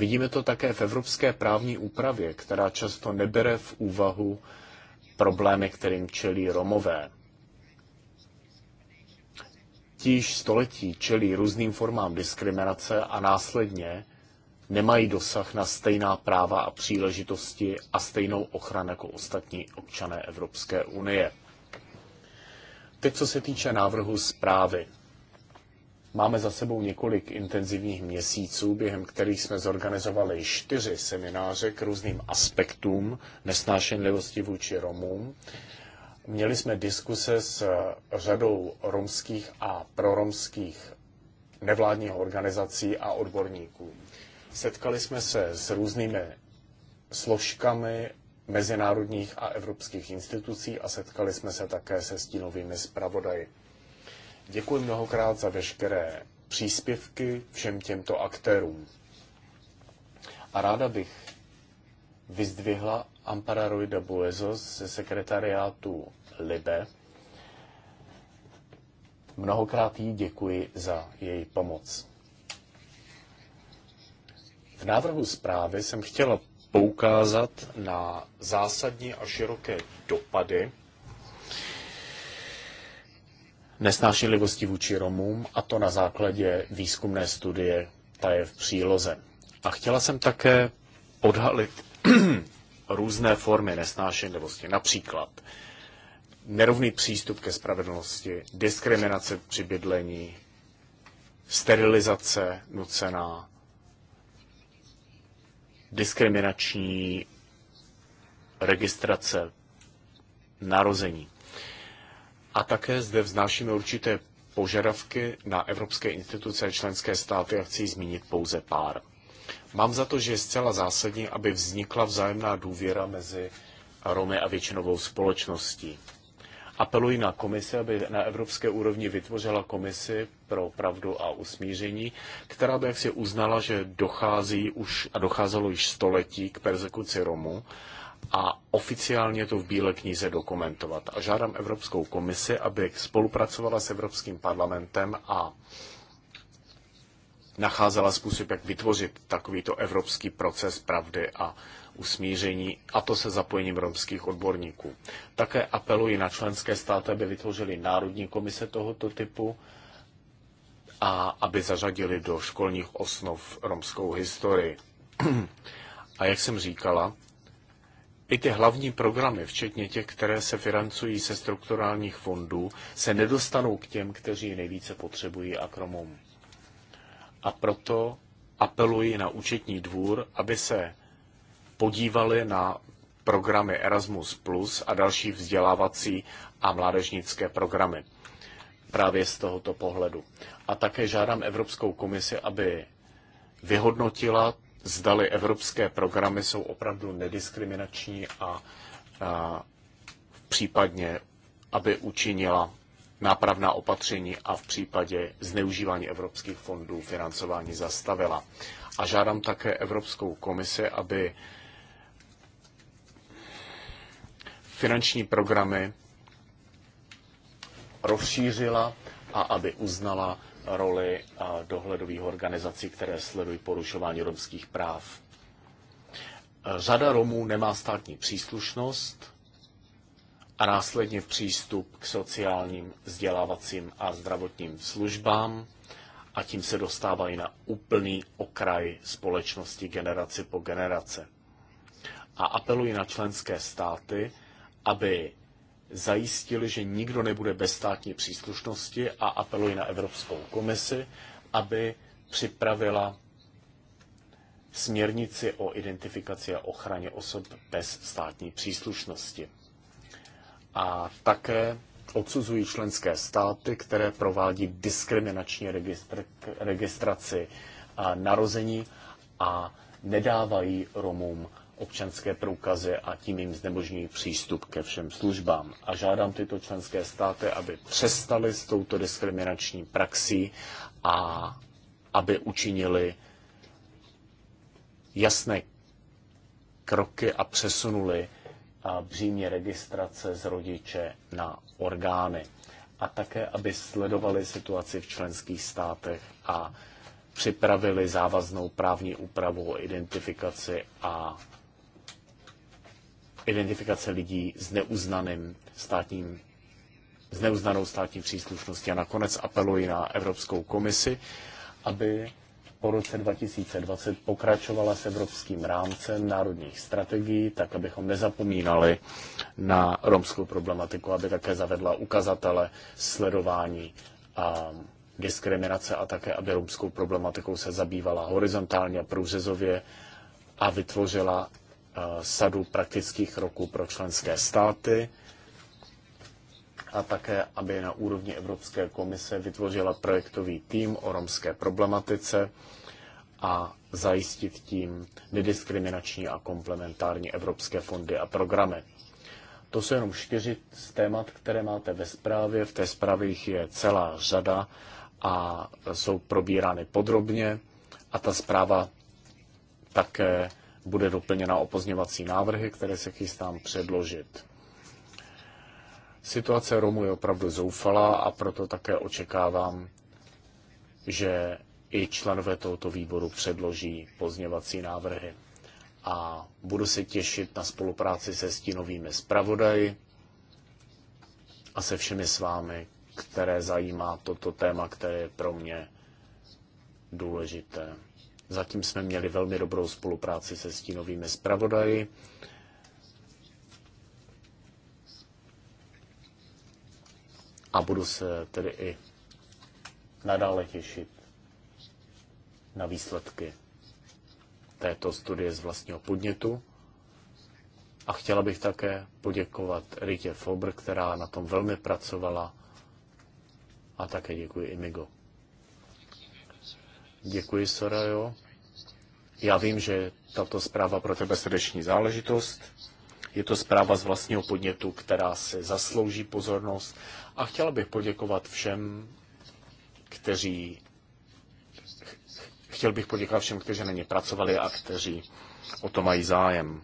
Vidíme to také v evropské právní úpravě, která často nebere v úvahu problémy, kterým čelí Romové. Tíž století čelí různým formám diskriminace a následně nemají dosah na stejná práva a příležitosti a stejnou ochranu jako ostatní občané Evropské unie. Teď, co se týče návrhu zprávy. Máme za sebou několik intenzivních měsíců, během kterých jsme zorganizovali čtyři semináře k různým aspektům nesnášenlivosti vůči Romům. Měli jsme diskuse s řadou romských a proromských nevládních organizací a odborníků. Setkali jsme se s různými složkami mezinárodních a evropských institucí a setkali jsme se také se stínovými zpravodaji. Děkuji mnohokrát za veškeré příspěvky všem těmto aktérům. A ráda bych vyzdvihla Ampara Ruida Buezos ze sekretariátu LIBE. Mnohokrát jí děkuji za její pomoc. V návrhu zprávy jsem chtěla poukázat na zásadní a široké dopady nesnášenlivosti vůči Romům, a to na základě výzkumné studie, ta je v příloze. A chtěla jsem také odhalit (clears throat) různé formy nesnášenlivosti, například nerovný přístup ke spravedlnosti, diskriminace při bydlení, sterilizace nucená, diskriminační registrace narození. A také zde vznášíme určité požadavky na evropské instituce a členské státy a chci zmínit pouze pár. Mám za to, že je zcela zásadní, aby vznikla vzájemná důvěra mezi Romy a většinovou společností. Apeluji na komisi, aby na evropské úrovni vytvořila komisi pro pravdu a usmíření, která by jaksi uznala, že dochází už a docházelo již století k persekuci Romů a oficiálně to v Bílé knize dokumentovat. A žádám Evropskou komisi, aby spolupracovala s Evropským parlamentem a nacházela způsob, jak vytvořit takovýto evropský proces pravdy a usmíření, a to se zapojením romských odborníků. Také apeluji na členské státy, aby vytvořili národní komise tohoto typu a aby zařadili do školních osnov romskou historii. (clears throat) A jak jsem říkala, i ty hlavní programy, včetně těch, které se financují se strukturálních fondů, se nedostanou k těm, kteří nejvíce potřebují a A proto apeluji na účetní dvůr, aby se podívali na programy Erasmus Plus a další vzdělávací a mládežnické programy. Právě z tohoto pohledu. A také žádám Evropskou komisi, aby vyhodnotila zdali evropské programy jsou opravdu nediskriminační a, a případně, aby učinila nápravná opatření a v případě zneužívání evropských fondů financování zastavila. A žádám také Evropskou komisi, aby finanční programy rozšířila a aby uznala roli dohledových organizací, které sledují porušování romských práv. Řada Romů nemá státní příslušnost a následně v přístup k sociálním, vzdělávacím a zdravotním službám a tím se dostávají na úplný okraj společnosti generaci po generace. A apeluji na členské státy, aby zajistili, že nikdo nebude bez státní příslušnosti a apeluji na Evropskou komisi, aby připravila směrnici o identifikaci a ochraně osob bez státní příslušnosti. A také odsuzují členské státy, které provádí diskriminační registr- registraci a narození a nedávají Romům občanské průkazy a tím jim znemožňují přístup ke všem službám. A žádám tyto členské státy, aby přestali s touto diskriminační praxí a aby učinili jasné kroky a přesunuli břímě registrace z rodiče na orgány. A také, aby sledovali situaci v členských státech a připravili závaznou právní úpravu o identifikaci a identifikace lidí s neuznaným státním s neuznanou státní příslušností. A nakonec apeluji na Evropskou komisi, aby po roce 2020 pokračovala s evropským rámcem národních strategií, tak abychom nezapomínali na romskou problematiku, aby také zavedla ukazatele sledování a diskriminace a také, aby romskou problematikou se zabývala horizontálně a průřezově a vytvořila Eh, sadu praktických kroků pro členské státy a také, aby na úrovni Evropské komise vytvořila projektový tým o romské problematice a zajistit tím nediskriminační a komplementární evropské fondy a programy. To jsou jenom čtyři z témat, které máte ve zprávě. V té zprávě jich je celá řada a jsou probírány podrobně. A ta zpráva také bude doplněna o pozněvací návrhy, které se chystám předložit. Situace Romů je opravdu zoufalá a proto také očekávám, že i členové tohoto výboru předloží pozněvací návrhy. A budu se těšit na spolupráci se stínovými zpravodaji a se všemi s vámi, které zajímá toto téma, které je pro mě důležité. Zatím jsme měli velmi dobrou spolupráci se stínovými zpravodaji. A budu se tedy i nadále těšit na výsledky této studie z vlastního podnětu. A chtěla bych také poděkovat Ritě Fobr, která na tom velmi pracovala. A také děkuji Imigo. Děkuji, Sorajo. Já vím, že tato zpráva pro tebe srdeční záležitost. Je to zpráva z vlastního podnětu, která se zaslouží pozornost. A chtěla bych poděkovat všem, kteří chtěl bych poděkovat všem, kteří na ně pracovali a kteří o to mají zájem.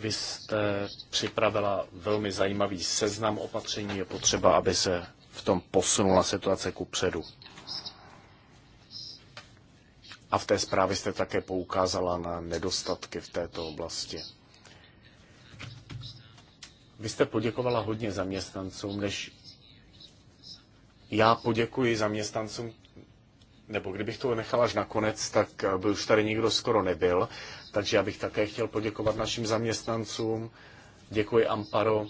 Vy jste připravila velmi zajímavý seznam opatření. Je potřeba, aby se v tom posunula situace ku předu. A v té zprávě jste také poukázala na nedostatky v této oblasti. Vy jste poděkovala hodně zaměstnancům, než já poděkuji zaměstnancům, nebo kdybych to nechala až nakonec, tak eh, by už tady nikdo skoro nebyl, takže já bych také chtěl poděkovat našim zaměstnancům. Děkuji Amparo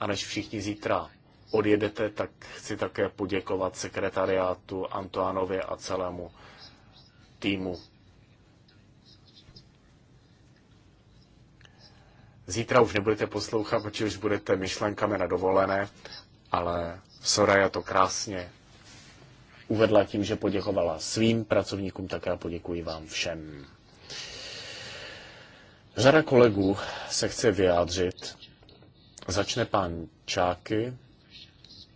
a než všichni zítra odjedete, tak chci také poděkovat sekretariátu Antoánovi a celému týmu. Zítra už nebudete poslouchat, protože už budete myšlenkami na dovolené, ale Soraya to krásně uvedla tím, že poděkovala svým pracovníkům, tak já poděkuji vám všem. Řada kolegů se chce vyjádřit. Začne pan Čáky,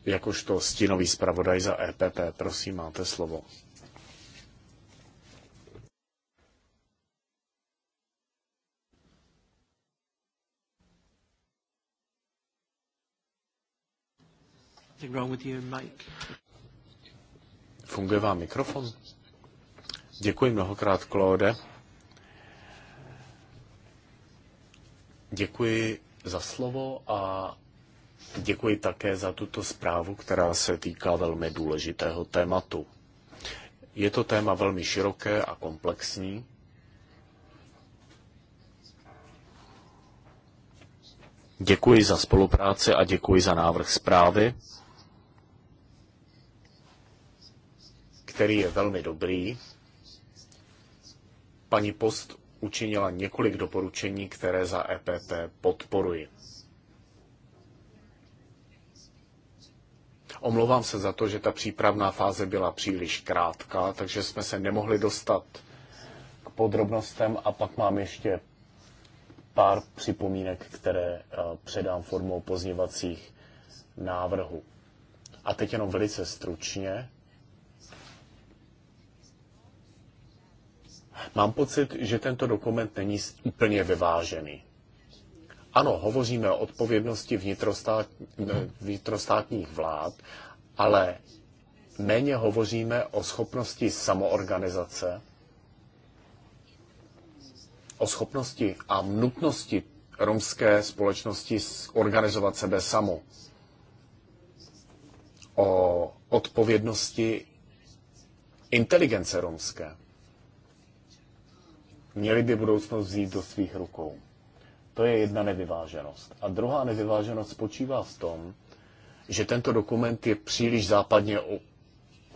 jakožto stínový zpravodaj za EPP. Prosím, máte slovo. Funguje vám mikrofon? Děkuji mnohokrát, Claude. Děkuji za slovo a děkuji také za tuto zprávu, která se týká velmi důležitého tématu. Je to téma velmi široké a komplexní. Děkuji za spolupráci a děkuji za návrh zprávy. který je velmi dobrý. Paní Post učinila několik doporučení, které za EPP podporuji. Omlouvám se za to, že ta přípravná fáze byla příliš krátká, takže jsme se nemohli dostat k podrobnostem a pak mám ještě pár připomínek, které eh, předám formou pozněvacích návrhů. A teď jenom velice stručně. Mám pocit, že tento dokument není úplně vyvážený. Ano, hovoříme o odpovědnosti vnitrostát, vnitrostátních vlád, ale méně hovoříme o schopnosti samoorganizace, o schopnosti a nutnosti romské společnosti organizovat sebe samo, o odpovědnosti inteligence romské měli by budoucnost vzít do svých rukou. To je jedna nevyváženost. A druhá nevyváženost spočívá v tom, že tento dokument je příliš západně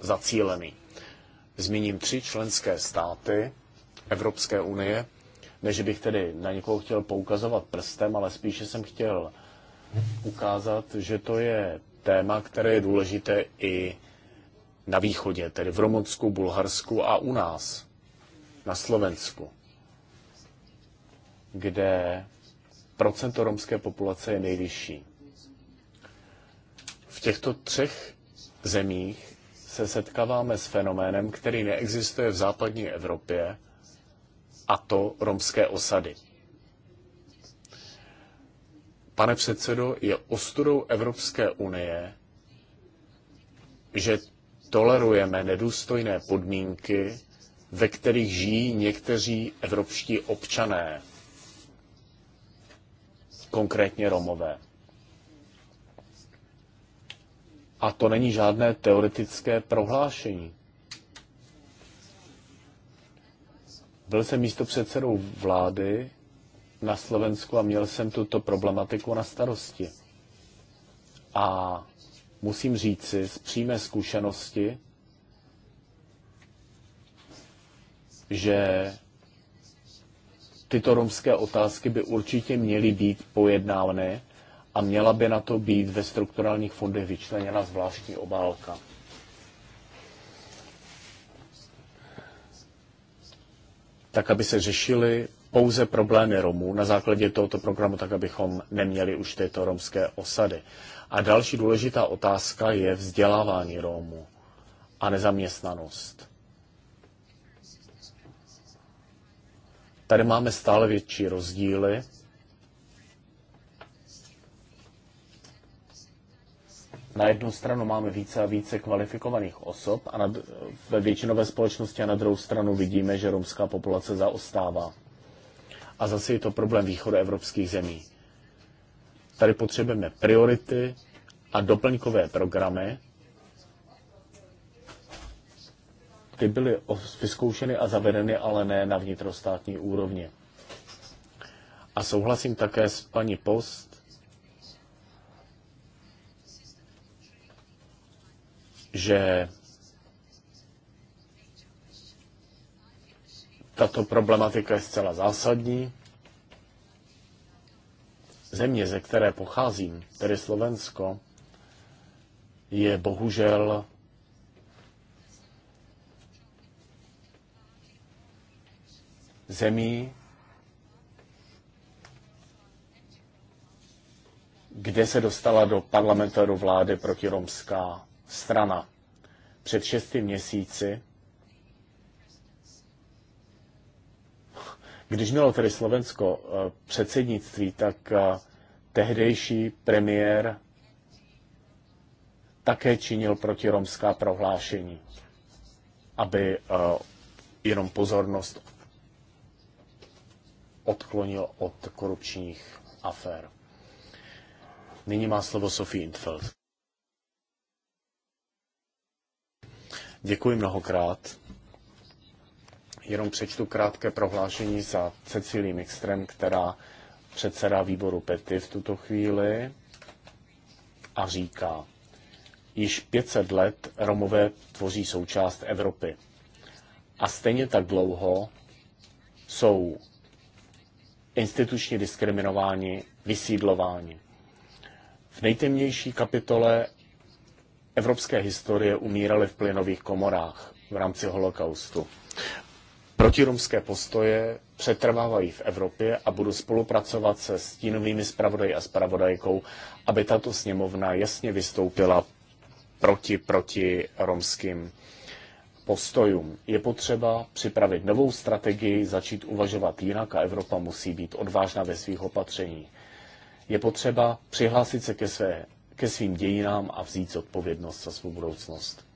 zacílený. Zmíním tři členské státy Evropské unie, než bych tedy na někoho chtěl poukazovat prstem, ale spíše jsem chtěl ukázat, že to je téma, které je důležité i na východě, tedy v Romunsku, Bulharsku a u nás, na Slovensku kde procento romské populace je nejvyšší. V těchto třech zemích se setkáváme s fenoménem, který neexistuje v západní Evropě, a to romské osady. Pane předsedo, je ostudou Evropské unie, že tolerujeme nedůstojné podmínky, ve kterých žijí někteří evropští občané konkrétně Romové. A to není žádné teoretické prohlášení. Byl jsem místo předsedou vlády na Slovensku a měl jsem tuto problematiku na starosti. A musím říci z přímé zkušenosti, že tyto romské otázky by určitě měly být pojednávané a měla by na to být ve strukturálních fondech vyčleněna zvláštní obálka. Tak, aby se řešily pouze problémy Romů na základě tohoto programu, tak abychom neměli už tyto romské osady. A další důležitá otázka je vzdělávání Romů a nezaměstnanost. Tady máme stále větší rozdíly. Na jednu stranu máme více a více kvalifikovaných osob a na, ve většinové společnosti a na druhou stranu vidíme, že romská populace zaostává. A zase je to problém východu evropských zemí. Tady potřebujeme priority a doplňkové programy, ty byly vyzkoušeny a zavedeny, ale ne na vnitrostátní úrovni. A souhlasím také s paní Post, že tato problematika je zcela zásadní. Země, ze které pocházím, tedy Slovensko, je bohužel zemí, kde se dostala do parlamentu vlády vlády protiromská strana. Před šesti měsíci, když mělo tedy Slovensko eh, předsednictví, tak eh, tehdejší premiér také činil protiromská prohlášení, aby eh, jenom pozornost odklonil od korupčních afér. Nyní má slovo Sophie Intfeld. Děkuji mnohokrát. Jenom přečtu krátké prohlášení za Cecilí Mixtrem, která předsedá výboru PETY v tuto chvíli a říká, již 500 let Romové tvoří součást Evropy. A stejně tak dlouho jsou institučně diskriminováni, vysídlováni. V nejtemnější kapitole evropské historie umírali v plynových komorách v rámci holokaustu. Protiromské postoje přetrvávají v Evropě a budu spolupracovat se stínovými zpravodaji a zpravodajkou, aby tato sněmovna jasně vystoupila proti, proti romským postojům. Je potřeba připravit novou strategii, začít uvažovat jinak a Evropa musí být odvážná ve svých opatřeních. Je potřeba přihlásit se ke, své, ke svým dějinám a vzít odpovědnost za svou budoucnost.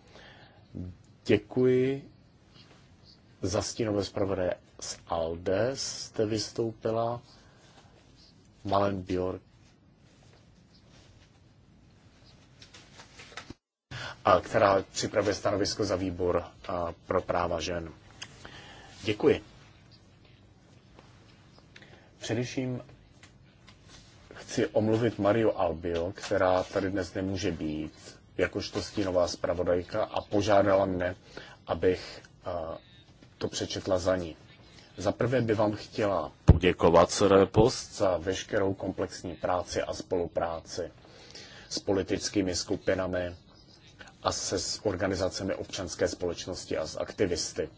Děkuji za stínové zpravodaje z ALDE jste vystoupila. Malen Bjork a která připravuje stanovisko za výbor pro práva žen. Děkuji. Především chci omluvit Mario Albio, která tady dnes nemůže být, jakožto stínová zpravodajka a požádala mne, abych to přečetla za ní. Za prvé by vám chtěla poděkovat post za veškerou komplexní práci a spolupráci s politickými skupinami, a se s organizacemi občanské společnosti a s aktivisty.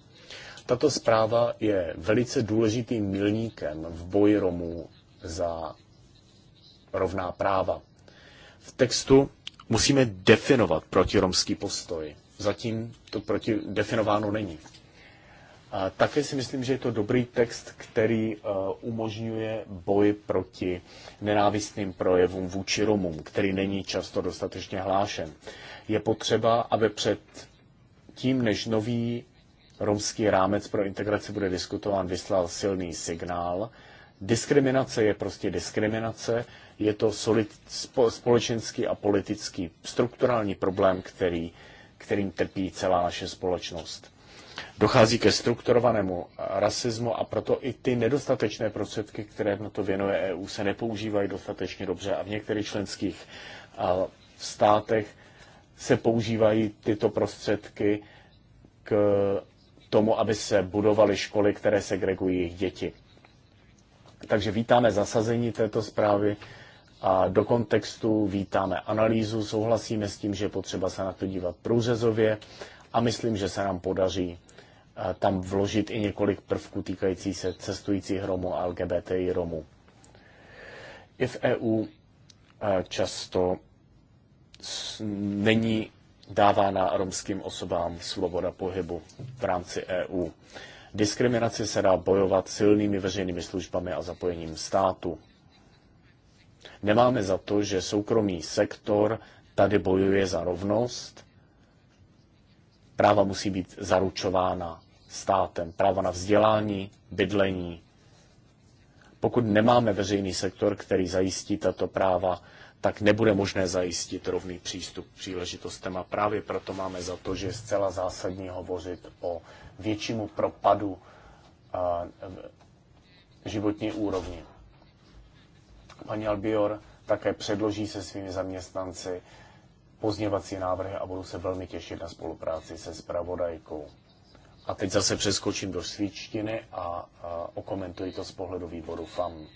Tato zpráva je velice důležitým milníkem v boji Romů za rovná práva. V textu musíme definovat protiromský postoj. Zatím to proti definováno není. A také si myslím, že je to dobrý text, který uh, umožňuje boj proti nenávistným projevům vůči Romům, který není často dostatečně hlášen je potřeba, aby před tím, než nový romský rámec pro integraci bude diskutován, vyslal silný signál. Diskriminace je prostě diskriminace, je to solid, společenský a politický strukturální problém, který, kterým trpí celá naše společnost. Dochází ke strukturovanému rasismu a proto i ty nedostatečné prostředky, které na to věnuje EU, se nepoužívají dostatečně dobře a v některých členských státech se používají tyto prostředky k tomu, aby se budovaly školy, které segregují jejich děti. Takže vítáme zasazení této zprávy a do kontextu vítáme analýzu, souhlasíme s tím, že je potřeba se na to dívat průřezově a myslím, že se nám podaří eh, tam vložit i několik prvků týkající se cestujících Romů a LGBTI Romů. I v EU eh, často není dávána romským osobám svoboda pohybu v rámci EU. Diskriminaci se dá bojovat silnými veřejnými službami a zapojením státu. Nemáme za to, že soukromý sektor tady bojuje za rovnost. Práva musí být zaručována státem. Práva na vzdělání, bydlení. Pokud nemáme veřejný sektor, který zajistí tato práva, tak nebude možné zajistit rovný přístup k příležitostem a právě proto máme za to, že je zcela zásadní hovořit o většímu propadu eh, životní úrovni. Pani Albior také předloží se svými zaměstnanci pozněvací návrhy a budu se velmi těšit na spolupráci se spravodajkou. A teď zase přeskočím do svíčtiny a, a okomentuji to z pohledu výboru FAM.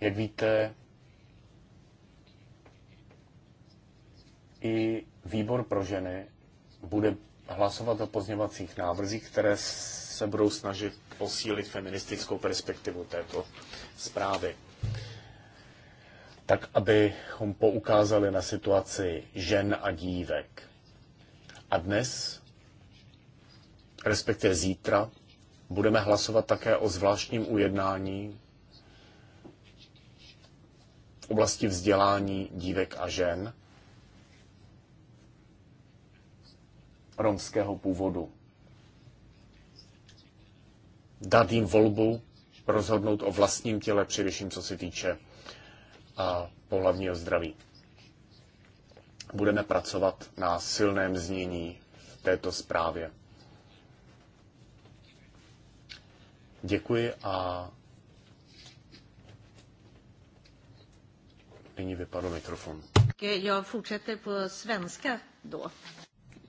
Jak víte, i výbor pro ženy bude hlasovat o pozněvacích návrzích, které se budou snažit posílit feministickou perspektivu této zprávy. Tak, abychom poukázali na situaci žen a dívek. A dnes, respektive zítra, budeme hlasovat také o zvláštním ujednání oblasti vzdělání dívek a žen romského původu. Dát jim volbu rozhodnout o vlastním těle, především co se týče a, pohlavního zdraví. Budeme pracovat na silném znění v této zprávě. Děkuji a Nyní vypadl mikrofon. Já fortsätter po svenska då.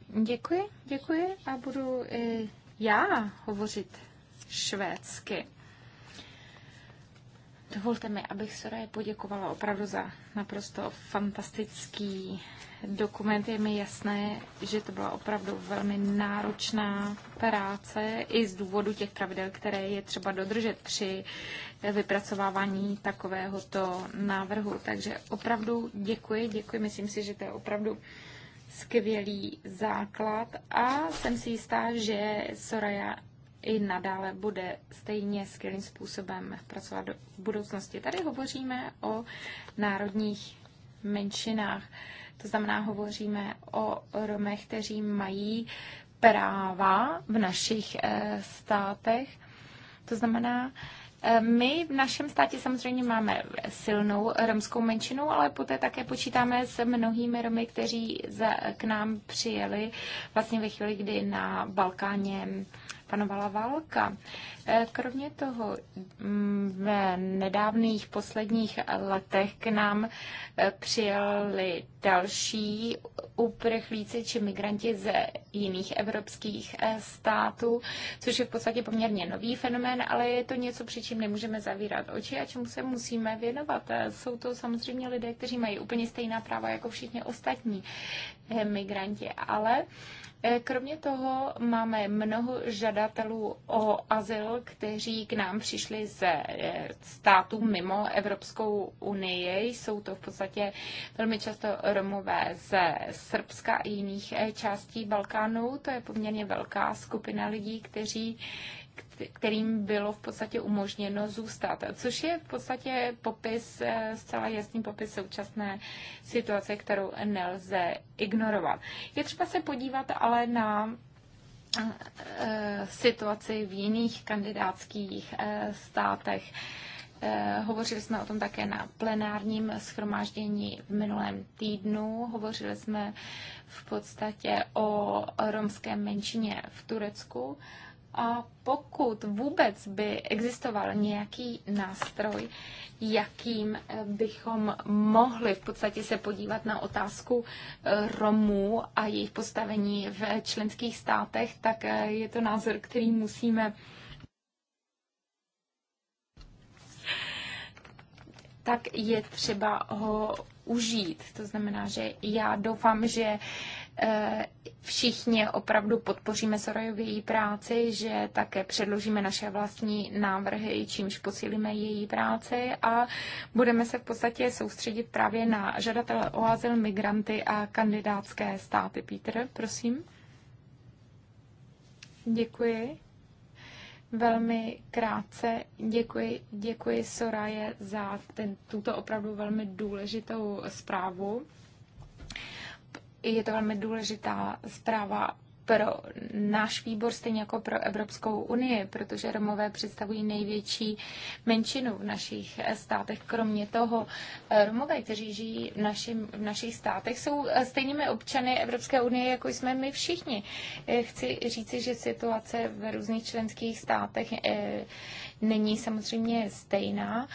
Děkuji, děkuji a budu i já hovořit švédsky. Dovolte mi, abych Soraya poděkovala opravdu za naprosto fantastický dokument. Je mi jasné, že to byla opravdu velmi náročná práce i z důvodu těch pravidel, které je třeba dodržet při vypracovávání takovéhoto návrhu. Takže opravdu děkuji, děkuji. Myslím si, že to je opravdu skvělý základ a jsem si jistá, že Soraya i nadále bude stejně skvělým způsobem pracovat do budoucnosti. Tady hovoříme o národních menšinách. To znamená, hovoříme o Romech, kteří mají práva v našich eh, státech. To znamená, eh, my v našem státě samozřejmě máme silnou romskou menšinu, ale poté také počítáme s mnohými Romy, kteří k nám přijeli vlastně ve chvíli, kdy na Balkáně panovala válka. Eh, kromě toho mm, v nedávných posledních letech k nám eh, přijeli další uprchlíci či migranti ze jiných evropských eh, států, což je v podstatě poměrně nový fenomén, ale je to něco, při čím nemůžeme zavírat oči a čemu se musíme věnovat. Eh, jsou to samozřejmě lidé, kteří mají úplně stejná práva jako všichni ostatní eh, migranti, ale Kromě toho máme mnoho žadatelů o azyl, kteří k nám přišli ze států mimo Evropskou unii. Jsou to v podstatě velmi často Romové ze Srbska a jiných eh, částí Balkánu. To je poměrně velká skupina lidí, kteří kterým bylo v podstatě umožněno zůstat, což je v podstatě popis, eh, zcela jasný popis současné situace, kterou nelze ignorovat. Je třeba se podívat ale na eh, situaci v jiných kandidátských státech. Eh, hovořili jsme o tom také na plenárním schromáždění v minulém týdnu. Hovořili jsme v podstatě o romské menšině v Turecku. A pokud vůbec by existoval nějaký nástroj, jakým eh, bychom mohli v podstatě se podívat na otázku eh, Romů a jejich postavení v členských státech, tak je to názor, který musíme tak je třeba ho užít. To znamená, že já doufám, že eh, všichni opravdu podpoříme Sorajově její práci, že také předložíme naše vlastní návrhy, čímž posílíme její práci a budeme se v podstatě soustředit právě na žadatele o azyl, migranty a kandidátské státy. Peter, prosím. Děkuji. Velmi krátce děkuji, děkuji Soraje za ten, tuto opravdu velmi důležitou zprávu. Je to velmi důležitá zpráva pro náš výbor, stejně jako pro Evropskou unii, protože Romové představují největší menšinu v našich státech. Kromě toho, Romové, kteří žijí v, našim, v našich státech, jsou stejnými občany Evropské unie, jako jsme my všichni. Chci říci, že situace v různých členských státech eh, není samozřejmě stejná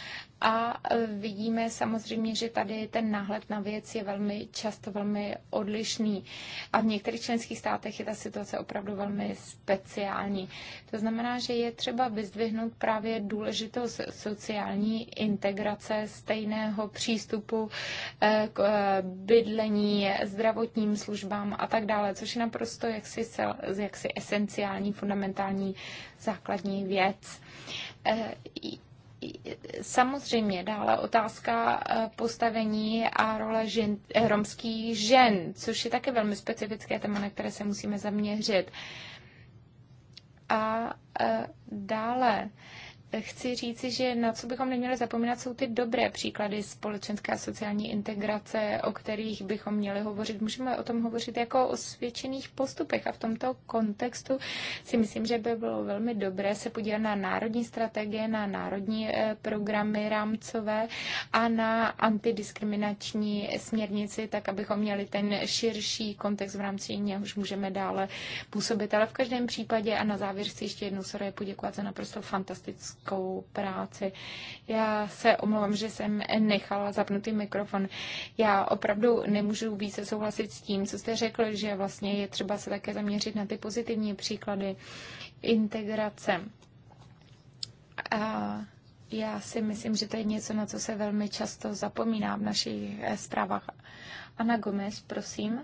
a vidíme samozřejmě, že tady ten náhled na věc je velmi často velmi odlišný. A v některých členských státech je ta situace opravdu velmi speciální. To znamená, že je třeba vyzdvihnout právě důležitost sociální integrace, stejného přístupu eh, k eh, bydlení, zdravotním službám a tak dále, což je naprosto jaksi, jaksi esenciální, fundamentální základní věc eh, samozřejmě dále otázka eh, postavení a role žen, eh, romských žen, což je také velmi specifické téma, na které se musíme zaměřit. A eh, dále chci říci, že na co bychom neměli zapomínat, jsou ty dobré příklady společenské a sociální integrace, o kterých bychom měli hovořit. Můžeme o tom hovořit jako o svědčených postupech a v tomto kontextu si myslím, že by bylo velmi dobré se podívat na národní strategie, na národní eh, programy rámcové a na antidiskriminační směrnici, tak abychom měli ten širší kontext v rámci něhož můžeme dále působit. Ale v každém případě a na závěr chci ještě jednou Soraya poděkovat za naprosto fantastickou obrovskou práci. Já se omlouvám, že jsem nechala zapnutý mikrofon. Já opravdu nemůžu více souhlasit s tím, co jste řekl, že vlastně je třeba se také zaměřit na ty pozitivní příklady integrace. A já si myslím, že to je něco, na co se velmi často zapomíná v našich zprávách. Ana Gomez, prosím.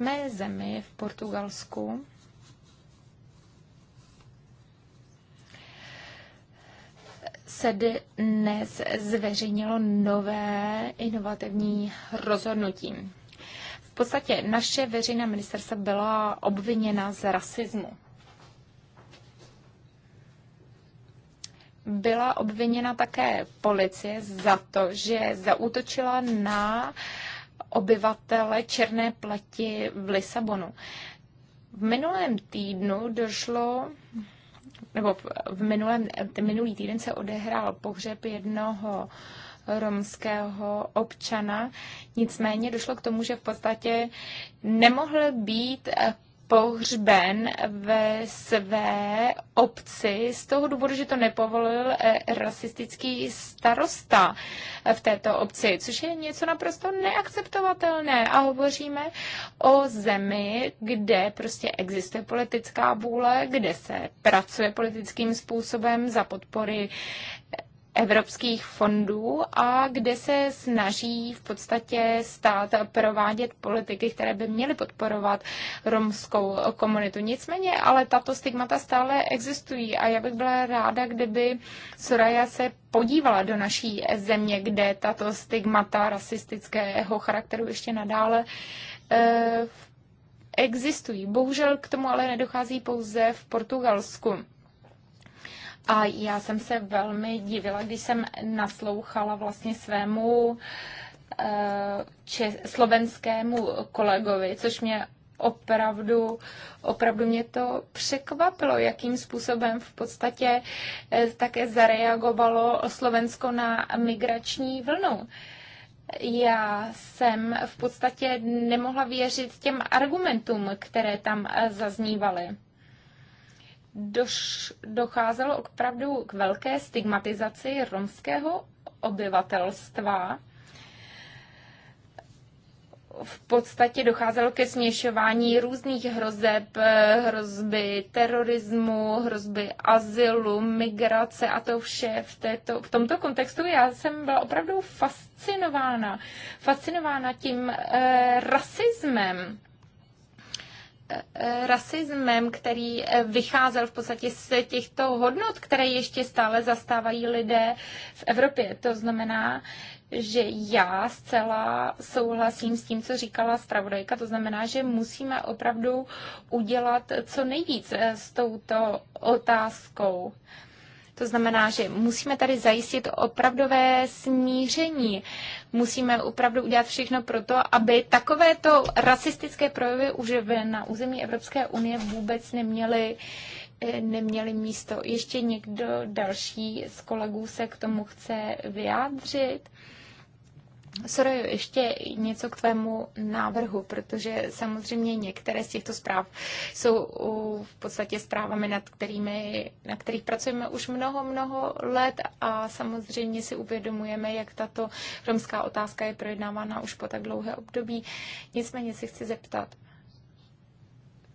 mé zemi, v Portugalsku, se dnes zveřejnilo nové inovativní rozhodnutí. V podstatě naše veřejná ministerstva byla obviněna z rasismu. Byla obviněna také policie za to, že zautočila na uh, obyvatele Černé plati v Lisabonu. V minulém týdnu došlo nebo v minulém, minulý týden se odehrál pohřeb jednoho romského občana. Nicméně došlo k tomu, že v podstatě nemohl být pohřben ve své obci z toho důvodu, že to nepovolil eh, rasistický starosta v této obci, což je něco naprosto neakceptovatelné. A hovoříme o zemi, kde prostě existuje politická vůle, kde se pracuje politickým způsobem za podpory evropských fondů a kde se snaží v podstatě stát provádět politiky, které by měly podporovat romskou komunitu. Nicméně, ale tato stigmata stále existují a já bych byla ráda, kdyby Soraya se podívala do naší země, kde tato stigmata rasistického charakteru ještě nadále eh, existují. Bohužel k tomu ale nedochází pouze v Portugalsku. A já jsem se velmi divila, když jsem naslouchala vlastně svému eh, če- slovenskému kolegovi, což mě opravdu, opravdu mě to překvapilo, jakým způsobem v podstatě eh, také zareagovalo Slovensko na migrační vlnu. Já jsem v podstatě nemohla věřit těm argumentům, které tam eh, zaznívaly doš, docházelo opravdu k velké stigmatizaci romského obyvatelstva. V podstatě docházelo ke směšování různých hrozeb, hrozby terorismu, hrozby azylu, migrace a to vše v, této, v tomto kontextu. Já jsem byla opravdu fascinována, fascinována tím eh, rasismem Eh, rasismem, který eh, vycházel v podstatě z těchto hodnot, které ještě stále zastávají lidé v Evropě. To znamená, že já zcela souhlasím s tím, co říkala zpravodajka. To znamená, že musíme opravdu udělat co nejvíc eh, s touto otázkou. To znamená, že musíme tady zajistit opravdové smíření. Musíme opravdu udělat všechno pro to, aby takovéto rasistické projevy už na území Evropské unie vůbec neměly eh, neměly místo. Ještě někdo další z kolegů se k tomu chce vyjádřit? Sorry, ještě něco k tvému návrhu, protože samozřejmě některé z těchto zpráv jsou v podstatě zprávami, nad kterými, na kterých pracujeme už mnoho, mnoho let a samozřejmě si uvědomujeme, jak tato romská otázka je projednávána už po tak dlouhé období. Nicméně si chci zeptat,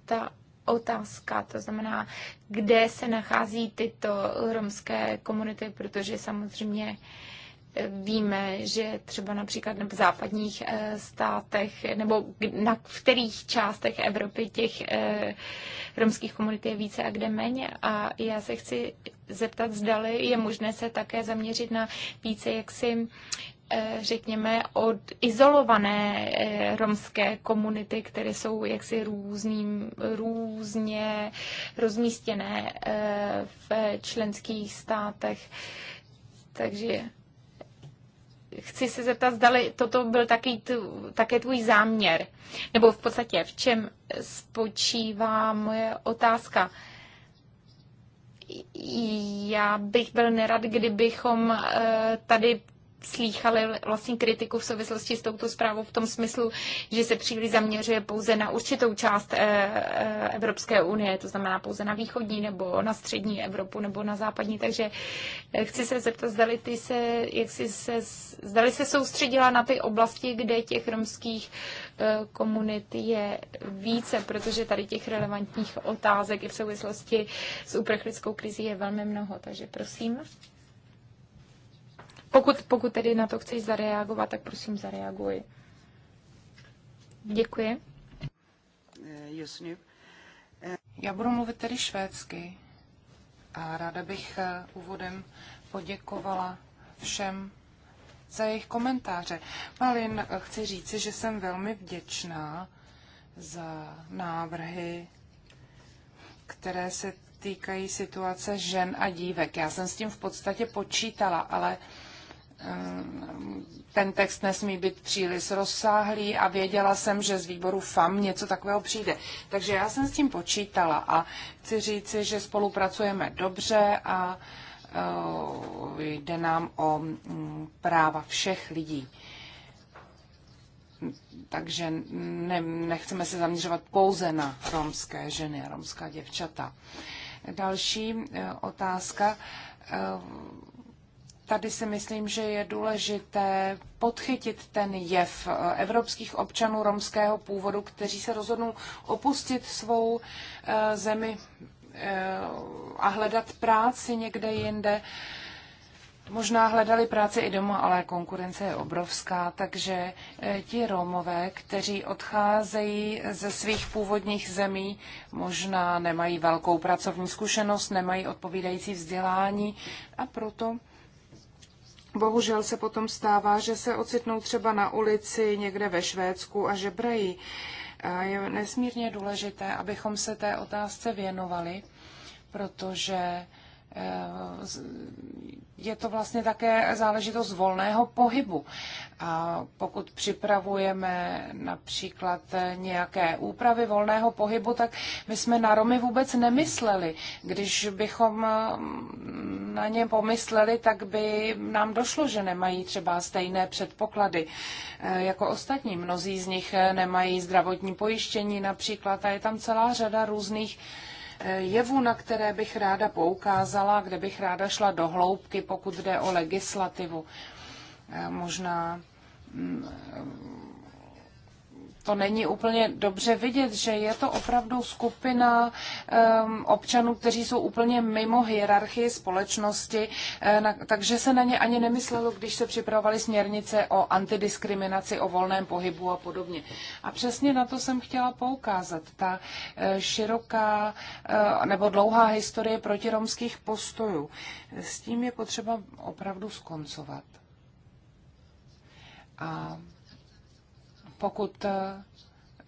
ta otázka, to znamená, kde se nachází tyto romské komunity, protože samozřejmě Víme, že třeba například v západních eh, státech nebo na, kterých částech Evropy těch eh, romských komunit je více a kde méně. A já se chci zeptat, zdali je možné se také zaměřit na více jaksi eh, řekněme, od izolované romské komunity, které jsou jaksi různým, různě rozmístěné v členských státech. Takže chci se zeptat, zdali toto byl taky, tu, také tvůj záměr, nebo v podstatě v čem spočívá moje otázka. Já bych byl nerad, kdybychom eh, tady slýchali vlastně kritiku v souvislosti s touto zprávou v tom smyslu, že se příliš zaměřuje pouze na určitou část eh, eh, Evropské unie, to znamená pouze na východní nebo na střední Evropu nebo na západní. Takže eh, chci se zeptat, zdali, ty se, jak jsi se, zdali se soustředila na ty oblasti, kde těch romských komunit je více, protože tady těch relevantních otázek i v souvislosti s uprchlickou krizí je velmi mnoho. Takže prosím. Pokud, pokud tedy na to chceš zareagovat, tak prosím zareaguj. Děkuji. Eh, eh, Já budu mluvit tedy švédsky a ráda bych eh, úvodem poděkovala všem za jejich komentáře. Malin, chci říci, že jsem velmi vděčná za návrhy, které se týkají situace žen a dívek. Já jsem s tím v podstatě počítala, ale uh, ten text nesmí být příliš rozsáhlý a věděla jsem, že z výboru FAM něco takového přijde. Takže já jsem s tím počítala a chci říci, že spolupracujeme dobře a eh, jde nám o mm, práva všech lidí. Takže ne, nechceme se zaměřovat pouze na romské ženy a romská děvčata. Další eh, otázka eh, Tady si myslím, že je důležité podchytit ten jev eh, evropských občanů romského původu, kteří se rozhodnou opustit svou eh, zemi eh, a hledat práci někde jinde. Možná hledali práci i doma, ale konkurence je obrovská, takže ti Romové, kteří odcházejí ze svých původních zemí, možná nemají velkou pracovní zkušenost, nemají odpovídající vzdělání a proto Bohužel se potom stává, že se ocitnou třeba na ulici někde ve Švédsku a žebrají. A je nesmírně důležité, abychom se té otázce věnovali, protože Eh, je to vlastně také záležitost volného pohybu. A pokud připravujeme například eh, nějaké úpravy volného pohybu, tak my jsme na Romy vůbec nemysleli. Když bychom eh, na ně pomysleli, tak by nám došlo, že nemají třeba stejné předpoklady jako ostatní. Mnozí z nich nemají zdravotní pojištění například a je tam celá řada různých Jevu, na které bych ráda poukázala, kde bych ráda šla do hloubky, pokud jde o legislativu. Eh, možná mm, to není úplně dobře vidět, že je to opravdu skupina um, občanů, kteří jsou úplně mimo hierarchii společnosti, eh, na, takže se na ně ani nemyslelo, když se připravovaly směrnice o antidiskriminaci, o volném pohybu a podobně. A přesně na to jsem chtěla poukázat. Ta eh, široká eh, nebo dlouhá historie protiromských postojů. S tím je potřeba opravdu skoncovat. A pokud eh,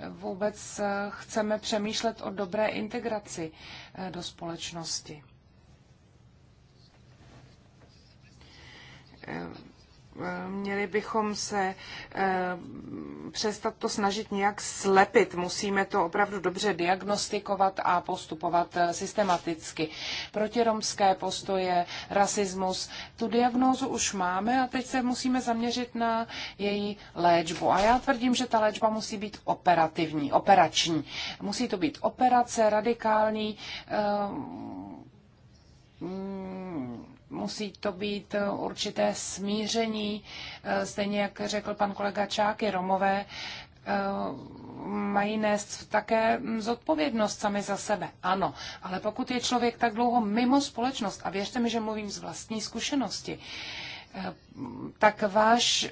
vůbec eh, chceme přemýšlet o dobré integraci eh, do společnosti Měli bychom se eh, přestat to snažit nějak slepit. Musíme to opravdu dobře diagnostikovat a postupovat eh, systematicky. Protiromské postoje, rasismus, tu diagnózu už máme a teď se musíme zaměřit na její léčbu. A já tvrdím, že ta léčba musí být operativní, operační. Musí to být operace, radikální. Eh, mm, musí to být eh, určité smíření, eh, stejně jak řekl pan kolega Čáky, Romové eh, mají nést také mm, zodpovědnost sami za sebe. Ano, ale pokud je člověk tak dlouho mimo společnost, a věřte mi, že mluvím z vlastní zkušenosti, tak váš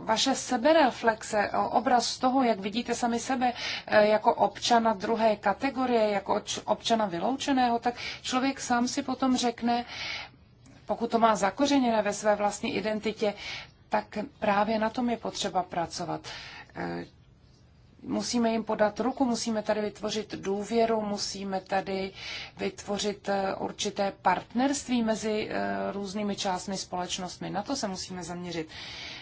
vaše sebereflexe, obraz toho, jak vidíte sami sebe jako občana druhé kategorie, jako občana vyloučeného, tak člověk sám si potom řekne, pokud to má zakořeněné ve své vlastní identitě, tak právě na tom je potřeba pracovat. E, musíme jim podat ruku, musíme tady vytvořit důvěru, musíme tady vytvořit e, určité partnerství mezi e, různými částmi společnostmi. Na to se musíme zaměřit.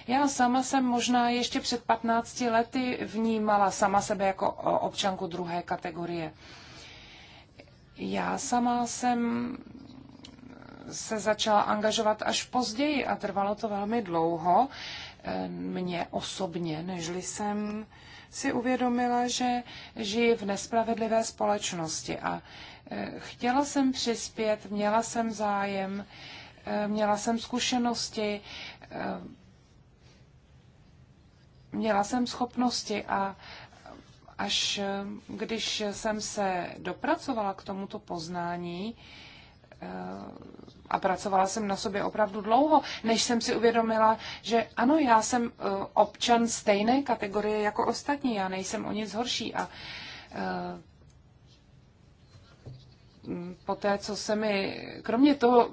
Já sama jsem možná ještě před 15 lety vnímala sama sebe jako občanku druhé kategorie. Já sama jsem se začala angažovat až později a trvalo to velmi dlouho eh, mně osobně, nežli jsem si uvědomila, že žiji v nespravedlivé společnosti a eh, chtěla jsem přispět, měla jsem zájem, eh, měla jsem zkušenosti, měla jsem schopnosti a až když jsem se dopracovala k tomuto poznání, a pracovala jsem na sobě opravdu dlouho, než jsem si uvědomila, že ano, já jsem e, občan stejné kategorie jako ostatní, já nejsem o nic horší a e, po té, co se mi, kromě toho,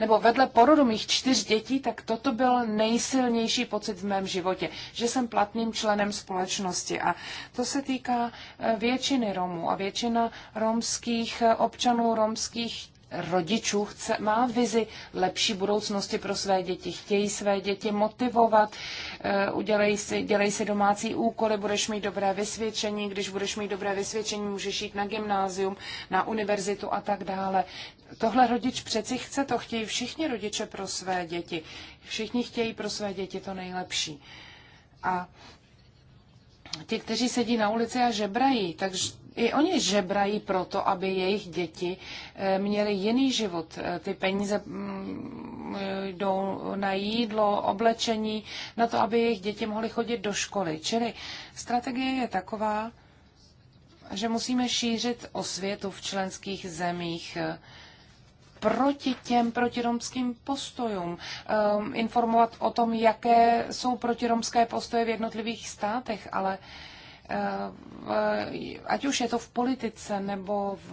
nebo vedle porodu mých čtyř dětí, tak toto byl nejsilnější pocit v mém životě, že jsem platným členem společnosti. A to se týká e, většiny Romů a většina romských občanů, romských rodičů chce, má vizi lepší budoucnosti pro své děti, chtějí své děti motivovat, eh, udělej si, dělej si domácí úkoly, budeš mít dobré vysvědčení, když budeš mít dobré vysvědčení, můžeš jít na gymnázium, na univerzitu a tak dále. Tohle rodič přeci chce, to chtějí všichni rodiče pro své děti. Všichni chtějí pro své děti to nejlepší. A ti, kteří sedí na ulici a žebrají, takže i oni žebrají proto, aby jejich děti eh, měly jiný život. Eh, ty peníze mm, eh, jdou na jídlo, oblečení, na to, aby jejich děti mohly chodit do školy. Čili strategie je taková, že musíme šířit osvětu v členských zemích proti těm protiromským postojům, ehm, informovat o tom, jaké jsou protiromské postoje v jednotlivých státech, ale uh, Eh, ať už je to v politice nebo v,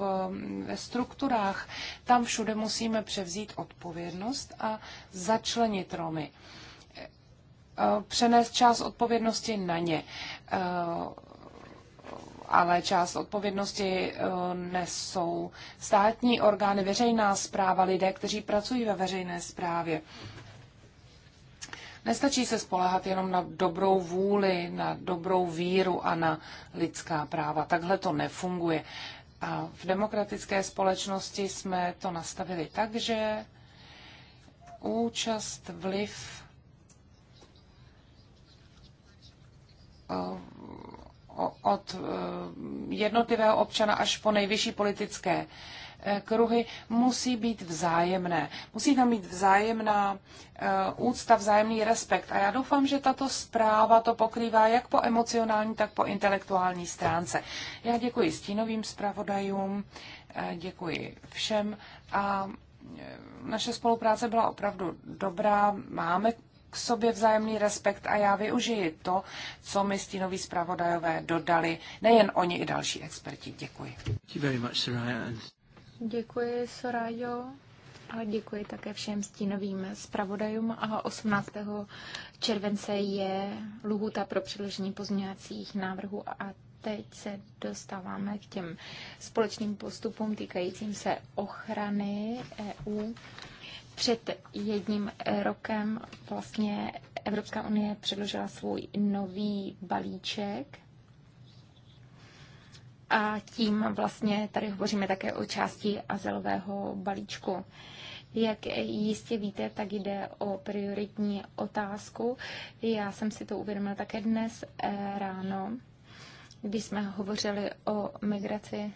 ve strukturách, tam všude musíme převzít odpovědnost a začlenit Romy. Eh, eh, přenést část odpovědnosti na ně ale část odpovědnosti nesou státní orgány, veřejná zpráva, lidé, kteří pracují ve veřejné správě. Nestačí se spolehat jenom na dobrou vůli, na dobrou víru a na lidská práva. Takhle to nefunguje. A v demokratické společnosti jsme to nastavili tak, že účast, vliv eh, od eh, jednotlivého občana až po nejvyšší politické Eh, kruhy musí být vzájemné. Musí tam být vzájemná eh, úcta, vzájemný respekt. A já doufám, že tato zpráva to pokrývá jak po emocionální, tak po intelektuální stránce. Já děkuji stínovým zpravodajům, eh, děkuji všem a naše spolupráce byla opravdu dobrá. Máme k sobě vzájemný respekt a já využiji to, co mi stínoví zpravodajové dodali, nejen oni, i další experti. Děkuji. Děkuji, Sorajo. A děkuji také všem stínovým zpravodajům. A 18. července je lhůta pro předložení pozměňovacích návrhů a teď se dostáváme k těm společným postupům týkajícím se ochrany EU. Před jedním rokem vlastně Evropská unie předložila svůj nový balíček a tím vlastně tady hovoříme také o části azylového balíčku. Jak jistě víte, tak jde o prioritní otázku. Já jsem si to uvědomila také dnes eh, ráno, když jsme hovořili o migraci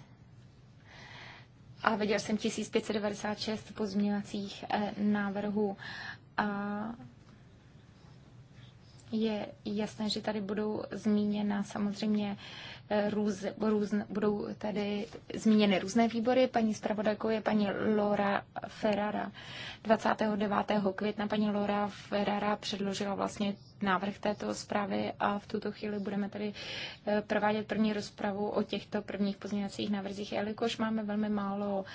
a viděl jsem 1596 pozměňovacích eh, návrhů a je jasné, že tady budou zmíněna samozřejmě růz, růz, budou tady zmíněny různé výbory. Paní zpravodajkou je paní Laura Ferrara. 29. května paní Laura Ferrara předložila vlastně návrh této zprávy a v tuto chvíli budeme tady eh, provádět první rozpravu o těchto prvních pozměňovacích návrzích, jelikož máme velmi málo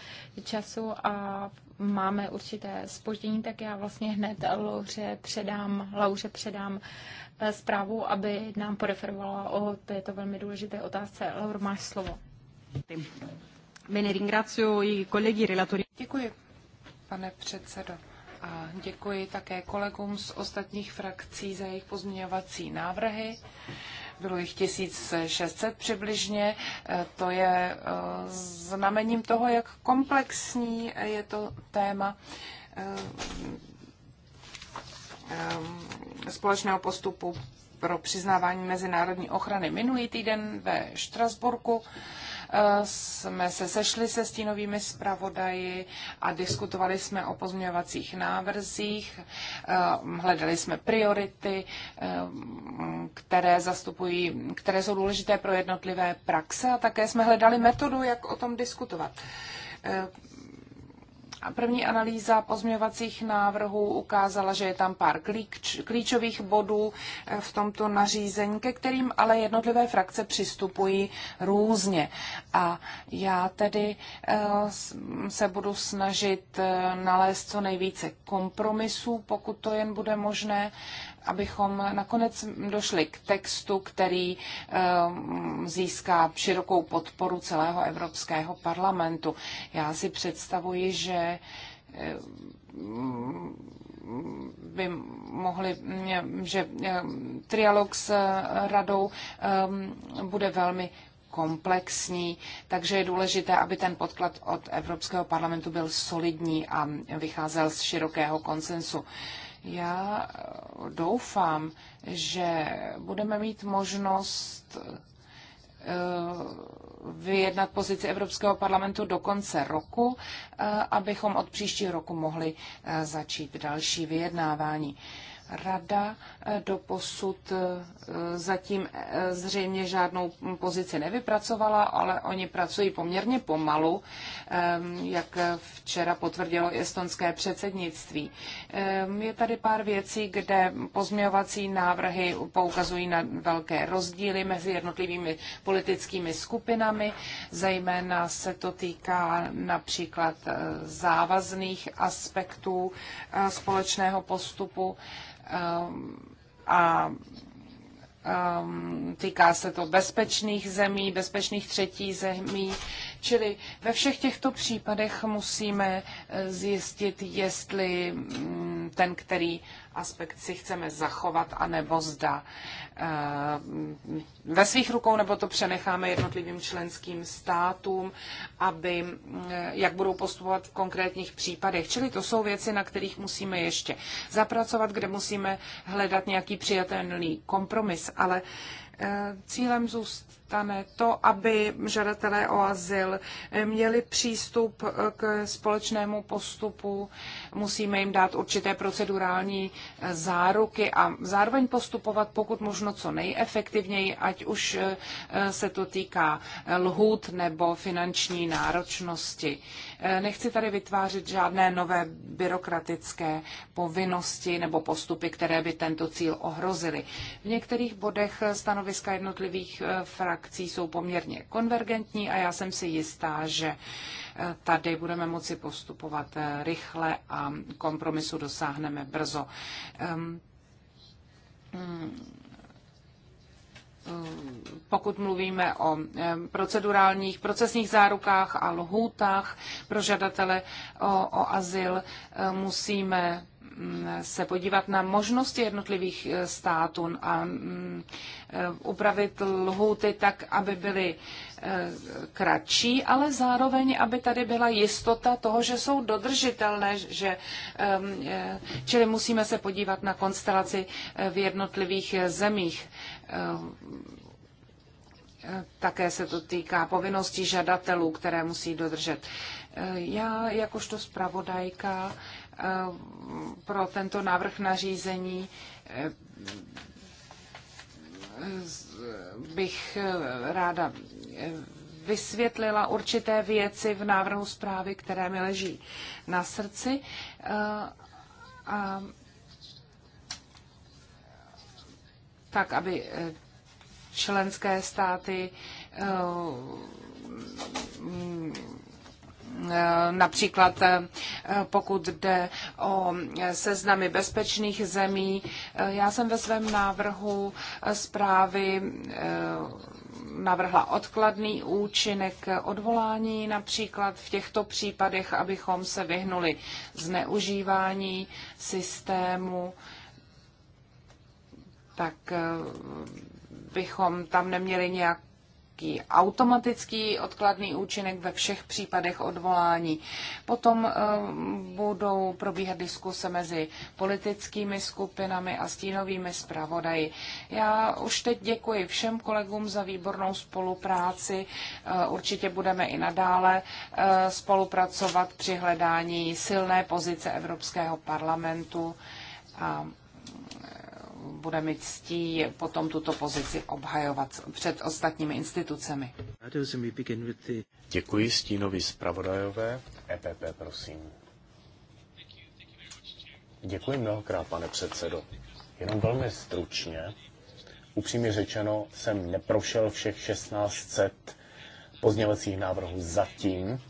času a máme určité spoždění, tak já vlastně hned Lauře předám, Lauře předám Eh, zprávu, aby nám poreferovala o této velmi důležité otázce. Laur, máš slovo. i relatori. Děkuji, pane předsedo. A děkuji také kolegům z ostatních frakcí za jejich pozměňovací návrhy. Bylo jich 1600 přibližně. Eh, to je eh, znamením toho, jak komplexní je to téma Ehm, společného postupu pro přiznávání mezinárodní ochrany. Minulý týden ve Štrasburku eh, jsme se sešli se stínovými zpravodaji a diskutovali jsme o pozměňovacích návrzích, ehm, hledali jsme priority, ehm, které zastupují, které jsou důležité pro jednotlivé praxe a také jsme hledali metodu, jak o tom diskutovat. První analýza pozměňovacích návrhů ukázala, že je tam pár klíč, klíčových bodů eh, v tomto nařízení, ke kterým ale jednotlivé frakce přistupují různě. A já tedy eh, se budu snažit eh, nalézt co nejvíce kompromisů, pokud to jen bude možné abychom nakonec došli k textu, který ehm, získá širokou podporu celého Evropského parlamentu. Já si představuji, že ehm, by mohli, že ehm, trialog s eh, radou bude velmi komplexní, takže je důležité, aby ten podklad od Evropského parlamentu byl solidní a vycházel z širokého konsensu. Já eh, doufám, že budeme mít možnost eh, vyjednat pozici Evropského parlamentu do konce roku, eh, abychom od příštího roku mohli začít další vyjednávání. Rada eh, do posud eh, zatím eh, zřejmě žádnou pozici nevypracovala, ale oni pracují poměrně pomalu, jak včera potvrdilo estonské předsednictví. Je tady pár věcí, kde pozměňovací návrhy poukazují na velké rozdíly mezi jednotlivými politickými skupinami. Zejména se to týká například závazných aspektů společného postupu Ehm, a ehm, týká se to bezpečných zemí, bezpečných třetí zemí, čili ve všech těchto případech musíme eh, zjistit, jestli mm, ten, který aspekt si chceme zachovat, anebo zda eh, ve svých rukou, nebo to přenecháme jednotlivým členským státům, aby, eh, jak budou postupovat v konkrétních případech. Čili to jsou věci, na kterých musíme ještě zapracovat, kde musíme hledat nějaký přijatelný kompromis, ale eh, cílem zůst stane to, aby žadatelé o azyl měli přístup k společnému postupu. Musíme jim dát určité procedurální záruky a zároveň postupovat pokud možno co nejefektivněji, ať už eh, se to týká lhůt nebo finanční náročnosti. Eh, nechci tady vytvářet žádné nové byrokratické povinnosti nebo postupy, které by tento cíl ohrozily. V některých bodech stanoviska jednotlivých eh, frakcí reakcí jsou poměrně konvergentní a já jsem si jistá, že eh, tady budeme moci postupovat eh, rychle a kompromisu dosáhneme brzo. Ehm, mm, pokud mluvíme o ehm, procedurálních procesních zárukách a lhůtách pro žadatele o, o azyl, eh, musíme se podívat na možnosti jednotlivých eh, států a mm, eh, upravit lhůty tak, aby byly eh, kratší, ale zároveň, aby tady byla jistota toho, že jsou dodržitelné, že, ehm, čili musíme se podívat na konstelaci v jednotlivých zemích. Také se to týká povinností žadatelů, které musí dodržet. Já jakožto zpravodajka Eh, pro tento návrh nařízení eh, bych eh, ráda vysvětlila určité věci v návrhu zprávy, které mi leží na srdci. A tak, aby členské státy Eh, například eh, pokud jde o eh, seznamy bezpečných zemí, já jsem ve svém návrhu zprávy navrhla odkladný účinek odvolání například v těchto případech, abychom se vyhnuli zneužívání systému, tak bychom tam neměli nějak nějaký automatický odkladný účinek ve všech případech odvolání. Potom eh, budou probíhat diskuse mezi politickými skupinami a stínovými zpravodaji. Já už teď děkuji všem kolegům za výbornou spolupráci. Eh, určitě budeme i nadále eh, spolupracovat při hledání silné pozice Evropského parlamentu a bude mi ctí potom tuto pozici obhajovat před ostatními institucemi. Děkuji stínovi zpravodajové. EPP, prosím. Děkuji mnohokrát, pane předsedo. Jenom velmi stručně. Upřímně řečeno, jsem neprošel všech 1600 pozněvacích návrhů zatím.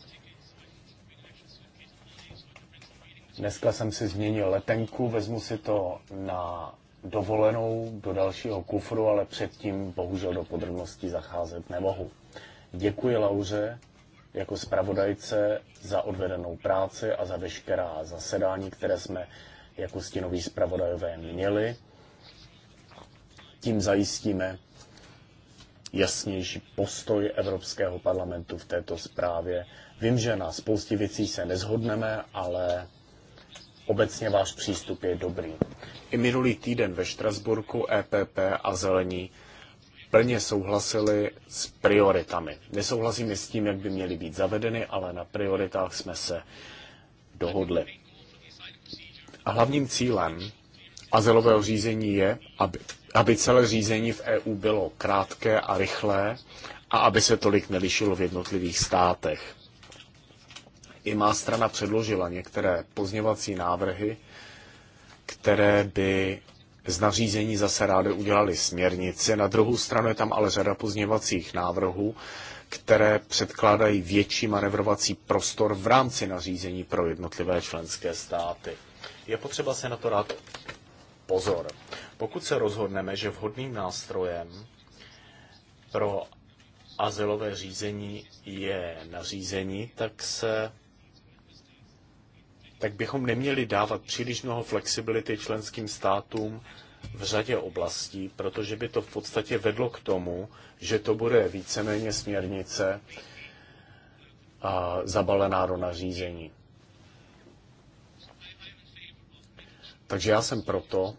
Dneska jsem si změnil letenku, vezmu si to na dovolenou do dalšího kufru, ale předtím bohužel do podrobností zacházet nemohu. Děkuji Lauře jako zpravodajce za odvedenou práci a za veškerá zasedání, které jsme jako stinoví zpravodajové měli. Tím zajistíme jasnější postoj Evropského parlamentu v této zprávě. Vím, že na spoustě věcí se nezhodneme, ale obecně váš přístup je dobrý. I minulý týden ve Štrasburku EPP a Zelení plně souhlasili s prioritami. Nesouhlasíme s tím, jak by měly být zavedeny, ale na prioritách jsme se dohodli. A hlavním cílem azylového řízení je, aby, aby celé řízení v EU bylo krátké a rychlé a aby se tolik nelišilo v jednotlivých státech. I má strana předložila některé pozněvací návrhy, které by z nařízení zase rády udělali směrnici. Na druhou stranu je tam ale řada pozněvacích návrhů, které předkládají větší manevrovací prostor v rámci nařízení pro jednotlivé členské státy. Je potřeba se na to dát pozor. Pokud se rozhodneme, že vhodným nástrojem pro azylové řízení je nařízení, tak se tak bychom neměli dávat příliš mnoho flexibility členským státům v řadě oblastí, protože by to v podstatě vedlo k tomu, že to bude víceméně směrnice a zabalená do nařízení. Takže já jsem proto,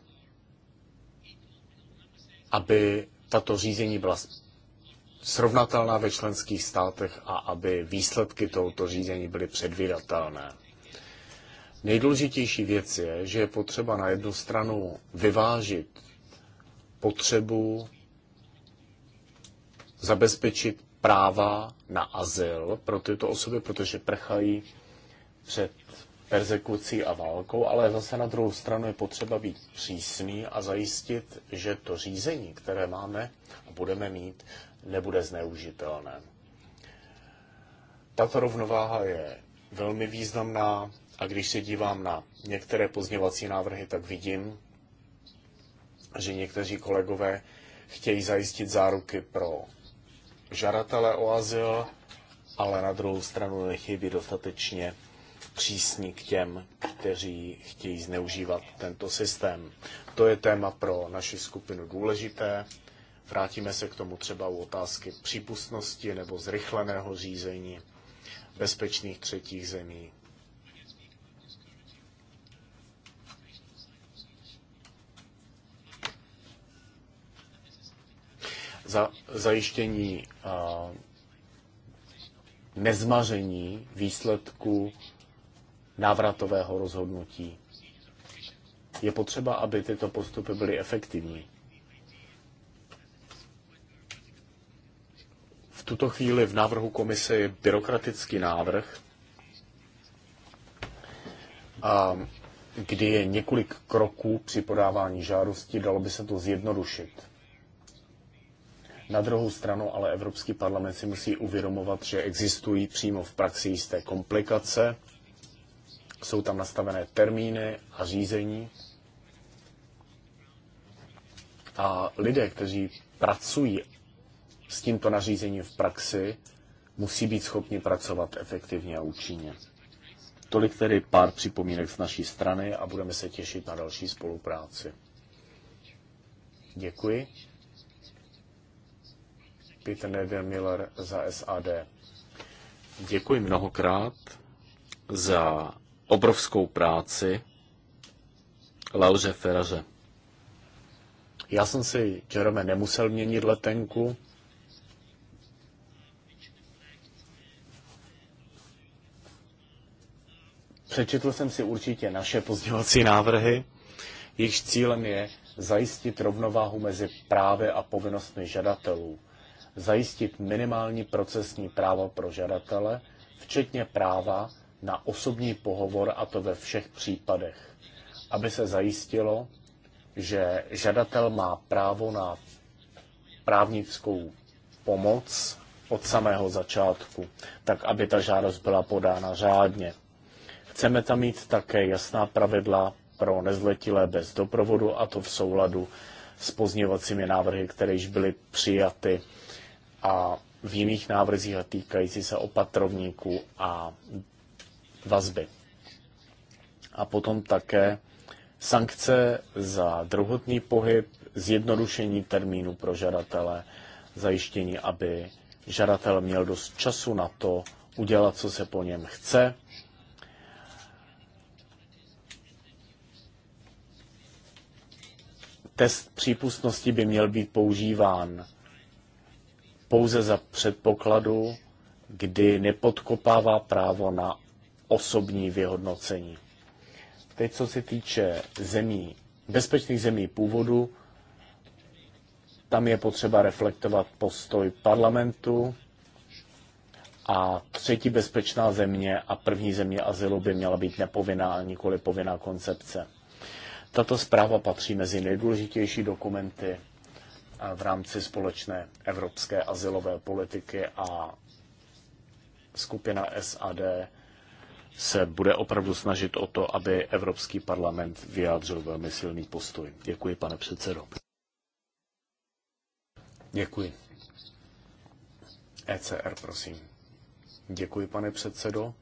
aby tato řízení byla srovnatelná ve členských státech a aby výsledky tohoto řízení byly předvídatelné. Nejdůležitější věc je, že je potřeba na jednu stranu vyvážit potřebu zabezpečit práva na azyl pro tyto osoby, protože prchají před persekucí a válkou, ale zase na druhou stranu je potřeba být přísný a zajistit, že to řízení, které máme a budeme mít, nebude zneužitelné. Tato rovnováha je velmi významná, a když se dívám na některé pozněvací návrhy, tak vidím, že někteří kolegové chtějí zajistit záruky pro žadatele o azyl, ale na druhou stranu nechybí dostatečně přísní k těm, kteří chtějí zneužívat tento systém. To je téma pro naši skupinu důležité. Vrátíme se k tomu třeba u otázky přípustnosti nebo zrychleného řízení bezpečných třetích zemí za, zajištění a, nezmaření výsledku návratového rozhodnutí. Je potřeba, aby tyto postupy byly efektivní. V tuto chvíli v návrhu komise je byrokratický návrh, a kdy je několik kroků při podávání žádosti, dalo by se to zjednodušit. Na druhou stranu ale Evropský parlament si musí uvědomovat, že existují přímo v praxi jisté komplikace, jsou tam nastavené termíny a řízení. A lidé, kteří pracují s tímto nařízením v praxi, musí být schopni pracovat efektivně a účinně. Tolik tedy pár připomínek z naší strany a budeme se těšit na další spolupráci. Děkuji. Peter Miller za SAD. Děkuji mnohokrát za obrovskou práci Lauře Feraře. Já jsem si, Jerome, nemusel měnit letenku. Přečetl jsem si určitě naše pozdělovací návrhy. Jejich cílem je zajistit rovnováhu mezi právy a povinnostmi žadatelů zajistit minimální procesní právo pro žadatele, včetně práva na osobní pohovor, a to ve všech případech, aby se zajistilo, že žadatel má právo na právnickou pomoc od samého začátku, tak aby ta žádost byla podána řádně. Chceme tam mít také jasná pravidla pro nezletilé bez doprovodu a to v souladu s pozněvacími návrhy, které již byly přijaty a v jiných návrzích a týkající se opatrovníků a vazby. A potom také sankce za druhotný pohyb, zjednodušení termínu pro žadatele, zajištění, aby žadatel měl dost času na to udělat, co se po něm chce. Test přípustnosti by měl být používán pouze za předpokladu, kdy nepodkopává právo na osobní vyhodnocení. Teď, co se týče zemí, bezpečných zemí původu, tam je potřeba reflektovat postoj parlamentu a třetí bezpečná země a první země azylu by měla být nepovinná a nikoli povinná koncepce. Tato zpráva patří mezi nejdůležitější dokumenty v rámci společné evropské asilové politiky a skupina SAD se bude opravdu snažit o to, aby Evropský parlament vyjádřil velmi silný postoj. Děkuji, pane předsedo. Děkuji. ECR, prosím. Děkuji, pane předsedo.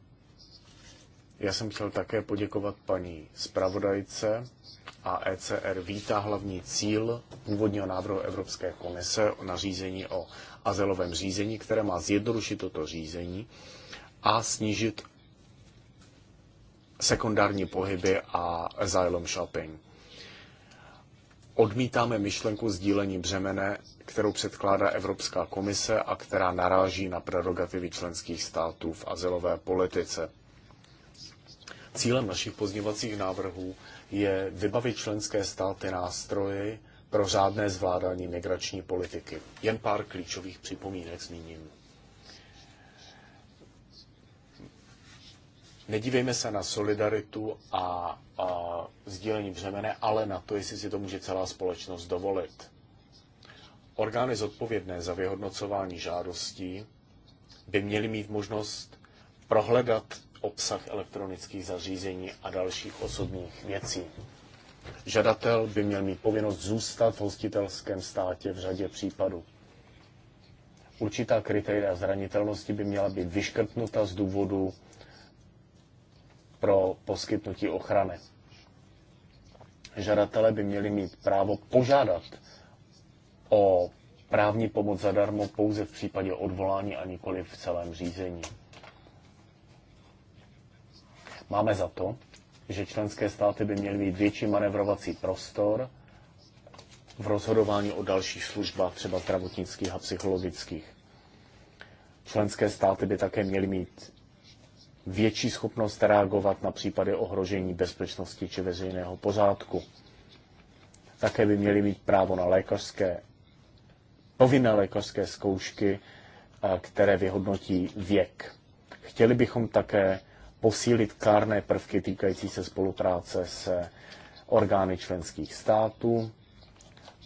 Já jsem chtěl také poděkovat paní zpravodajce a ECR vítá hlavní cíl původního návrhu Evropské komise o nařízení o azylovém řízení, které má zjednodušit toto řízení a snížit sekundární pohyby a asylum shopping. Odmítáme myšlenku sdílení břemene, kterou předkládá Evropská komise a která naráží na prerogativy členských států v azylové politice. Cílem našich pozněvacích návrhů je vybavit členské státy nástroji pro řádné zvládání migrační politiky. Jen pár klíčových připomínek zmíním. Nedívejme se na solidaritu a, a sdílení břemene, ale na to, jestli si to může celá společnost dovolit. Orgány zodpovědné za vyhodnocování žádostí by měly mít možnost prohledat obsah elektronických zařízení a dalších osobních věcí. Žadatel by měl mít povinnost zůstat v hostitelském státě v řadě případů. Určitá kritéria zranitelnosti by měla být vyškrtnuta z důvodu pro poskytnutí ochrany. Žadatelé by měli mít právo požádat o právní pomoc zadarmo pouze v případě odvolání a nikoli v celém řízení. Máme za to, že členské státy by měly mít větší manevrovací prostor v rozhodování o dalších službách, třeba zdravotnických a psychologických. Členské státy by také měly mít větší schopnost reagovat na případy ohrožení bezpečnosti či veřejného pořádku. Také by měly mít právo na lékařské, povinné lékařské zkoušky, eh, které vyhodnotí věk. Chtěli bychom také posílit kárné prvky týkající se spolupráce s orgány členských států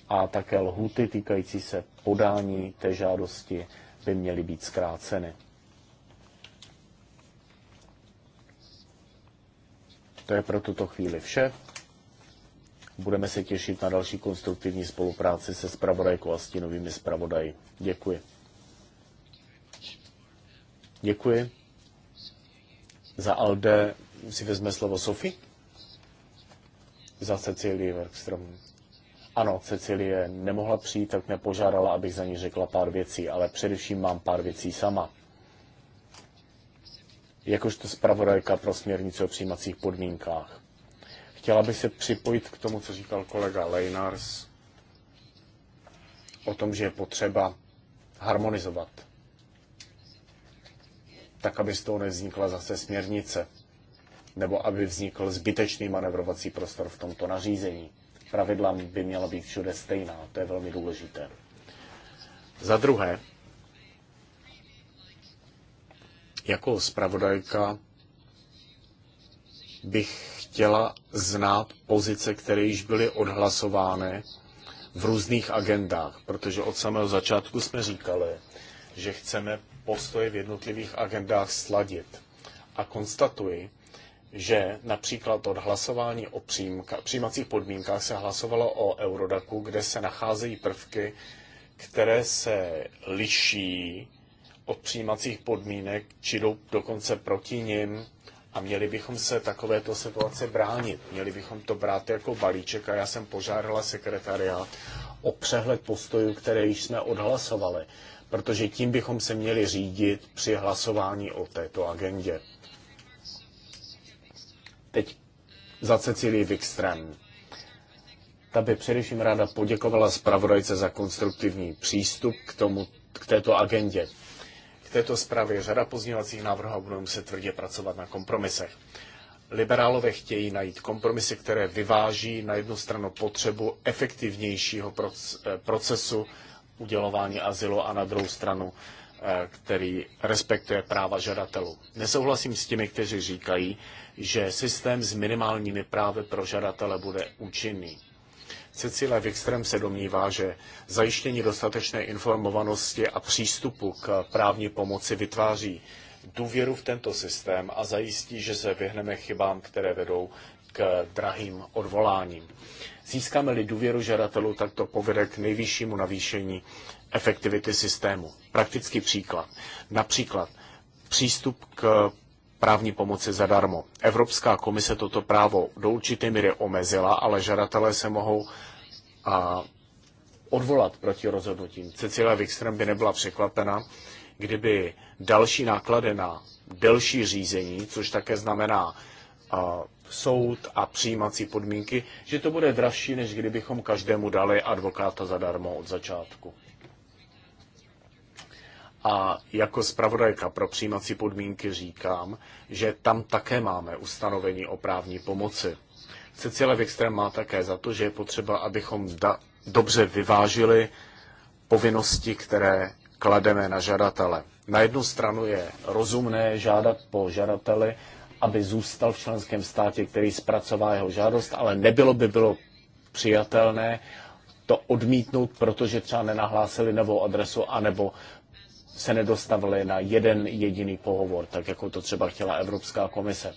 a také lhuty týkající se podání té žádosti by měly být zkráceny. To je pro tuto chvíli vše. Budeme se těšit na další konstruktivní spolupráci se zpravodajkou a stínovými spravodaji. Děkuji. Děkuji. Za Alde si vezme slovo Sofi? Za cecilie Werkstrom. Ano, Cecilie nemohla přijít, tak mě požádala, abych za ní řekla pár věcí, ale především mám pár věcí sama. Jakožto zpravodajka pro směrnici o přijímacích podmínkách. Chtěla bych se připojit k tomu, co říkal kolega Leinars o tom, že je potřeba harmonizovat tak aby z toho nevznikla zase směrnice, nebo aby vznikl zbytečný manevrovací prostor v tomto nařízení. Pravidla by měla být všude stejná, to je velmi důležité. Za druhé, jako zpravodajka bych chtěla znát pozice, které již byly odhlasovány v různých agendách, protože od samého začátku jsme říkali, že chceme postoje v jednotlivých agendách sladit. A konstatuji, že například od hlasování o přijímka, přijímacích podmínkách se hlasovalo o Eurodaku, kde se nacházejí prvky, které se liší od přijímacích podmínek, či jdou dokonce proti nim. A měli bychom se takovéto situace bránit. Měli bychom to brát jako balíček a já jsem požádala sekretariát o přehled postojů, které již jsme odhlasovali protože tím bychom se měli řídit při hlasování o této agendě. Teď za Cecilii Wikström. Ta by především ráda poděkovala zpravodajce za konstruktivní přístup k, tomu, k této agendě. K této zprávě řada pozměňovacích návrhů a budeme se tvrdě pracovat na kompromisech. Liberálové chtějí najít kompromisy, které vyváží na jednu stranu potřebu efektivnějšího eh, procesu udělování azylu a na druhou stranu, eh, který respektuje práva žadatelů. Nesouhlasím s těmi, kteří říkají, že systém s minimálními právy pro žadatele bude účinný. Cecile Wikström se domnívá, že zajištění dostatečné informovanosti a přístupu k právní pomoci vytváří důvěru v tento systém a zajistí, že se vyhneme chybám, které vedou k drahým odvoláním. Získáme-li důvěru žadatelů, tak to povede k nejvyššímu navýšení efektivity systému. Praktický příklad. Například přístup k právní pomoci zadarmo. Evropská komise toto právo do určité míry omezila, ale žadatelé se mohou a, odvolat proti rozhodnutím. Cecilia Wikström by nebyla překvapena, kdyby další náklady na delší řízení, což také znamená a, soud a přijímací podmínky, že to bude dražší, než kdybychom každému dali advokáta zadarmo od začátku. A jako zpravodajka pro přijímací podmínky říkám, že tam také máme ustanovení o právní pomoci. Cecile Wikström má také za to, že je potřeba, abychom da- dobře vyvážili povinnosti, které klademe na žadatele. Na jednu stranu je rozumné žádat po žadateli, aby zůstal v členském státě, který zpracová jeho žádost, ale nebylo by bylo přijatelné to odmítnout, protože třeba nenahlásili novou adresu, anebo se nedostavili na jeden jediný pohovor, tak jako to třeba chtěla Evropská komise.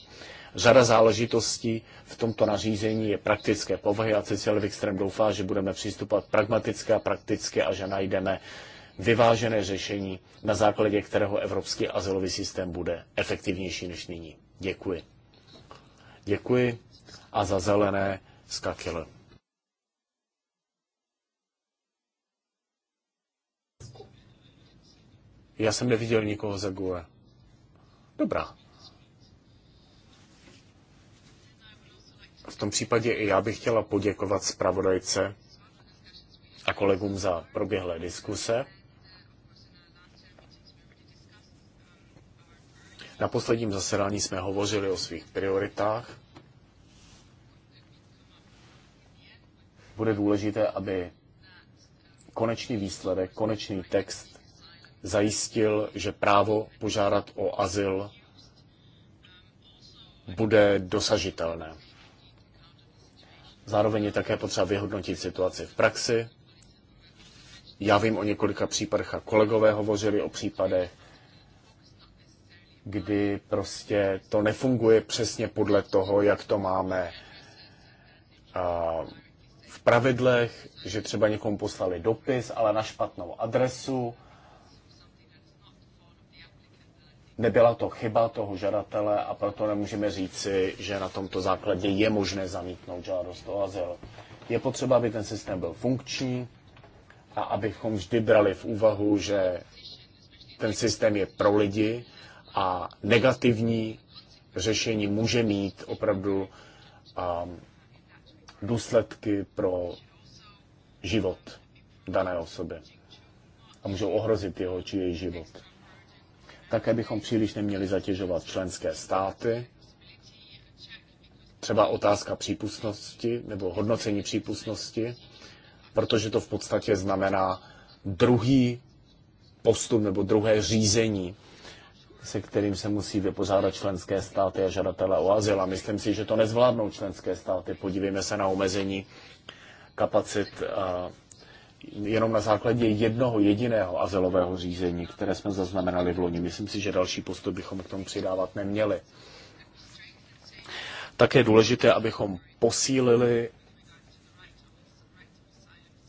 Řada záležitostí v tomto nařízení je praktické povahy a Cecil Wikström doufá, že budeme přistupovat pragmaticky a prakticky a že najdeme vyvážené řešení, na základě kterého evropský azylový systém bude efektivnější než nyní. Děkuji. Děkuji a za zelené skakele. Já jsem neviděl nikoho za GUE. Dobrá. V tom případě i já bych chtěla poděkovat zpravodajce a kolegům za proběhlé diskuse. Na posledním zasedání jsme hovořili o svých prioritách. Bude důležité, aby konečný výsledek, konečný text zajistil, že právo požádat o azyl bude dosažitelné. Zároveň je také potřeba vyhodnotit situaci v praxi. Já vím o několika případech a kolegové hovořili o případech, kdy prostě to nefunguje přesně podle toho, jak to máme v pravidlech, že třeba někomu poslali dopis, ale na špatnou adresu. Nebyla to chyba toho žadatele a proto nemůžeme říci, že na tomto základě je možné zamítnout žádost o azyl. Je potřeba, aby ten systém byl funkční a abychom vždy brali v úvahu, že ten systém je pro lidi a negativní řešení může mít opravdu um, důsledky pro život dané osoby a můžou ohrozit jeho či její život. Také bychom příliš neměli zatěžovat členské státy. Třeba otázka přípustnosti nebo hodnocení přípustnosti, protože to v podstatě znamená druhý postup nebo druhé řízení se kterým se musí vypořádat členské státy a žadatele o azyl. A myslím si, že to nezvládnou členské státy. Podívejme se na omezení kapacit jenom na základě jednoho jediného azylového řízení, které jsme zaznamenali v loni. Myslím si, že další postup bychom k tomu přidávat neměli. Také je důležité, abychom posílili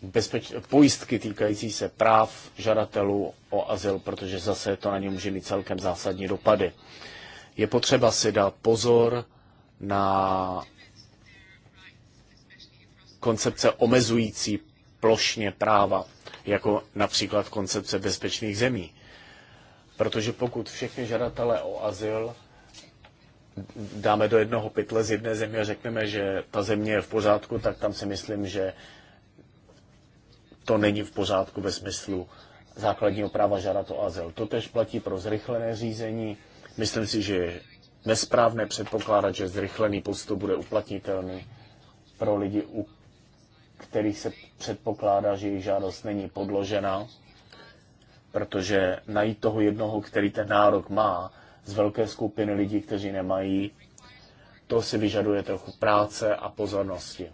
bezpeč, pojistky týkající se práv žadatelů o azyl, protože zase to na ně může mít celkem zásadní dopady. Je potřeba si dát pozor na koncepce omezující plošně práva, jako například koncepce bezpečných zemí. Protože pokud všechny žadatelé o azyl dáme do jednoho pytle z jedné země a řekneme, že ta země je v pořádku, tak tam si myslím, že to není v pořádku ve smyslu základního práva žádat o azyl. To tež platí pro zrychlené řízení. Myslím si, že je nesprávné předpokládat, že zrychlený postup bude uplatnitelný pro lidi, u kterých se předpokládá, že jejich žádost není podložena, protože najít toho jednoho, který ten nárok má, z velké skupiny lidí, kteří nemají, to si vyžaduje trochu práce a pozornosti.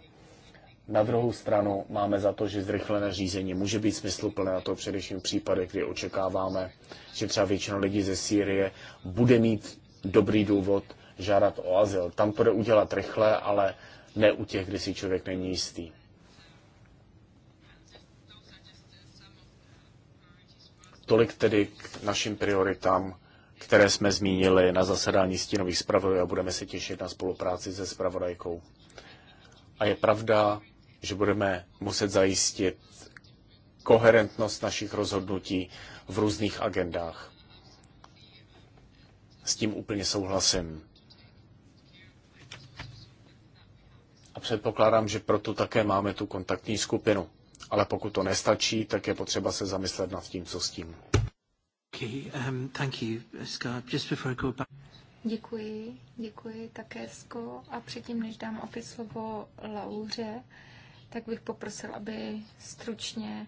Na druhou stranu máme za to, že zrychlené řízení může být smysluplné, a to především v případech, kdy očekáváme, že třeba většina lidí ze Sýrie bude mít dobrý důvod žádat o azyl. Tam to jde udělat rychle, ale ne u těch, kdy si člověk není jistý. Tolik tedy k našim prioritám, které jsme zmínili na zasedání stínových zpravodajů a budeme se těšit na spolupráci se zpravodajkou. A je pravda, že budeme muset zajistit koherentnost našich rozhodnutí v různých agendách. S tím úplně souhlasím. A předpokládám, že proto také máme tu kontaktní skupinu. Ale pokud to nestačí, tak je potřeba se zamyslet nad tím, co s tím. Um, děkuji, děkuji také, Sko. A předtím, než dám opět slovo Lauře, tak bych poprosila aby stručně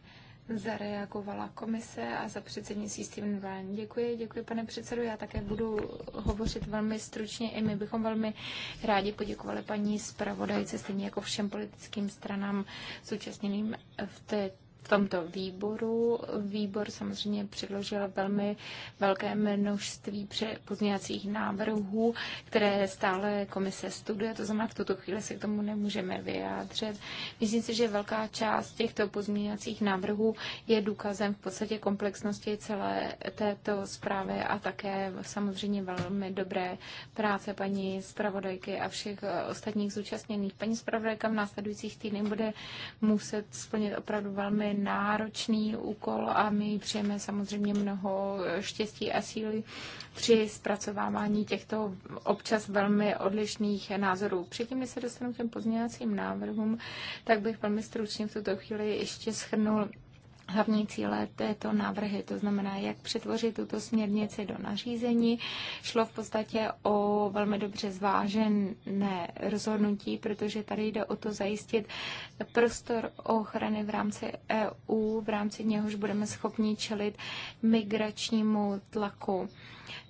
zareagovala komise a za předsednictví Steven Ryan. Děkuji, děkuji pane předsedu. Já také budu hovořit velmi stručně. I my bychom velmi rádi poděkovali paní zpravodajce, stejně jako všem politickým stranám zúčastněným v této v tomto výboru. Výbor samozřejmě předložil velmi velké množství pozměňovacích návrhů, které stále komise studuje, to znamená, v tuto chvíli se k tomu nemůžeme vyjádřit. Myslím si, že velká část těchto pozměňovacích návrhů je důkazem v podstatě komplexnosti celé této zprávy a také samozřejmě velmi dobré práce paní zpravodajky a všech eh, ostatních zúčastněných. Paní zpravodajka v následujících týdnech bude muset splnit opravdu velmi náročný úkol a my přejeme samozřejmě mnoho štěstí a síly při zpracovávání těchto občas velmi odlišných názorů. Předtím, než se dostanu k těm pozměňovacím návrhům, tak bych velmi stručně v tuto chvíli ještě schrnul hlavní cíle této návrhy, to znamená, jak přetvořit tuto směrnici do nařízení. Šlo v podstatě o velmi dobře zvážené rozhodnutí, protože tady jde o to zajistit prostor ochrany v rámci EU, v rámci něhož budeme schopni čelit migračnímu tlaku.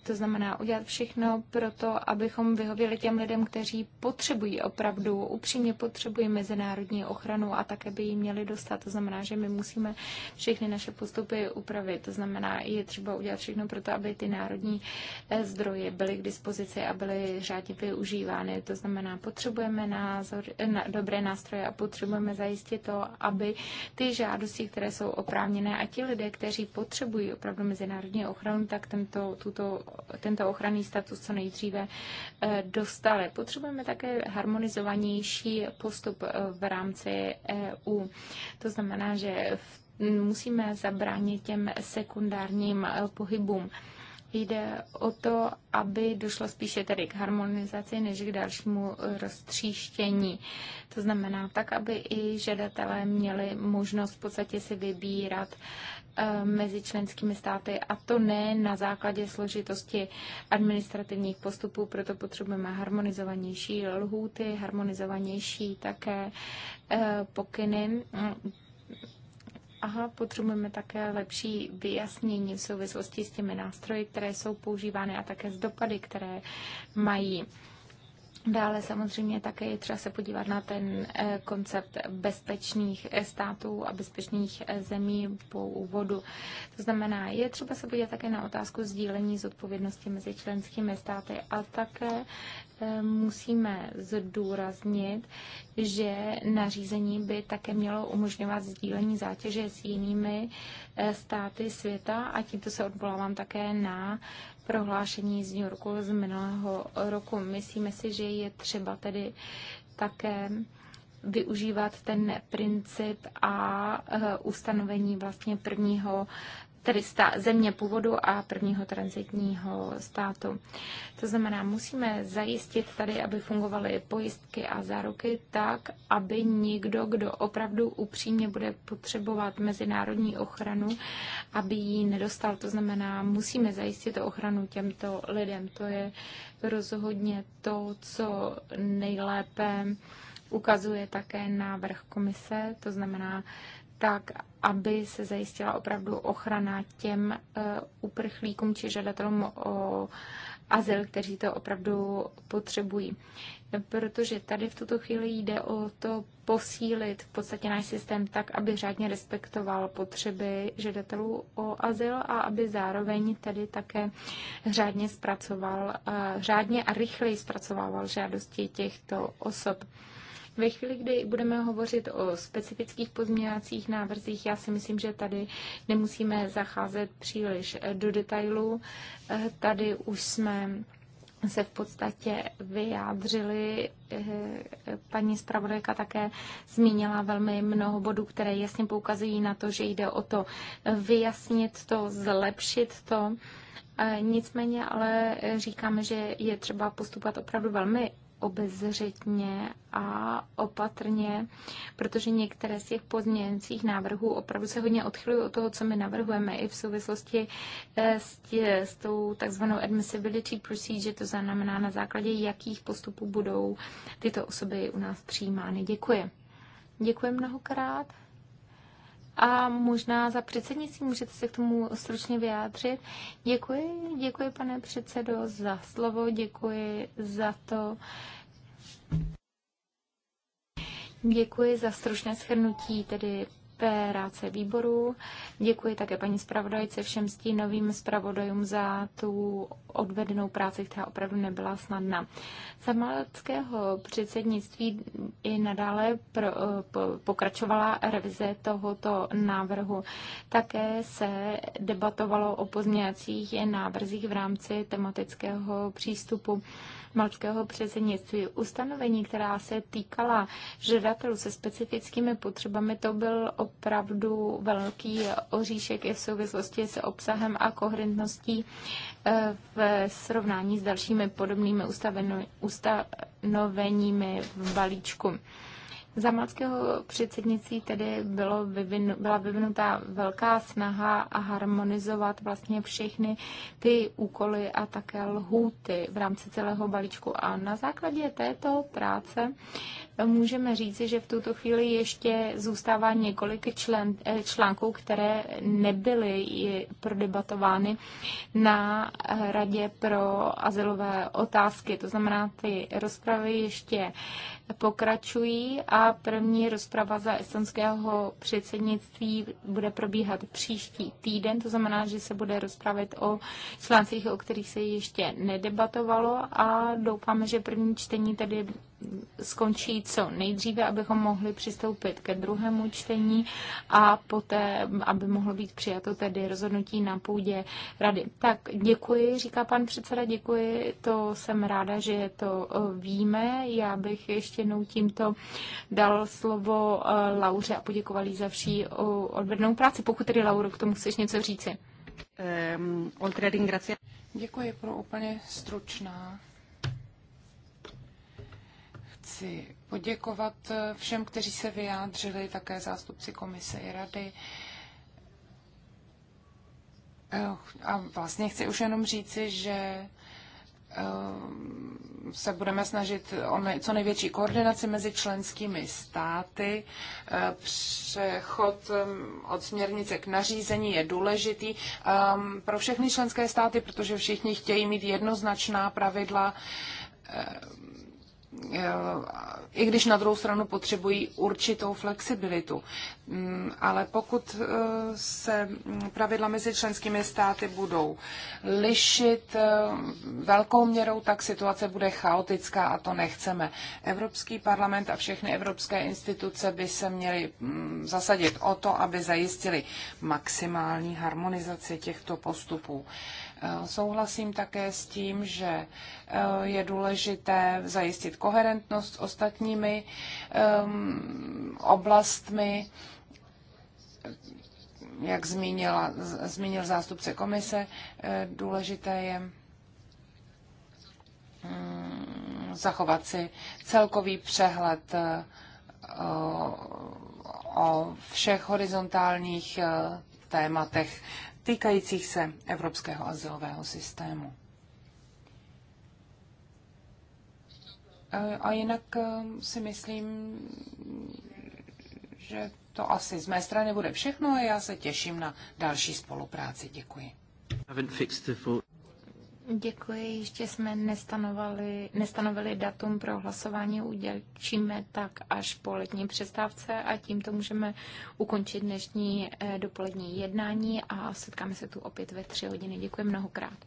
To znamená udělat všechno pro to, abychom vyhověli těm lidem, kteří potřebují opravdu, upřímně potřebují mezinárodní ochranu a také by ji měli dostat. To znamená, že my musíme všechny naše postupy upravit. To znamená, je třeba udělat všechno pro to, aby ty národní eh, zdroje byly k dispozici a byly řádně využívány. To znamená, potřebujeme názor, eh, na, dobré nástroje a potřebujeme zajistit to, aby ty žádosti, které jsou oprávněné a ti lidé, kteří potřebují opravdu mezinárodní ochranu, tak tento, tuto tento ochranný status co nejdříve eh, dostali. Potřebujeme také harmonizovanější postup eh, v rámci EU. To znamená, že musíme zabránit těm sekundárním eh, pohybům jde o to, aby došlo spíše tedy k harmonizaci než k dalšímu roztříštění. To znamená tak, aby i žadatelé měli možnost v podstatě si vybírat Eh, mezi členskými státy a to ne na základě složitosti administrativních postupů, proto potřebujeme harmonizovanější lhůty, harmonizovanější také eh, pokyny Aha, potřebujeme také lepší vyjasnění v souvislosti s těmi nástroji, které jsou používány a také z dopady, které mají. Dále samozřejmě také je třeba se podívat na ten eh, koncept bezpečných eh, států a bezpečných eh, zemí po úvodu. To znamená, je třeba se podívat také na otázku sdílení zodpovědnosti mezi členskými státy a také musíme zdůraznit, že nařízení by také mělo umožňovat sdílení zátěže s jinými státy světa a tímto se odvolávám také na prohlášení z New Yorku z minulého roku. Myslíme si, že je třeba tedy také využívat ten princip a e, ustanovení vlastně prvního tedy stá, země původu a prvního transitního státu. To znamená, musíme zajistit tady, aby fungovaly pojistky a záruky tak, aby nikdo, kdo opravdu upřímně bude potřebovat mezinárodní ochranu, aby ji nedostal. To znamená, musíme zajistit ochranu těmto lidem. To je rozhodně to, co nejlépe ukazuje také návrh komise, to znamená tak aby se zajistila opravdu ochrana těm eh, uprchlíkům či žadatelům o azyl, kteří to opravdu potřebují. Protože tady v tuto chvíli jde o to posílit v podstatě náš systém tak, aby řádně respektoval potřeby žadatelů o azyl a aby zároveň tedy také řádně zpracoval, eh, řádně a rychleji zpracovával žádosti těchto osob. Ve chvíli, kdy budeme hovořit o specifických pozměňovacích návrzích, já si myslím, že tady nemusíme zacházet příliš do detailů. Tady už jsme se v podstatě vyjádřili. Paní zpravodajka také zmínila velmi mnoho bodů, které jasně poukazují na to, že jde o to vyjasnit to, zlepšit to. Nicméně ale říkáme, že je třeba postupovat opravdu velmi obezřetně a opatrně, protože některé z těch pozměňujících návrhů opravdu se hodně odchylují od toho, co my navrhujeme i v souvislosti eh, s, tě, s tou takzvanou admissibility procedure, to znamená na základě jakých postupů budou tyto osoby u nás přijímány. Děkuji. Děkuji mnohokrát a možná za předsednictví můžete se k tomu stručně vyjádřit. Děkuji, děkuji pane předsedo za slovo, děkuji za to. Děkuji za stručné shrnutí tedy práce výboru. Děkuji také paní zpravodajce, všem stínovým zpravodajům za tu odvedenou práci, která opravdu nebyla snadná. Za malckého předsednictví i nadále pro, po, pokračovala revize tohoto návrhu. Také se debatovalo o pozměňacích návrzích v rámci tematického přístupu maltského předsednictví. Ustanovení, která se týkala žadatelů se specifickými potřebami, to byl opravdu velký oříšek i v souvislosti s obsahem a koherentností eh, v srovnání s dalšími podobnými ustanoveními v balíčku. Za mladského předsednicí tedy bylo vyvinu, byla vyvinuta velká snaha a harmonizovat vlastně všechny ty úkoly a také lhůty v rámci celého balíčku. A na základě této práce můžeme říci, že v tuto chvíli ještě zůstává několik člen, eh, článků, které nebyly prodebatovány na Radě pro azylové otázky. To znamená, ty rozpravy ještě pokračují a první rozprava za estonského předsednictví bude probíhat příští týden, to znamená, že se bude rozpravit o článcích, o kterých se ještě nedebatovalo a doufáme, že první čtení tedy skončí co nejdříve, abychom mohli přistoupit ke druhému čtení a poté, aby mohlo být přijato tedy rozhodnutí na půdě rady. Tak děkuji, říká pan předseda, děkuji, to jsem ráda, že to eh, víme. Já bych ještě jednou tímto dal slovo eh, Lauře a poděkoval jí za vší eh, odvednou práci, pokud tedy Lauro k tomu chceš něco říci. Děkuji, pro úplně stručná chci poděkovat eh, všem, kteří se vyjádřili, také zástupci komise i rady. Eh, a vlastně chci už jenom říci, že eh, se budeme snažit o co největší koordinaci mezi členskými státy. Přechod od směrnice k nařízení je důležitý pro všechny členské státy, protože všichni chtějí mít jednoznačná pravidla Eh, i když na druhou stranu potřebují určitou flexibilitu. Mm, ale pokud eh, se mm, pravidla mezi členskými státy budou lišit eh, velkou měrou, tak situace bude chaotická a to nechceme. Evropský parlament a všechny evropské instituce by se měly mm, zasadit o to, aby zajistili maximální harmonizaci těchto postupů. Eh, souhlasím také s tím, že eh, je důležité zajistit koherentnost s ostatními ehm, oblastmi, jak zmínila, zmínil zástupce komise. Eh, důležité je hm, zachovat si celkový přehled o všech horizontálních tématech týkajících se evropského azylového systému. E, a jinak e, si myslím, že to asi z mé strany bude všechno a já se těším na další spolupráci. Děkuji. Děkuji, ještě jsme nestanovali, nestanovili datum pro hlasování, udělčíme tak až po letní přestávce a tímto můžeme ukončit dnešní eh, dopolední jednání a setkáme se tu opět ve tři hodiny. Děkuji mnohokrát.